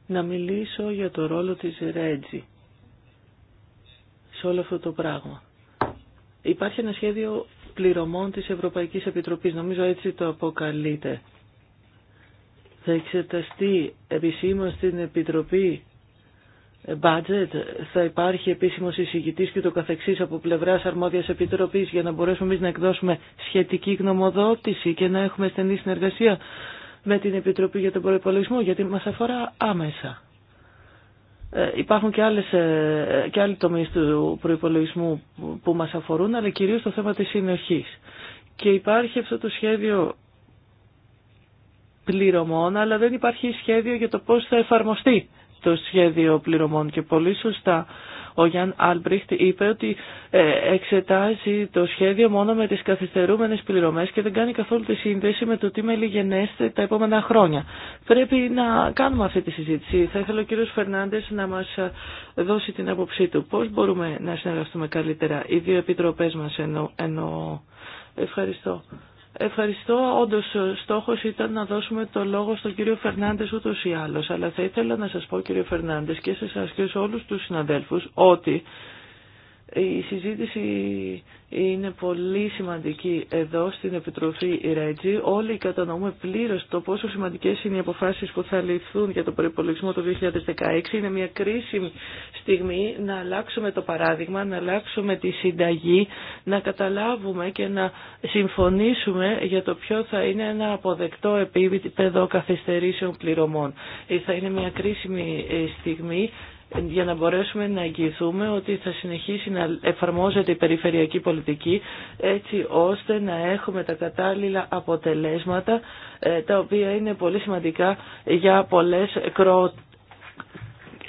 να μιλήσω για το ρόλο της Ρέτζη σε όλο αυτό το πράγμα. Υπάρχει ένα σχέδιο πληρωμών της Ευρωπαϊκής Επιτροπής, νομίζω έτσι το αποκαλείται. Θα εξεταστεί επισήμως την Επιτροπή budget, θα υπάρχει επίσημος εισηγητής και το καθεξής από πλευράς αρμόδιας επιτροπής για να μπορέσουμε εμείς να εκδώσουμε σχετική γνωμοδότηση και να έχουμε στενή συνεργασία με την Επιτροπή για τον Προϋπολογισμό, γιατί μας αφορά άμεσα. Ε, υπάρχουν και, άλλες, ε, και άλλοι τομείς του προϋπολογισμού που μας αφορούν, αλλά κυρίως το θέμα της συνοχής. Και υπάρχει αυτό το σχέδιο πληρωμών, αλλά δεν υπάρχει σχέδιο για το πώς θα εφαρμοστεί το σχέδιο πληρωμών και πολύ σωστά ο Γιάνν Άλμπριχτ είπε ότι ε, εξετάζει το σχέδιο μόνο με τις καθυστερούμενες πληρωμές και δεν κάνει καθόλου τη σύνδεση με το τι μελιγενέστε τα επόμενα χρόνια. Πρέπει να κάνουμε αυτή τη συζήτηση. Θα ήθελα ο κύριος Φερνάντες να μας ε, δώσει την άποψή του. Πώς μπορούμε να συνεργαστούμε καλύτερα οι δύο επιτροπές μας ενώ... ενώ... Ευχαριστώ. Ευχαριστώ. Όντω, στόχο ήταν να δώσουμε το λόγο στον κύριο Φερνάντε ούτω ή άλλω. Αλλά θα ήθελα να σα πω, κύριο Φερνάντε, και σε εσά και σε όλου του συναδέλφου, ότι η συζήτηση είναι πολύ σημαντική εδώ στην Επιτροφή Ρέτζη. Όλοι κατανοούμε πλήρως το πόσο σημαντικές είναι οι αποφάσεις που θα ληφθούν για τον προπολογισμό του 2016. Είναι μια κρίσιμη στιγμή να αλλάξουμε το παράδειγμα, να αλλάξουμε τη συνταγή, να καταλάβουμε και να συμφωνήσουμε για το ποιο θα είναι ένα αποδεκτό επίπεδο καθυστερήσεων πληρωμών. Ε, θα είναι μια κρίσιμη ε, στιγμή για να μπορέσουμε να εγγυηθούμε ότι θα συνεχίσει να εφαρμόζεται η περιφερειακή πολιτική έτσι ώστε να έχουμε τα κατάλληλα αποτελέσματα ε, τα οποία είναι πολύ σημαντικά για πολλές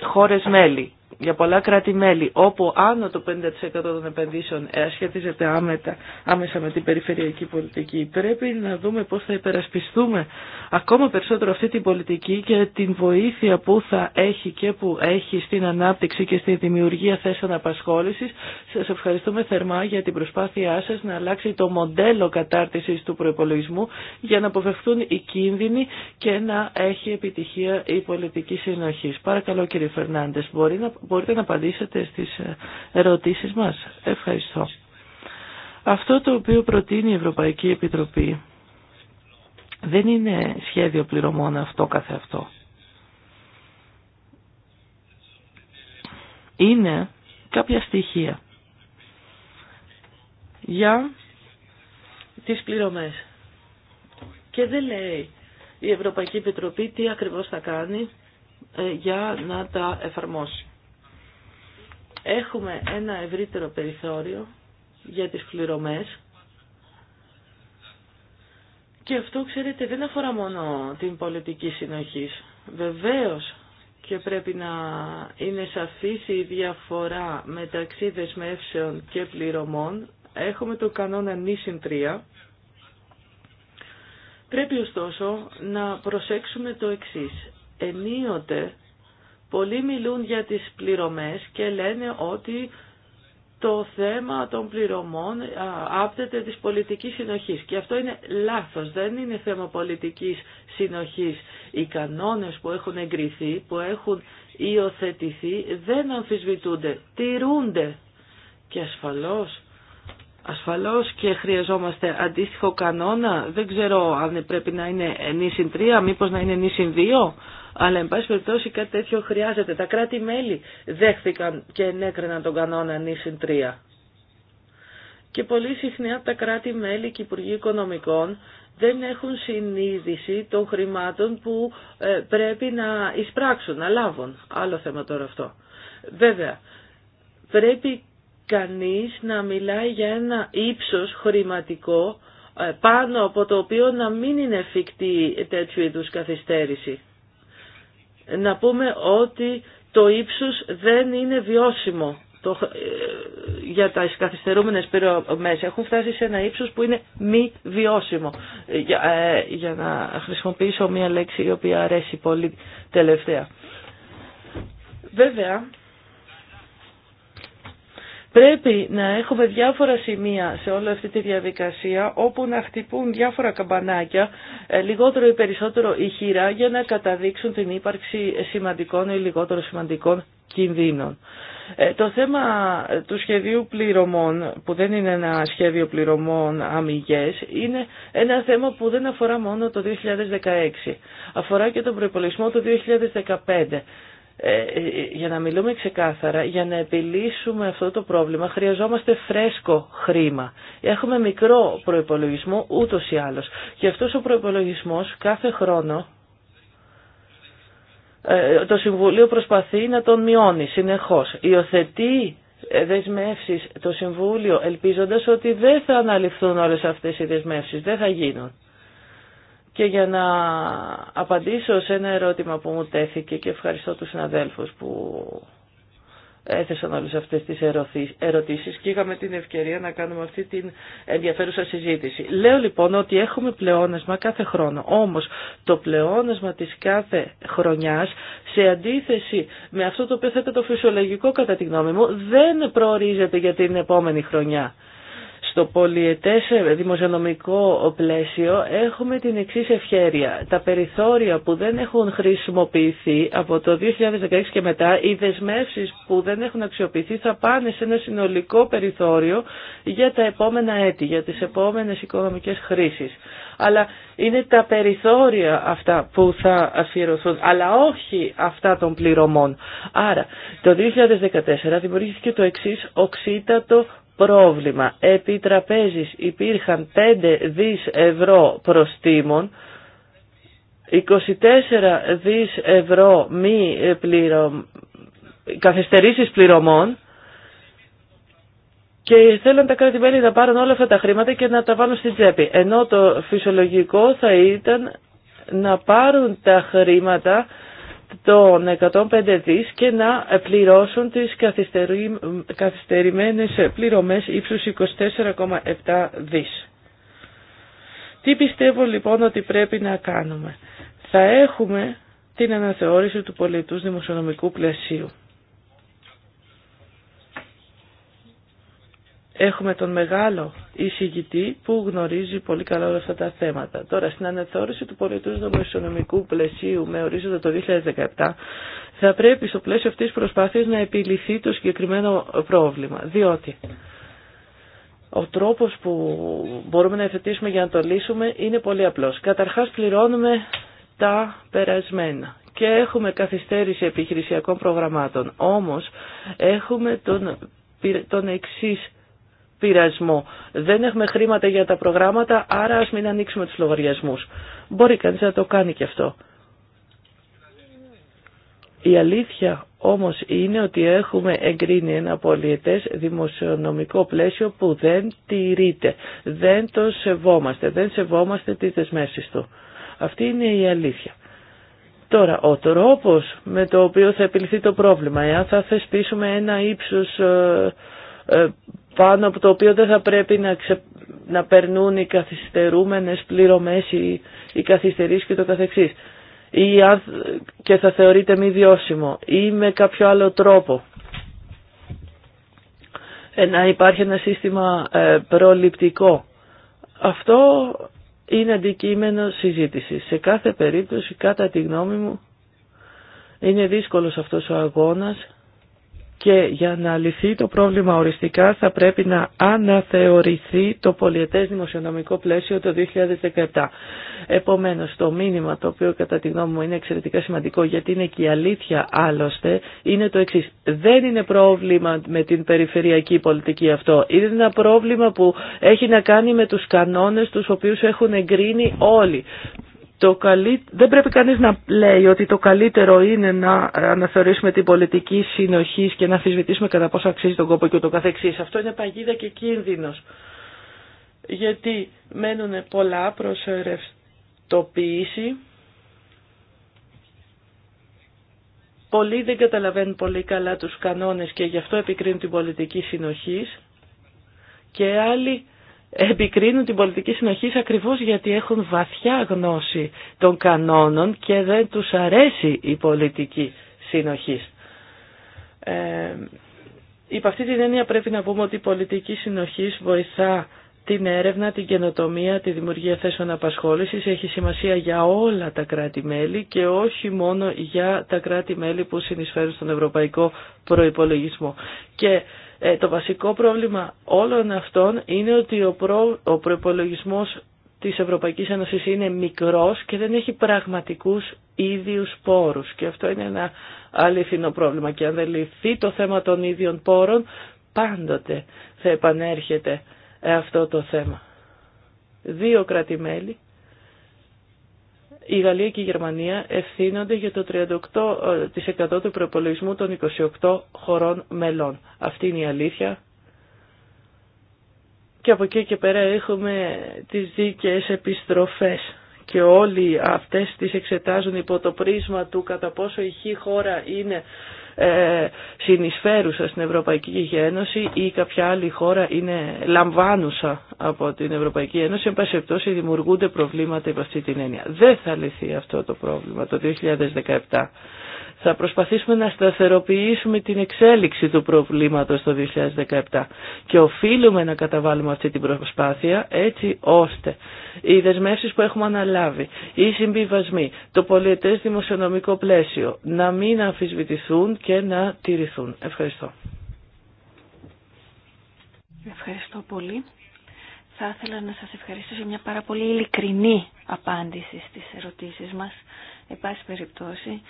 χώρες μέλη για πολλά κράτη-μέλη όπου άνω το 50% των επενδύσεων σχετίζεται άμετα, άμεσα με την περιφερειακή πολιτική. Πρέπει να δούμε πώς θα υπερασπιστούμε ακόμα περισσότερο αυτή την πολιτική και την βοήθεια που θα έχει και που έχει στην ανάπτυξη και στη δημιουργία θέσεων απασχόλησης. Σας ευχαριστούμε θερμά για την προσπάθειά σας να αλλάξει το μοντέλο κατάρτισης του προπολογισμού για να αποφευχθούν οι κίνδυνοι και να έχει επιτυχία η πολιτική συνοχή. Παρακαλώ κύριε Φερνάντες, μπορεί να μπορείτε να απαντήσετε στις ε, ερωτήσεις μας. Ευχαριστώ. Αυτό το οποίο προτείνει η Ευρωπαϊκή Επιτροπή δεν είναι σχέδιο πληρωμών αυτό καθε αυτό. Είναι κάποια στοιχεία για τις πληρωμές. Και δεν λέει η Ευρωπαϊκή Επιτροπή τι ακριβώς θα κάνει ε, για να τα εφαρμόσει έχουμε ένα ευρύτερο περιθώριο για τις πληρωμές και αυτό, ξέρετε, δεν αφορά μόνο την πολιτική συνοχής. Βεβαίως και πρέπει να είναι σαφής η διαφορά μεταξύ δεσμεύσεων και πληρωμών. Έχουμε το κανόνα νήσιν 3. Πρέπει ωστόσο να προσέξουμε το εξής. Ενίοτε Πολλοί μιλούν για τις πληρωμές και λένε ότι το θέμα των πληρωμών άπτεται της πολιτικής συνοχής. Και αυτό είναι λάθος, δεν είναι θέμα πολιτικής συνοχής. Οι κανόνες που έχουν εγκριθεί, που έχουν υιοθετηθεί, δεν αμφισβητούνται, τηρούνται. Και ασφαλώς, ασφαλώς και χρειαζόμαστε αντίστοιχο κανόνα, δεν ξέρω αν πρέπει να είναι νήσιν 3, μήπως να είναι νήσιν αλλά, εν πάση περιπτώσει, κάτι τέτοιο χρειάζεται. Τα κράτη-μέλη δέχθηκαν και ενέκριναν τον κανόνα νήσιν 3. Και πολύ συχνά τα κράτη-μέλη και οι Υπουργοί Οικονομικών δεν έχουν συνείδηση των χρημάτων που ε, πρέπει να εισπράξουν, να λάβουν. Άλλο θέμα τώρα αυτό. Βέβαια, πρέπει κανείς να μιλάει για ένα ύψος χρηματικό ε, πάνω από το οποίο να μην είναι εφικτή τέτοιου είδους καθυστέρηση να πούμε ότι το ύψος δεν είναι βιώσιμο το, ε, για τα καθυστερούμενες πυρομές. Έχουν φτάσει σε ένα ύψος που είναι μη βιώσιμο. Ε, για, ε, για να χρησιμοποιήσω μια λέξη η οποία αρέσει πολύ τελευταία. Βέβαια, Πρέπει να έχουμε διάφορα σημεία σε όλη αυτή τη διαδικασία όπου να χτυπούν διάφορα καμπανάκια, ε, λιγότερο ή περισσότερο ηχηρά, για να καταδείξουν την ύπαρξη σημαντικών ή λιγότερο σημαντικών κινδύνων. Ε, το θέμα ε, του σχεδίου πληρωμών, που δεν είναι ένα σχέδιο πληρωμών αμυγές, είναι ένα θέμα που δεν αφορά μόνο το 2016. Αφορά και τον προπολογισμό του 2015. Ε, ε, ε, για να μιλούμε ξεκάθαρα, για να επιλύσουμε αυτό το πρόβλημα χρειαζόμαστε φρέσκο χρήμα. Έχουμε μικρό προϋπολογισμό ούτως ή άλλως. Και αυτός ο προϋπολογισμός κάθε χρόνο το Συμβουλίο προσπαθεί να τον μειώνει συνεχώς. Υιοθετεί δεσμεύσεις το Συμβούλιο ελπίζοντας ότι δεν θα αναλυφθούν όλες αυτές οι δεσμεύσεις, δεν θα γίνουν. Και για να απαντήσω σε ένα ερώτημα που μου τέθηκε και ευχαριστώ τους συναδέλφους που έθεσαν όλες αυτές τις ερωτήσεις και είχαμε την ευκαιρία να κάνουμε αυτή την ενδιαφέρουσα συζήτηση. Λέω λοιπόν ότι έχουμε πλεόνασμα κάθε χρόνο, όμως το πλεόνασμα της κάθε χρονιάς σε αντίθεση με αυτό το οποίο θα το φυσιολογικό κατά τη γνώμη μου δεν προορίζεται για την επόμενη χρονιά στο πολιετές δημοσιονομικό πλαίσιο έχουμε την εξής ευχέρεια. Τα περιθώρια που δεν έχουν χρησιμοποιηθεί από το 2016 και μετά, οι δεσμεύσει που δεν έχουν αξιοποιηθεί θα πάνε σε ένα συνολικό περιθώριο για τα επόμενα έτη, για τις επόμενες οικονομικές χρήσεις. Αλλά είναι τα περιθώρια αυτά που θα αφιερωθούν, αλλά όχι αυτά των πληρωμών. Άρα, το 2014 δημιουργήθηκε το εξής οξύτατο πρόβλημα. Επί τραπέζης υπήρχαν 5 δις ευρώ προστήμων, 24 δις ευρώ μη πληρω... καθυστερήσεις πληρωμών και θέλουν τα κρατη να πάρουν όλα αυτά τα χρήματα και να τα βάλουν στην τσέπη. Ενώ το φυσιολογικό θα ήταν να πάρουν τα χρήματα των 105 δις και να πληρώσουν τις καθυστερημένες πληρωμές ύψους 24,7 δις. Τι πιστεύω λοιπόν ότι πρέπει να κάνουμε. Θα έχουμε την αναθεώρηση του πολιτούς δημοσιονομικού πλαισίου. Έχουμε τον μεγάλο εισηγητή που γνωρίζει πολύ καλά όλα αυτά τα θέματα. Τώρα, στην αναθεώρηση του πολιτού δημοσιονομικού πλαισίου με ορίζοντα το 2017, θα πρέπει στο πλαίσιο αυτής τη προσπάθειας να επιληθεί το συγκεκριμένο πρόβλημα. Διότι ο τρόπος που μπορούμε να εθετήσουμε για να το λύσουμε είναι πολύ απλό. Καταρχά πληρώνουμε τα περασμένα και έχουμε καθυστέρηση επιχειρησιακών προγραμμάτων. Όμως έχουμε τον, τον πειρασμό. Δεν έχουμε χρήματα για τα προγράμματα, άρα ας μην ανοίξουμε τους λογαριασμούς. Μπορεί κανείς να το κάνει και αυτό. Η αλήθεια όμως είναι ότι έχουμε εγκρίνει ένα πολιετές δημοσιονομικό πλαίσιο που δεν τηρείται, δεν το σεβόμαστε, δεν σεβόμαστε τις δεσμεύσεις του. Αυτή είναι η αλήθεια. Τώρα, ο τρόπος με το οποίο θα επιληθεί το πρόβλημα, εάν θα θεσπίσουμε ένα ύψος ε, ε, πάνω από το οποίο δεν θα πρέπει να, να περνούν οι καθυστερούμενες πληρωμές ή οι καθυστερείς και το καθεξής. Ή και θα θεωρείται μη διώσιμο ή με κάποιο άλλο τρόπο. Ε, να υπάρχει ένα σύστημα ε, προληπτικό. Αυτό είναι αντικείμενο συζήτησης. Σε κάθε περίπτωση, κατά τη γνώμη μου, είναι δύσκολος αυτός ο αγώνας και για να λυθεί το πρόβλημα οριστικά θα πρέπει να αναθεωρηθεί το πολιετές δημοσιονομικό πλαίσιο το 2017. Επομένως, το μήνυμα το οποίο κατά τη γνώμη μου είναι εξαιρετικά σημαντικό γιατί είναι και η αλήθεια άλλωστε είναι το εξής. Δεν είναι πρόβλημα με την περιφερειακή πολιτική αυτό. Είναι ένα πρόβλημα που έχει να κάνει με τους κανόνες τους οποίους έχουν εγκρίνει όλοι το καλύ... δεν πρέπει κανείς να λέει ότι το καλύτερο είναι να αναθεωρήσουμε την πολιτική συνοχή και να αφισβητήσουμε κατά πόσο αξίζει τον κόπο και το καθεξής. Αυτό είναι παγίδα και κίνδυνος. Γιατί μένουν πολλά προς Πολλοί δεν καταλαβαίνουν πολύ καλά τους κανόνες και γι' αυτό επικρίνουν την πολιτική συνοχής. Και άλλοι επικρίνουν την πολιτική συνοχή ακριβώς γιατί έχουν βαθιά γνώση των κανόνων και δεν τους αρέσει η πολιτική συνοχή. Ε, υπ' αυτή την έννοια πρέπει να πούμε ότι η πολιτική συνοχή βοηθά την έρευνα, την καινοτομία, τη δημιουργία θέσεων απασχόλησης έχει σημασία για όλα τα κράτη-μέλη και όχι μόνο για τα κράτη-μέλη που συνεισφέρουν στον ευρωπαϊκό προϋπολογισμό. Και ε, το βασικό πρόβλημα όλων αυτών είναι ότι ο, προ, ο προϋπολογισμός της Ευρωπαϊκής Ένωσης είναι μικρός και δεν έχει πραγματικούς ίδιους πόρους. Και αυτό είναι ένα αληθινό πρόβλημα. Και αν δεν λυθεί το θέμα των ίδιων πόρων, πάντοτε θα επανέρχεται αυτό το θέμα. Δύο κρατημέλη η Γαλλία και η Γερμανία ευθύνονται για το 38% ε, του προπολογισμού των 28 χωρών μελών. Αυτή είναι η αλήθεια. Και από εκεί και πέρα έχουμε τις δίκαιες επιστροφές και όλοι αυτές τις εξετάζουν υπό το πρίσμα του κατά πόσο η χώρα είναι ε, συνεισφέρουσα στην Ευρωπαϊκή Ένωση ή κάποια άλλη χώρα είναι λαμβάνουσα από την Ευρωπαϊκή Ένωση. Εν πάση δημιουργούνται προβλήματα υπ' αυτή την έννοια. Δεν θα λυθεί αυτό το πρόβλημα το 2017. Θα προσπαθήσουμε να σταθεροποιήσουμε την εξέλιξη του προβλήματος το 2017 και οφείλουμε να καταβάλουμε αυτή την προσπάθεια έτσι ώστε οι δεσμεύσεις που έχουμε αναλάβει, οι συμβιβασμοί, το πολιετές δημοσιονομικό πλαίσιο να μην αμφισβητηθούν και να τηρηθούν. Ευχαριστώ. Ευχαριστώ πολύ. Θα ήθελα να σας ευχαριστήσω για μια πάρα πολύ ειλικρινή απάντηση στις ερωτήσεις μας. Εν περιπτώσει,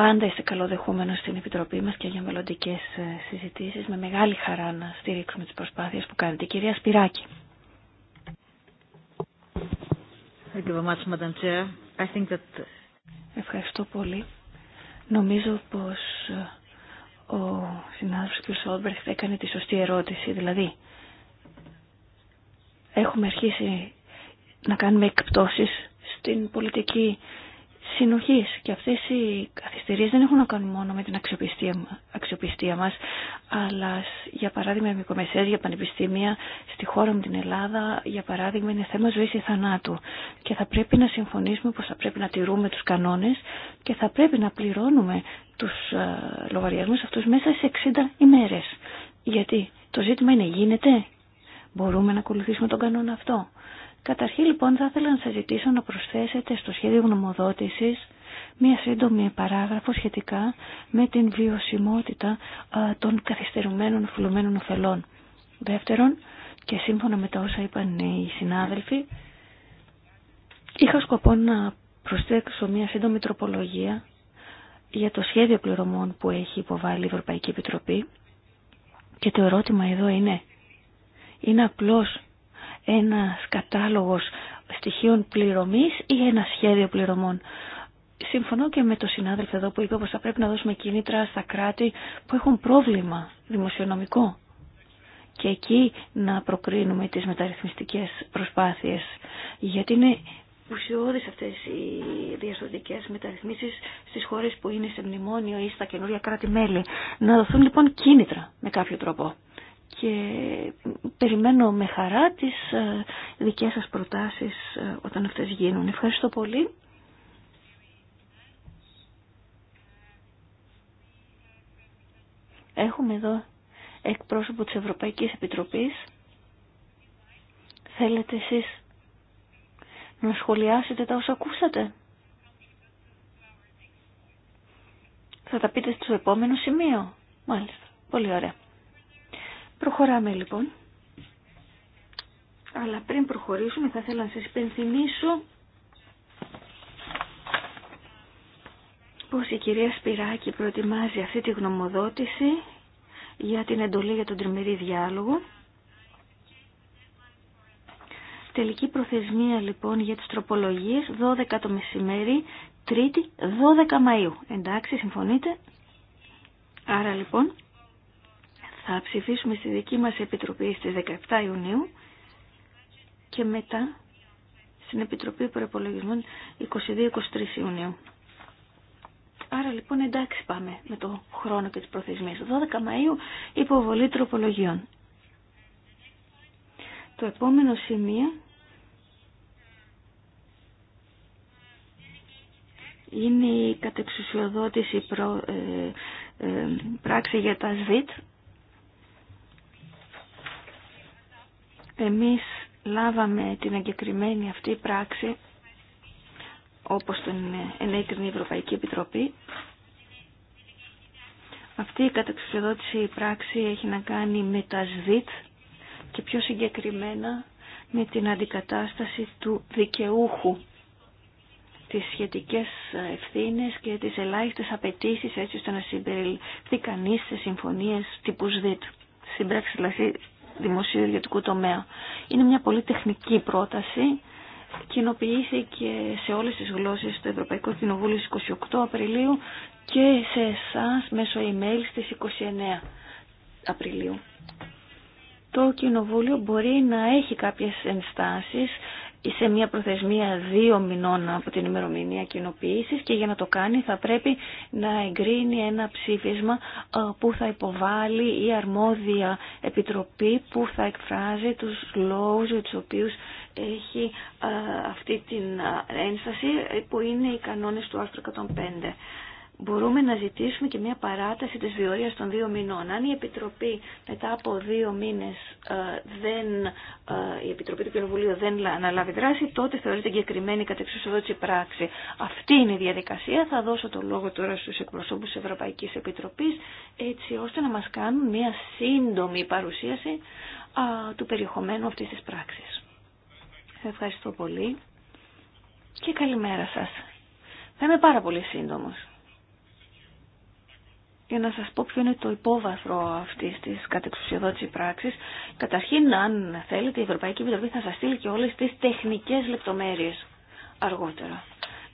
πάντα είστε καλοδεχούμενο στην Επιτροπή μας και για μελλοντικέ ε, συζητήσεις. Με μεγάλη χαρά να στηρίξουμε τις προσπάθειες που κάνετε. Κυρία Σπυράκη. Ευχαριστώ πολύ. Νομίζω πως ε, ο συνάδελφος κ. θα έκανε τη σωστή ερώτηση. Δηλαδή, έχουμε αρχίσει να κάνουμε εκπτώσεις στην πολιτική Συνοχή, και αυτέ οι καθυστερίε δεν έχουν να κάνουν μόνο με την αξιοπιστία, αξιοπιστία μας αλλά για παράδειγμα οι μικρομεσαίε για πανεπιστήμια στη χώρα μου την Ελλάδα για παράδειγμα είναι θέμα ζωή ή θανάτου και θα πρέπει να συμφωνήσουμε πω θα πρέπει να τηρούμε του κανόνε και θα πρέπει να πληρώνουμε του ε, λογαριασμού αυτού μέσα σε 60 ημέρε. γιατί το ζήτημα είναι γίνεται Μπορούμε να ακολουθήσουμε τον κανόνα αυτό. Καταρχήν λοιπόν θα ήθελα να σας ζητήσω να προσθέσετε στο σχέδιο γνωμοδότησης μία σύντομη παράγραφο σχετικά με την βιωσιμότητα των καθυστερουμένων οφειλωμένων ωφελών. Δεύτερον, και σύμφωνα με τα όσα είπαν οι συνάδελφοι, είχα σκοπό να προσθέσω μία σύντομη τροπολογία για το σχέδιο πληρωμών που έχει υποβάλει η Ευρωπαϊκή Επιτροπή και το ερώτημα εδώ είναι, είναι απλώς ένας κατάλογος στοιχείων πληρωμής ή ένα σχέδιο πληρωμών. Συμφωνώ και με το συνάδελφο εδώ που είπε πως θα πρέπει να δώσουμε κίνητρα στα κράτη που έχουν πρόβλημα δημοσιονομικό και εκεί να προκρίνουμε τις μεταρρυθμιστικές προσπάθειες γιατί είναι ουσιώδεις αυτές οι διαστοτικές μεταρρυθμίσεις στις χώρες που είναι σε μνημόνιο ή στα καινούργια κράτη-μέλη. Να δοθούν λοιπόν κίνητρα με κάποιο τρόπο και περιμένω με χαρά τις ε, δικές σας προτάσεις ε, όταν αυτές γίνουν. Ευχαριστώ πολύ. Έχουμε εδώ εκπρόσωπο της Ευρωπαϊκής Επιτροπής. Θέλετε εσείς να σχολιάσετε τα όσα ακούσατε. Θα τα πείτε στο επόμενο σημείο. Μάλιστα. Πολύ ωραία. Προχωράμε λοιπόν. Αλλά πριν προχωρήσουμε θα ήθελα να σας υπενθυμίσω πως η κυρία Σπυράκη προετοιμάζει αυτή τη γνωμοδότηση για την εντολή για τον τριμερή διάλογο. Τελική προθεσμία λοιπόν για τις τροπολογίες 12 το μεσημέρι, 3η 12 Μαΐου. Εντάξει, συμφωνείτε. Άρα λοιπόν θα ψηφίσουμε στη δική μας Επιτροπή στις 17 Ιουνίου και μετά στην Επιτροπή Προπολογισμών 22-23 Ιουνίου. Άρα λοιπόν εντάξει πάμε με το χρόνο και τις προθεσμίες. 12 Μαΐου υποβολή τροπολογιών. Το επόμενο σημείο είναι η κατεξουσιοδότηση ε, ε, πράξη για τα ΣΒΙΤ Εμείς λάβαμε την εγκεκριμένη αυτή πράξη όπως την ενέκρινε Ευρωπαϊκή Επιτροπή. Αυτή η καταξιοδότηση πράξη έχει να κάνει με τα ΣΔΙΤ και πιο συγκεκριμένα με την αντικατάσταση του δικαιούχου τις σχετικές ευθύνες και τις ελάχιστες απαιτήσει έτσι ώστε να συμπεριληφθεί κανείς σε συμφωνίες τύπου ΣΔΙΤ. Στην πράξη δηλαδή, δημοσίου ιδιωτικού τομέα. Είναι μια πολύ τεχνική πρόταση. Κοινοποιήθηκε σε όλες τις γλώσσες στο Ευρωπαϊκό Κοινοβούλιο στις 28 Απριλίου και σε εσά μέσω email στις 29 Απριλίου. Το Κοινοβούλιο μπορεί να έχει κάποιες ενστάσεις σε μια προθεσμία δύο μηνών από την ημερομηνία κοινοποίησης και για να το κάνει θα πρέπει να εγκρίνει ένα ψήφισμα ε, που θα υποβάλει η αρμόδια επιτροπή που θα εκφράζει τους λόγους για τους οποίους έχει ε, αυτή την ε, ένσταση που είναι οι κανόνες του άρθρου 105 μπορούμε να ζητήσουμε και μια παράταση της βιορίας των δύο μηνών. Αν η Επιτροπή μετά από δύο μήνες ε, δεν, ε, η Επιτροπή του Κοινοβουλίου δεν αναλάβει δράση, τότε θεωρείται εγκεκριμένη κατεξουσιοδότηση πράξη. Αυτή είναι η διαδικασία. Θα δώσω το λόγο τώρα στους εκπροσώπους της Ευρωπαϊκής Επιτροπής, έτσι ώστε να μας κάνουν μια σύντομη παρουσίαση του περιεχομένου αυτής της πράξης. Ευχαριστώ πολύ και καλημέρα σας. Θα είμαι πάρα πολύ σύντομος για να σας πω ποιο είναι το υπόβαθρο αυτής της κατεξουσιοδότησης πράξης. Καταρχήν, αν θέλετε, η Ευρωπαϊκή Επιτροπή θα σας στείλει και όλες τις τεχνικές λεπτομέρειες αργότερα.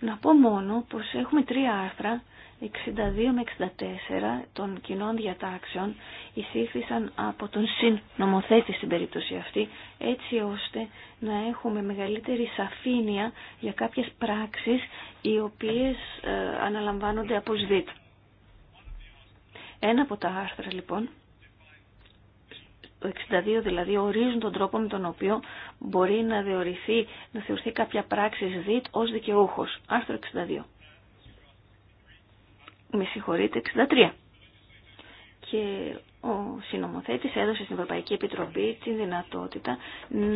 Να πω μόνο πως έχουμε τρία άρθρα, 62 με 64 των κοινών διατάξεων, εισήχθησαν από τον συνομοθέτη στην περίπτωση αυτή, έτσι ώστε να έχουμε μεγαλύτερη σαφήνεια για κάποιες πράξεις οι οποίες ε, αναλαμβάνονται από ΣΔΙΤ. Ένα από τα άρθρα λοιπόν, το 62 δηλαδή, ορίζουν τον τρόπο με τον οποίο μπορεί να θεωρηθεί, να θεωρηθεί κάποια πράξη ΔΙΤ ως δικαιούχος. Άρθρο 62. Με συγχωρείτε, 63. Και ο συνομοθέτης έδωσε στην Ευρωπαϊκή Επιτροπή την δυνατότητα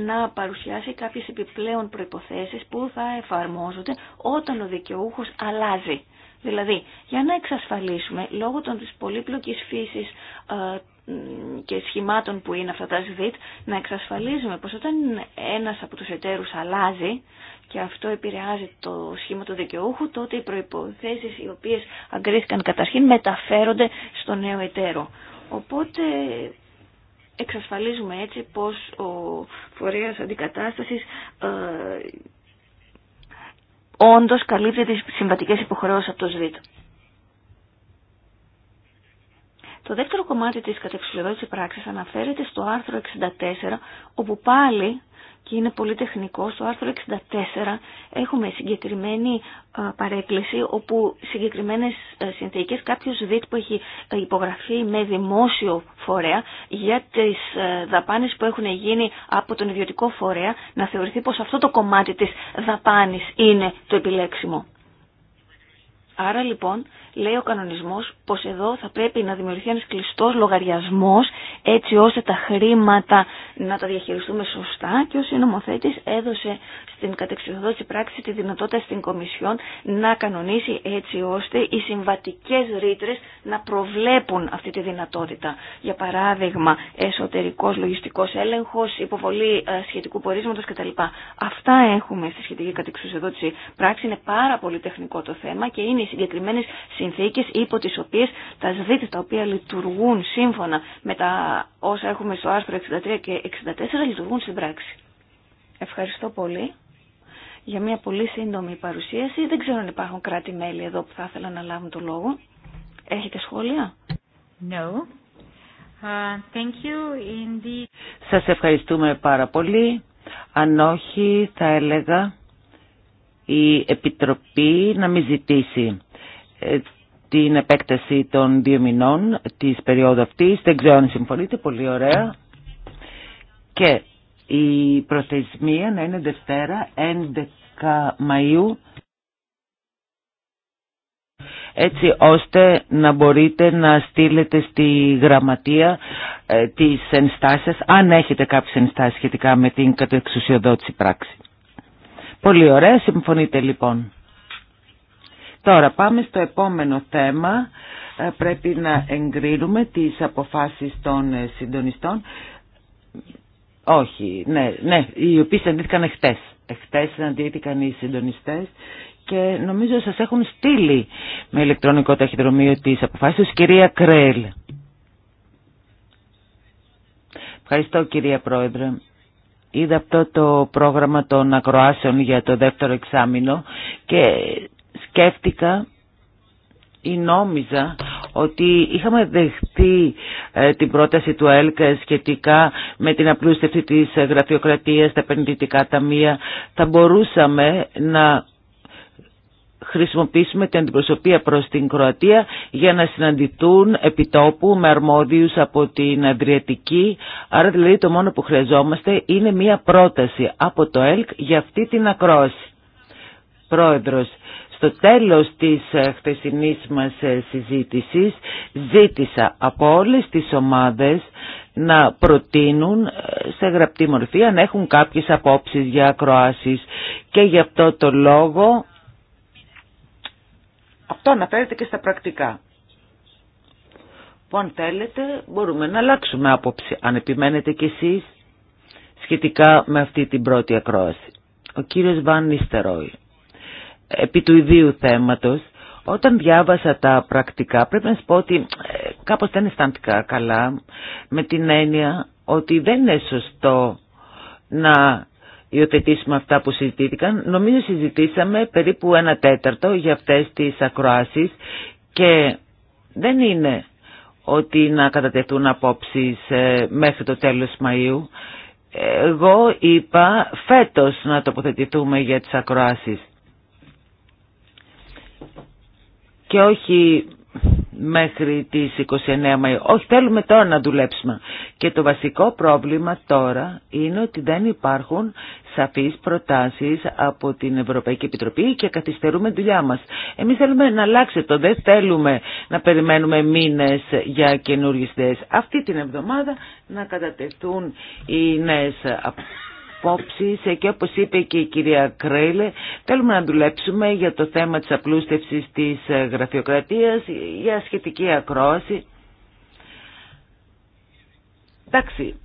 να παρουσιάσει κάποιες επιπλέον προϋποθέσεις που θα εφαρμόζονται όταν ο δικαιούχος αλλάζει Δηλαδή, για να εξασφαλίσουμε, λόγω των της πολύπλοκης φύσης ε, και σχημάτων που είναι αυτά τα ΣΒΙΤ, να εξασφαλίζουμε πως όταν ένας από τους εταίρους αλλάζει και αυτό επηρεάζει το σχήμα του δικαιούχου, τότε οι προϋποθέσεις οι οποίες αγκρίθηκαν καταρχήν μεταφέρονται στο νέο εταίρο. Οπότε εξασφαλίζουμε έτσι πως ο φορέας αντικατάστασης ε, όντως καλύπτει τις συμβατικές υποχρεώσεις από το ΣΒΙΤ. Το δεύτερο κομμάτι της κατεξουσιοδότησης πράξης αναφέρεται στο άρθρο 64, όπου πάλι, και είναι πολύ τεχνικό, στο άρθρο 64 έχουμε συγκεκριμένη ε, παρέκκληση, όπου συγκεκριμένες ε, συνθήκες, κάποιος ΔΙΤ που έχει ε, υπογραφεί με δημόσιο φορέα, για τις δαπάνες που έχουν γίνει από τον ιδιωτικό φορέα, να θεωρηθεί πως αυτό το κομμάτι της δαπάνης είναι το επιλέξιμο. Άρα λοιπόν λέει ο κανονισμός πως εδώ θα πρέπει να δημιουργηθεί ένας κλειστός λογαριασμός έτσι ώστε τα χρήματα να τα διαχειριστούμε σωστά και ο συνομοθέτης έδωσε στην κατεξιδοδότηση πράξη τη δυνατότητα στην Κομισιόν να κανονίσει έτσι ώστε οι συμβατικές ρήτρε να προβλέπουν αυτή τη δυνατότητα. Για παράδειγμα εσωτερικός λογιστικός έλεγχος, υποβολή ε, σχετικού πορίσματος κτλ. Αυτά έχουμε στη σχετική κατεξιδοδότηση πράξη. Είναι πάρα πολύ τεχνικό το θέμα και είναι οι συγκεκριμένες συνθήκες υπό τις οποίες τα ΣΔΙΤ τα οποία λειτουργούν σύμφωνα με τα όσα έχουμε στο άρθρο 63 και 64 λειτουργούν στην πράξη. Ευχαριστώ πολύ για μια πολύ σύντομη παρουσίαση. Δεν ξέρω αν υπάρχουν κράτη-μέλη εδώ που θα ήθελα να λάβουν το λόγο. Έχετε σχόλια? No. Uh, thank you Indeed. Σας ευχαριστούμε πάρα πολύ. Αν όχι θα έλεγα η Επιτροπή να μην ζητήσει ε, την επέκταση των δύο μηνών της περίοδου αυτής. Δεν ξέρω αν συμφωνείτε, πολύ ωραία. Και η προθεσμία να είναι Δευτέρα 11 Μαΐου έτσι ώστε να μπορείτε να στείλετε στη γραμματεία ε, τις ενστάσεις αν έχετε κάποιες ενστάσεις σχετικά με την κατεξουσιοδότηση πράξη. Πολύ ωραία, συμφωνείτε λοιπόν. Τώρα πάμε στο επόμενο θέμα. Ε, πρέπει να εγκρίνουμε τις αποφάσεις των ε, συντονιστών. Όχι, ναι, ναι, οι οποίοι συναντήθηκαν εχθές. Εχθές συναντήθηκαν οι συντονιστές και νομίζω σας έχουν στείλει με ηλεκτρονικό ταχυδρομείο τις αποφάσεις κυρία Κρέλ. Ευχαριστώ κυρία Πρόεδρε. Είδα αυτό το πρόγραμμα των ακροάσεων για το δεύτερο εξάμεινο και σκέφτηκα ή νόμιζα ότι είχαμε δεχτεί ε, την πρόταση του ΕΛΚ σχετικά με την απλούστευση της γραφειοκρατίας, τα επενδυτικά ταμεία. Θα μπορούσαμε να χρησιμοποιήσουμε την αντιπροσωπεία προς την Κροατία για να συναντηθούν επιτόπου με αρμόδιους από την Ανδριατική Άρα δηλαδή το μόνο που χρειαζόμαστε είναι μία πρόταση από το ΕΛΚ για αυτή την ακρόαση. Πρόεδρος, στο τέλος της ε, χθεσινής μας ε, συζήτησης ζήτησα από όλες τις ομάδες να προτείνουν ε, σε γραπτή μορφή αν έχουν κάποιες απόψεις για ακροάσεις και γι' αυτό το λόγο αυτό αναφέρεται και στα πρακτικά. Που αν θέλετε μπορούμε να αλλάξουμε άποψη, αν επιμένετε κι εσείς, σχετικά με αυτή την πρώτη ακρόαση. Ο κύριος Βαν επί του ιδίου θέματος, όταν διάβασα τα πρακτικά, πρέπει να σας πω ότι ε, κάπως δεν αισθάνθηκα καλά, με την έννοια ότι δεν είναι σωστό να υιοθετήσουμε αυτά που συζητήθηκαν. Νομίζω συζητήσαμε περίπου ένα τέταρτο για αυτές τις ακροάσεις και δεν είναι ότι να κατατεθούν απόψεις ε, μέχρι το τέλος Μαΐου. Εγώ είπα φέτος να τοποθετηθούμε για τις ακροάσεις. Και όχι μέχρι τις 29 Μαΐου. Όχι, θέλουμε τώρα να δουλέψουμε. Και το βασικό πρόβλημα τώρα είναι ότι δεν υπάρχουν σαφείς προτάσεις από την Ευρωπαϊκή Επιτροπή και καθυστερούμε δουλειά μας. Εμείς θέλουμε να αλλάξει το, δεν θέλουμε να περιμένουμε μήνες για καινούργιες Αυτή την εβδομάδα να κατατεθούν οι νέες απόψεις ε, και όπως είπε και η κυρία Κρέιλε θέλουμε να δουλέψουμε για το θέμα της απλούστευσης της ε, γραφειοκρατίας για σχετική ακρόαση. Εντάξει,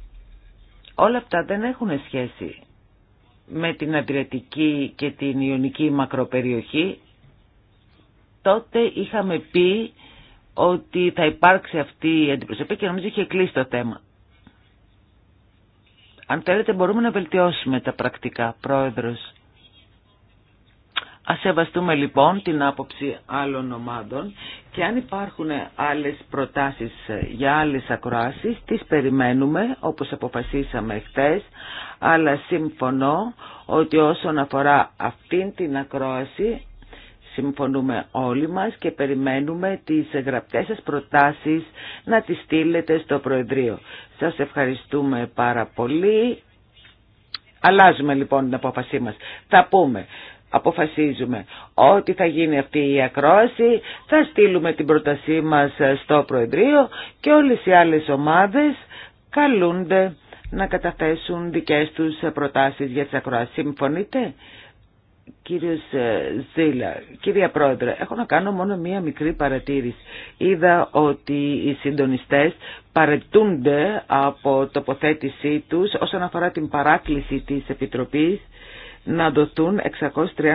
όλα αυτά δεν έχουν σχέση με την Αντριατική και την Ιωνική μακροπεριοχή. Τότε είχαμε πει ότι θα υπάρξει αυτή η αντιπροσωπή και νομίζω είχε κλείσει το θέμα. Αν θέλετε μπορούμε να βελτιώσουμε τα πρακτικά, πρόεδρος. Ας σεβαστούμε λοιπόν την άποψη άλλων ομάδων και αν υπάρχουν άλλες προτάσεις για άλλες ακροάσεις, τις περιμένουμε όπως αποφασίσαμε χτες, αλλά συμφωνώ ότι όσον αφορά αυτήν την ακρόαση συμφωνούμε όλοι μας και περιμένουμε τις γραπτές σας προτάσεις να τις στείλετε στο Προεδρείο. Σας ευχαριστούμε πάρα πολύ. Αλλάζουμε λοιπόν την απόφασή μας. Θα πούμε, αποφασίζουμε ότι θα γίνει αυτή η ακρόαση, θα στείλουμε την πρότασή μας στο Προεδρείο και όλες οι άλλες ομάδες καλούνται να καταθέσουν δικές τους προτάσεις για τις ακροάσεις. Συμφωνείτε? Κύριε Ζήλα, κυρία Πρόεδρε, έχω να κάνω μόνο μία μικρή παρατήρηση. Είδα ότι οι συντονιστές παρετούνται από τοποθέτησή τους όσον αφορά την παράκληση της Επιτροπής να δοθούν 630.000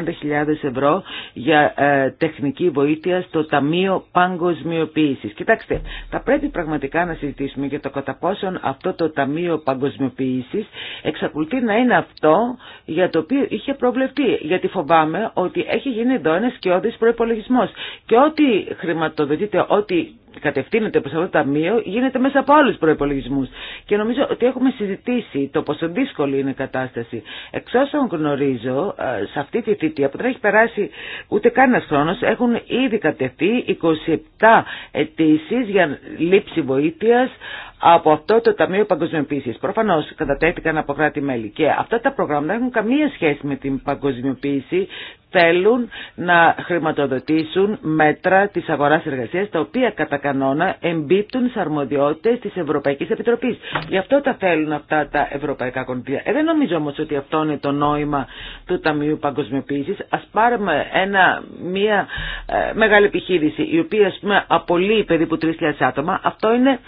ευρώ για ε, τεχνική βοήθεια στο Ταμείο Παγκοσμιοποίησης. Κοιτάξτε, θα πρέπει πραγματικά να συζητήσουμε για το κατά πόσον αυτό το Ταμείο Παγκοσμιοποίησης εξακολουθεί να είναι αυτό για το οποίο είχε προβλεφτεί. Γιατί φοβάμαι ότι έχει γίνει εδώ ένα σκιώδης προπολογισμό. Και ό,τι χρηματοδοτείται, ό,τι κατευθύνεται προς αυτό το ταμείο γίνεται μέσα από άλλους προϋπολογισμούς. Και νομίζω ότι έχουμε συζητήσει το πόσο δύσκολη είναι η κατάσταση. Εξ όσων γνωρίζω, ε, σε αυτή τη θητεία που δεν έχει περάσει ούτε κανένα χρόνος, έχουν ήδη κατευθεί 27 αιτήσει για λήψη βοήθειας από αυτό το Ταμείο Παγκοσμιοποίηση. Προφανώ κατατέθηκαν από κράτη-μέλη και αυτά τα προγράμματα έχουν καμία σχέση με την παγκοσμιοποίηση. Θέλουν να χρηματοδοτήσουν μέτρα τη αγορά-εργασία τα οποία κατά κανόνα εμπίπτουν στι αρμοδιότητε τη Ευρωπαϊκή Επιτροπή. Γι' αυτό τα θέλουν αυτά τα ευρωπαϊκά κονδύλια. Ε, δεν νομίζω όμω ότι αυτό είναι το νόημα του Ταμείου Παγκοσμιοποίηση. Α πάρουμε ένα, μια ε, μεγάλη επιχείρηση η οποία πούμε, απολύει περίπου 3.000 άτομα. Αυτό είναι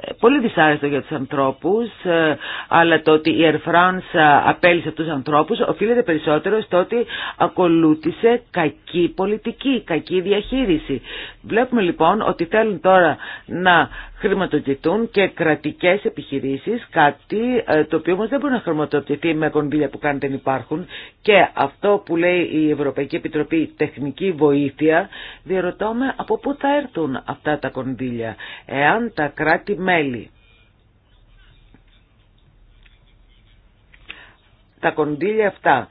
ε, πολύ δυσάρεστο για τους ανθρώπους, ε, αλλά το ότι η Air France απέλησε τους ανθρώπους οφείλεται περισσότερο στο ότι ακολούθησε κακή πολιτική, κακή διαχείριση. Βλέπουμε λοιπόν ότι θέλουν τώρα να χρηματοδοτηθούν και κρατικές επιχειρήσεις, κάτι ε, το οποίο όμως δεν μπορεί να χρηματοδοτηθεί με κονδύλια που κάνετε δεν υπάρχουν και αυτό που λέει η Ευρωπαϊκή Επιτροπή τεχνική βοήθεια, διαρωτώ με από πού θα έρθουν αυτά τα κονδύλια. Εάν τα κράτη-μέλη τα κονδύλια αυτά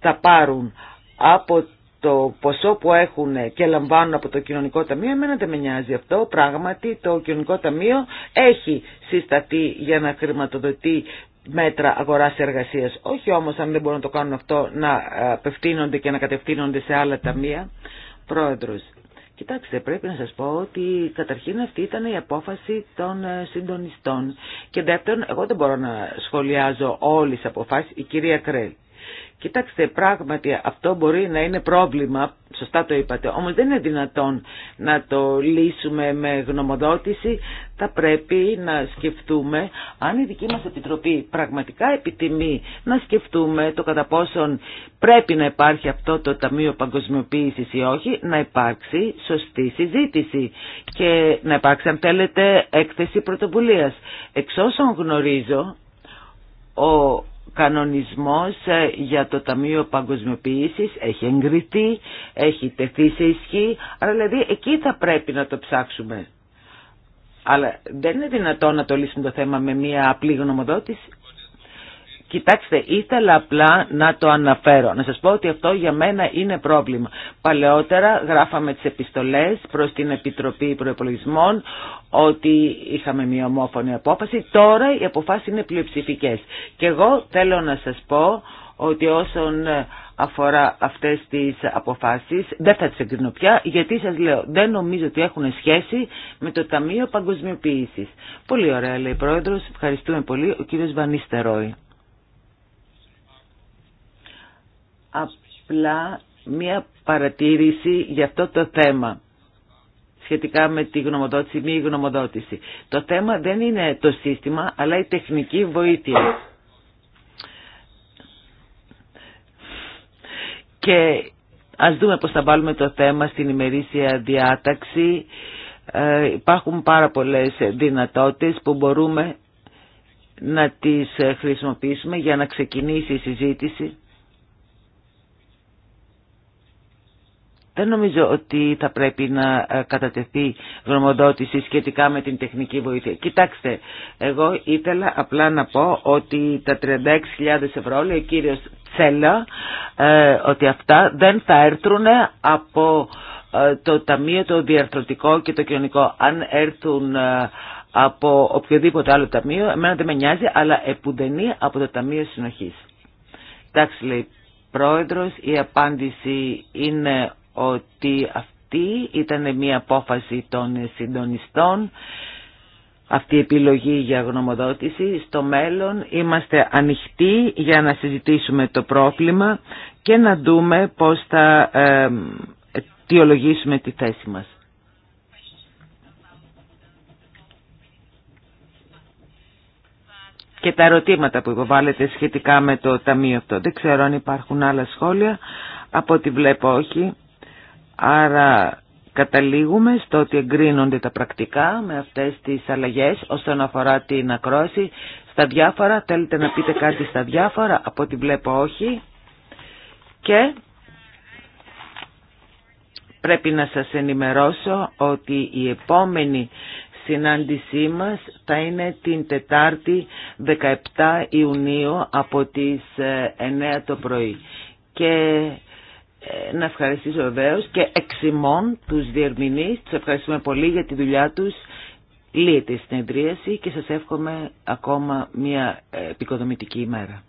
τα πάρουν από το ποσό που έχουν και λαμβάνουν από το κοινωνικό ταμείο, εμένα δεν με νοιάζει αυτό. Πράγματι, το κοινωνικό ταμείο έχει συσταθεί για να χρηματοδοτεί μέτρα αγοράς εργασίας. Όχι όμως, αν δεν μπορούν να το κάνουν αυτό, να απευθύνονται και να κατευθύνονται σε άλλα ταμεία. Πρόεδρος, Κοιτάξτε, πρέπει να σας πω ότι καταρχήν αυτή ήταν η απόφαση των ε, συντονιστών. Και δεύτερον, εγώ δεν μπορώ να σχολιάζω όλες τις αποφάσεις, η κυρία Κρέλ. Κοιτάξτε, πράγματι αυτό μπορεί να είναι πρόβλημα, σωστά το είπατε, όμως δεν είναι δυνατόν να το λύσουμε με γνωμοδότηση. Θα πρέπει να σκεφτούμε, αν η δική μας Επιτροπή πραγματικά επιτιμεί, να σκεφτούμε το κατά πόσον πρέπει να υπάρχει αυτό το Ταμείο Παγκοσμιοποίησης ή όχι, να υπάρξει σωστή συζήτηση και να υπάρξει, αν θέλετε, έκθεση πρωτοβουλίας. Εξ όσων γνωρίζω, ο κανονισμός ε, για το Ταμείο Παγκοσμιοποίησης έχει εγκριθεί, έχει τεθεί σε ισχύ, αλλά δηλαδή εκεί θα πρέπει να το ψάξουμε. Αλλά δεν είναι δυνατόν να το λύσουμε το θέμα με μια απλή γνωμοδότηση. Κοιτάξτε, ήθελα απλά να το αναφέρω. Να σας πω ότι αυτό για μένα είναι πρόβλημα. Παλαιότερα γράφαμε τις επιστολές προς την Επιτροπή Προεπολογισμών ότι είχαμε μια ομόφωνη απόφαση. Τώρα οι αποφάσεις είναι πλειοψηφικές. Και εγώ θέλω να σας πω ότι όσον αφορά αυτές τις αποφάσεις δεν θα τις εγκρίνω πια γιατί σας λέω δεν νομίζω ότι έχουν σχέση με το Ταμείο Παγκοσμιοποίησης. Πολύ ωραία λέει η Πρόεδρος, ευχαριστούμε πολύ ο κύριος Βανίστερόη. απλά μία παρατήρηση για αυτό το θέμα σχετικά με τη γνωμοδότηση ή μη γνωμοδότηση. Το θέμα δεν είναι το σύστημα, αλλά η τεχνική βοήθεια. Και ας δούμε πώς θα βάλουμε το θέμα στην ημερήσια διάταξη. Ε, υπάρχουν πάρα πολλές δυνατότητες που μπορούμε να τις ε, χρησιμοποιήσουμε για να ξεκινήσει η συζήτηση. Δεν νομίζω ότι θα πρέπει να ε, κατατεθεί γνωμοδότηση σχετικά με την τεχνική βοήθεια. Κοιτάξτε, εγώ ήθελα απλά να πω ότι τα 36.000 ευρώ, λέει ο κύριος Τσέλα, ε, ότι αυτά δεν θα έρθουν από ε, το Ταμείο το Διαρθρωτικό και το Κοινωνικό. Αν έρθουν από οποιοδήποτε άλλο ταμείο, εμένα δεν με νοιάζει, αλλά επουδενή από το Ταμείο Συνοχής. Εντάξει, λέει πρόεδρος, η απάντηση είναι ότι αυτή ήταν μια απόφαση των συντονιστών αυτή η επιλογή για γνωμοδότηση. Στο μέλλον είμαστε ανοιχτοί για να συζητήσουμε το πρόβλημα και να δούμε πώς θα ε, τη θέση μας. Και τα ερωτήματα που υποβάλλεται σχετικά με το ταμείο αυτό. Δεν ξέρω αν υπάρχουν άλλα σχόλια. Από ό,τι βλέπω όχι. Άρα καταλήγουμε στο ότι εγκρίνονται τα πρακτικά με αυτές τις αλλαγές όσον αφορά την ακρόση. Στα διάφορα, θέλετε να πείτε κάτι στα διάφορα, από ό,τι βλέπω όχι. Και πρέπει να σας ενημερώσω ότι η επόμενη συνάντησή μας θα είναι την Τετάρτη 17 Ιουνίου από τις 9 ε, το πρωί. Και ε, να ευχαριστήσω βεβαίω και εξημών τους διερμηνείς. Τους ευχαριστούμε πολύ για τη δουλειά τους. Λύεται στην συνεδρίαση και σας εύχομαι ακόμα μια ε, επικοδομητική ημέρα.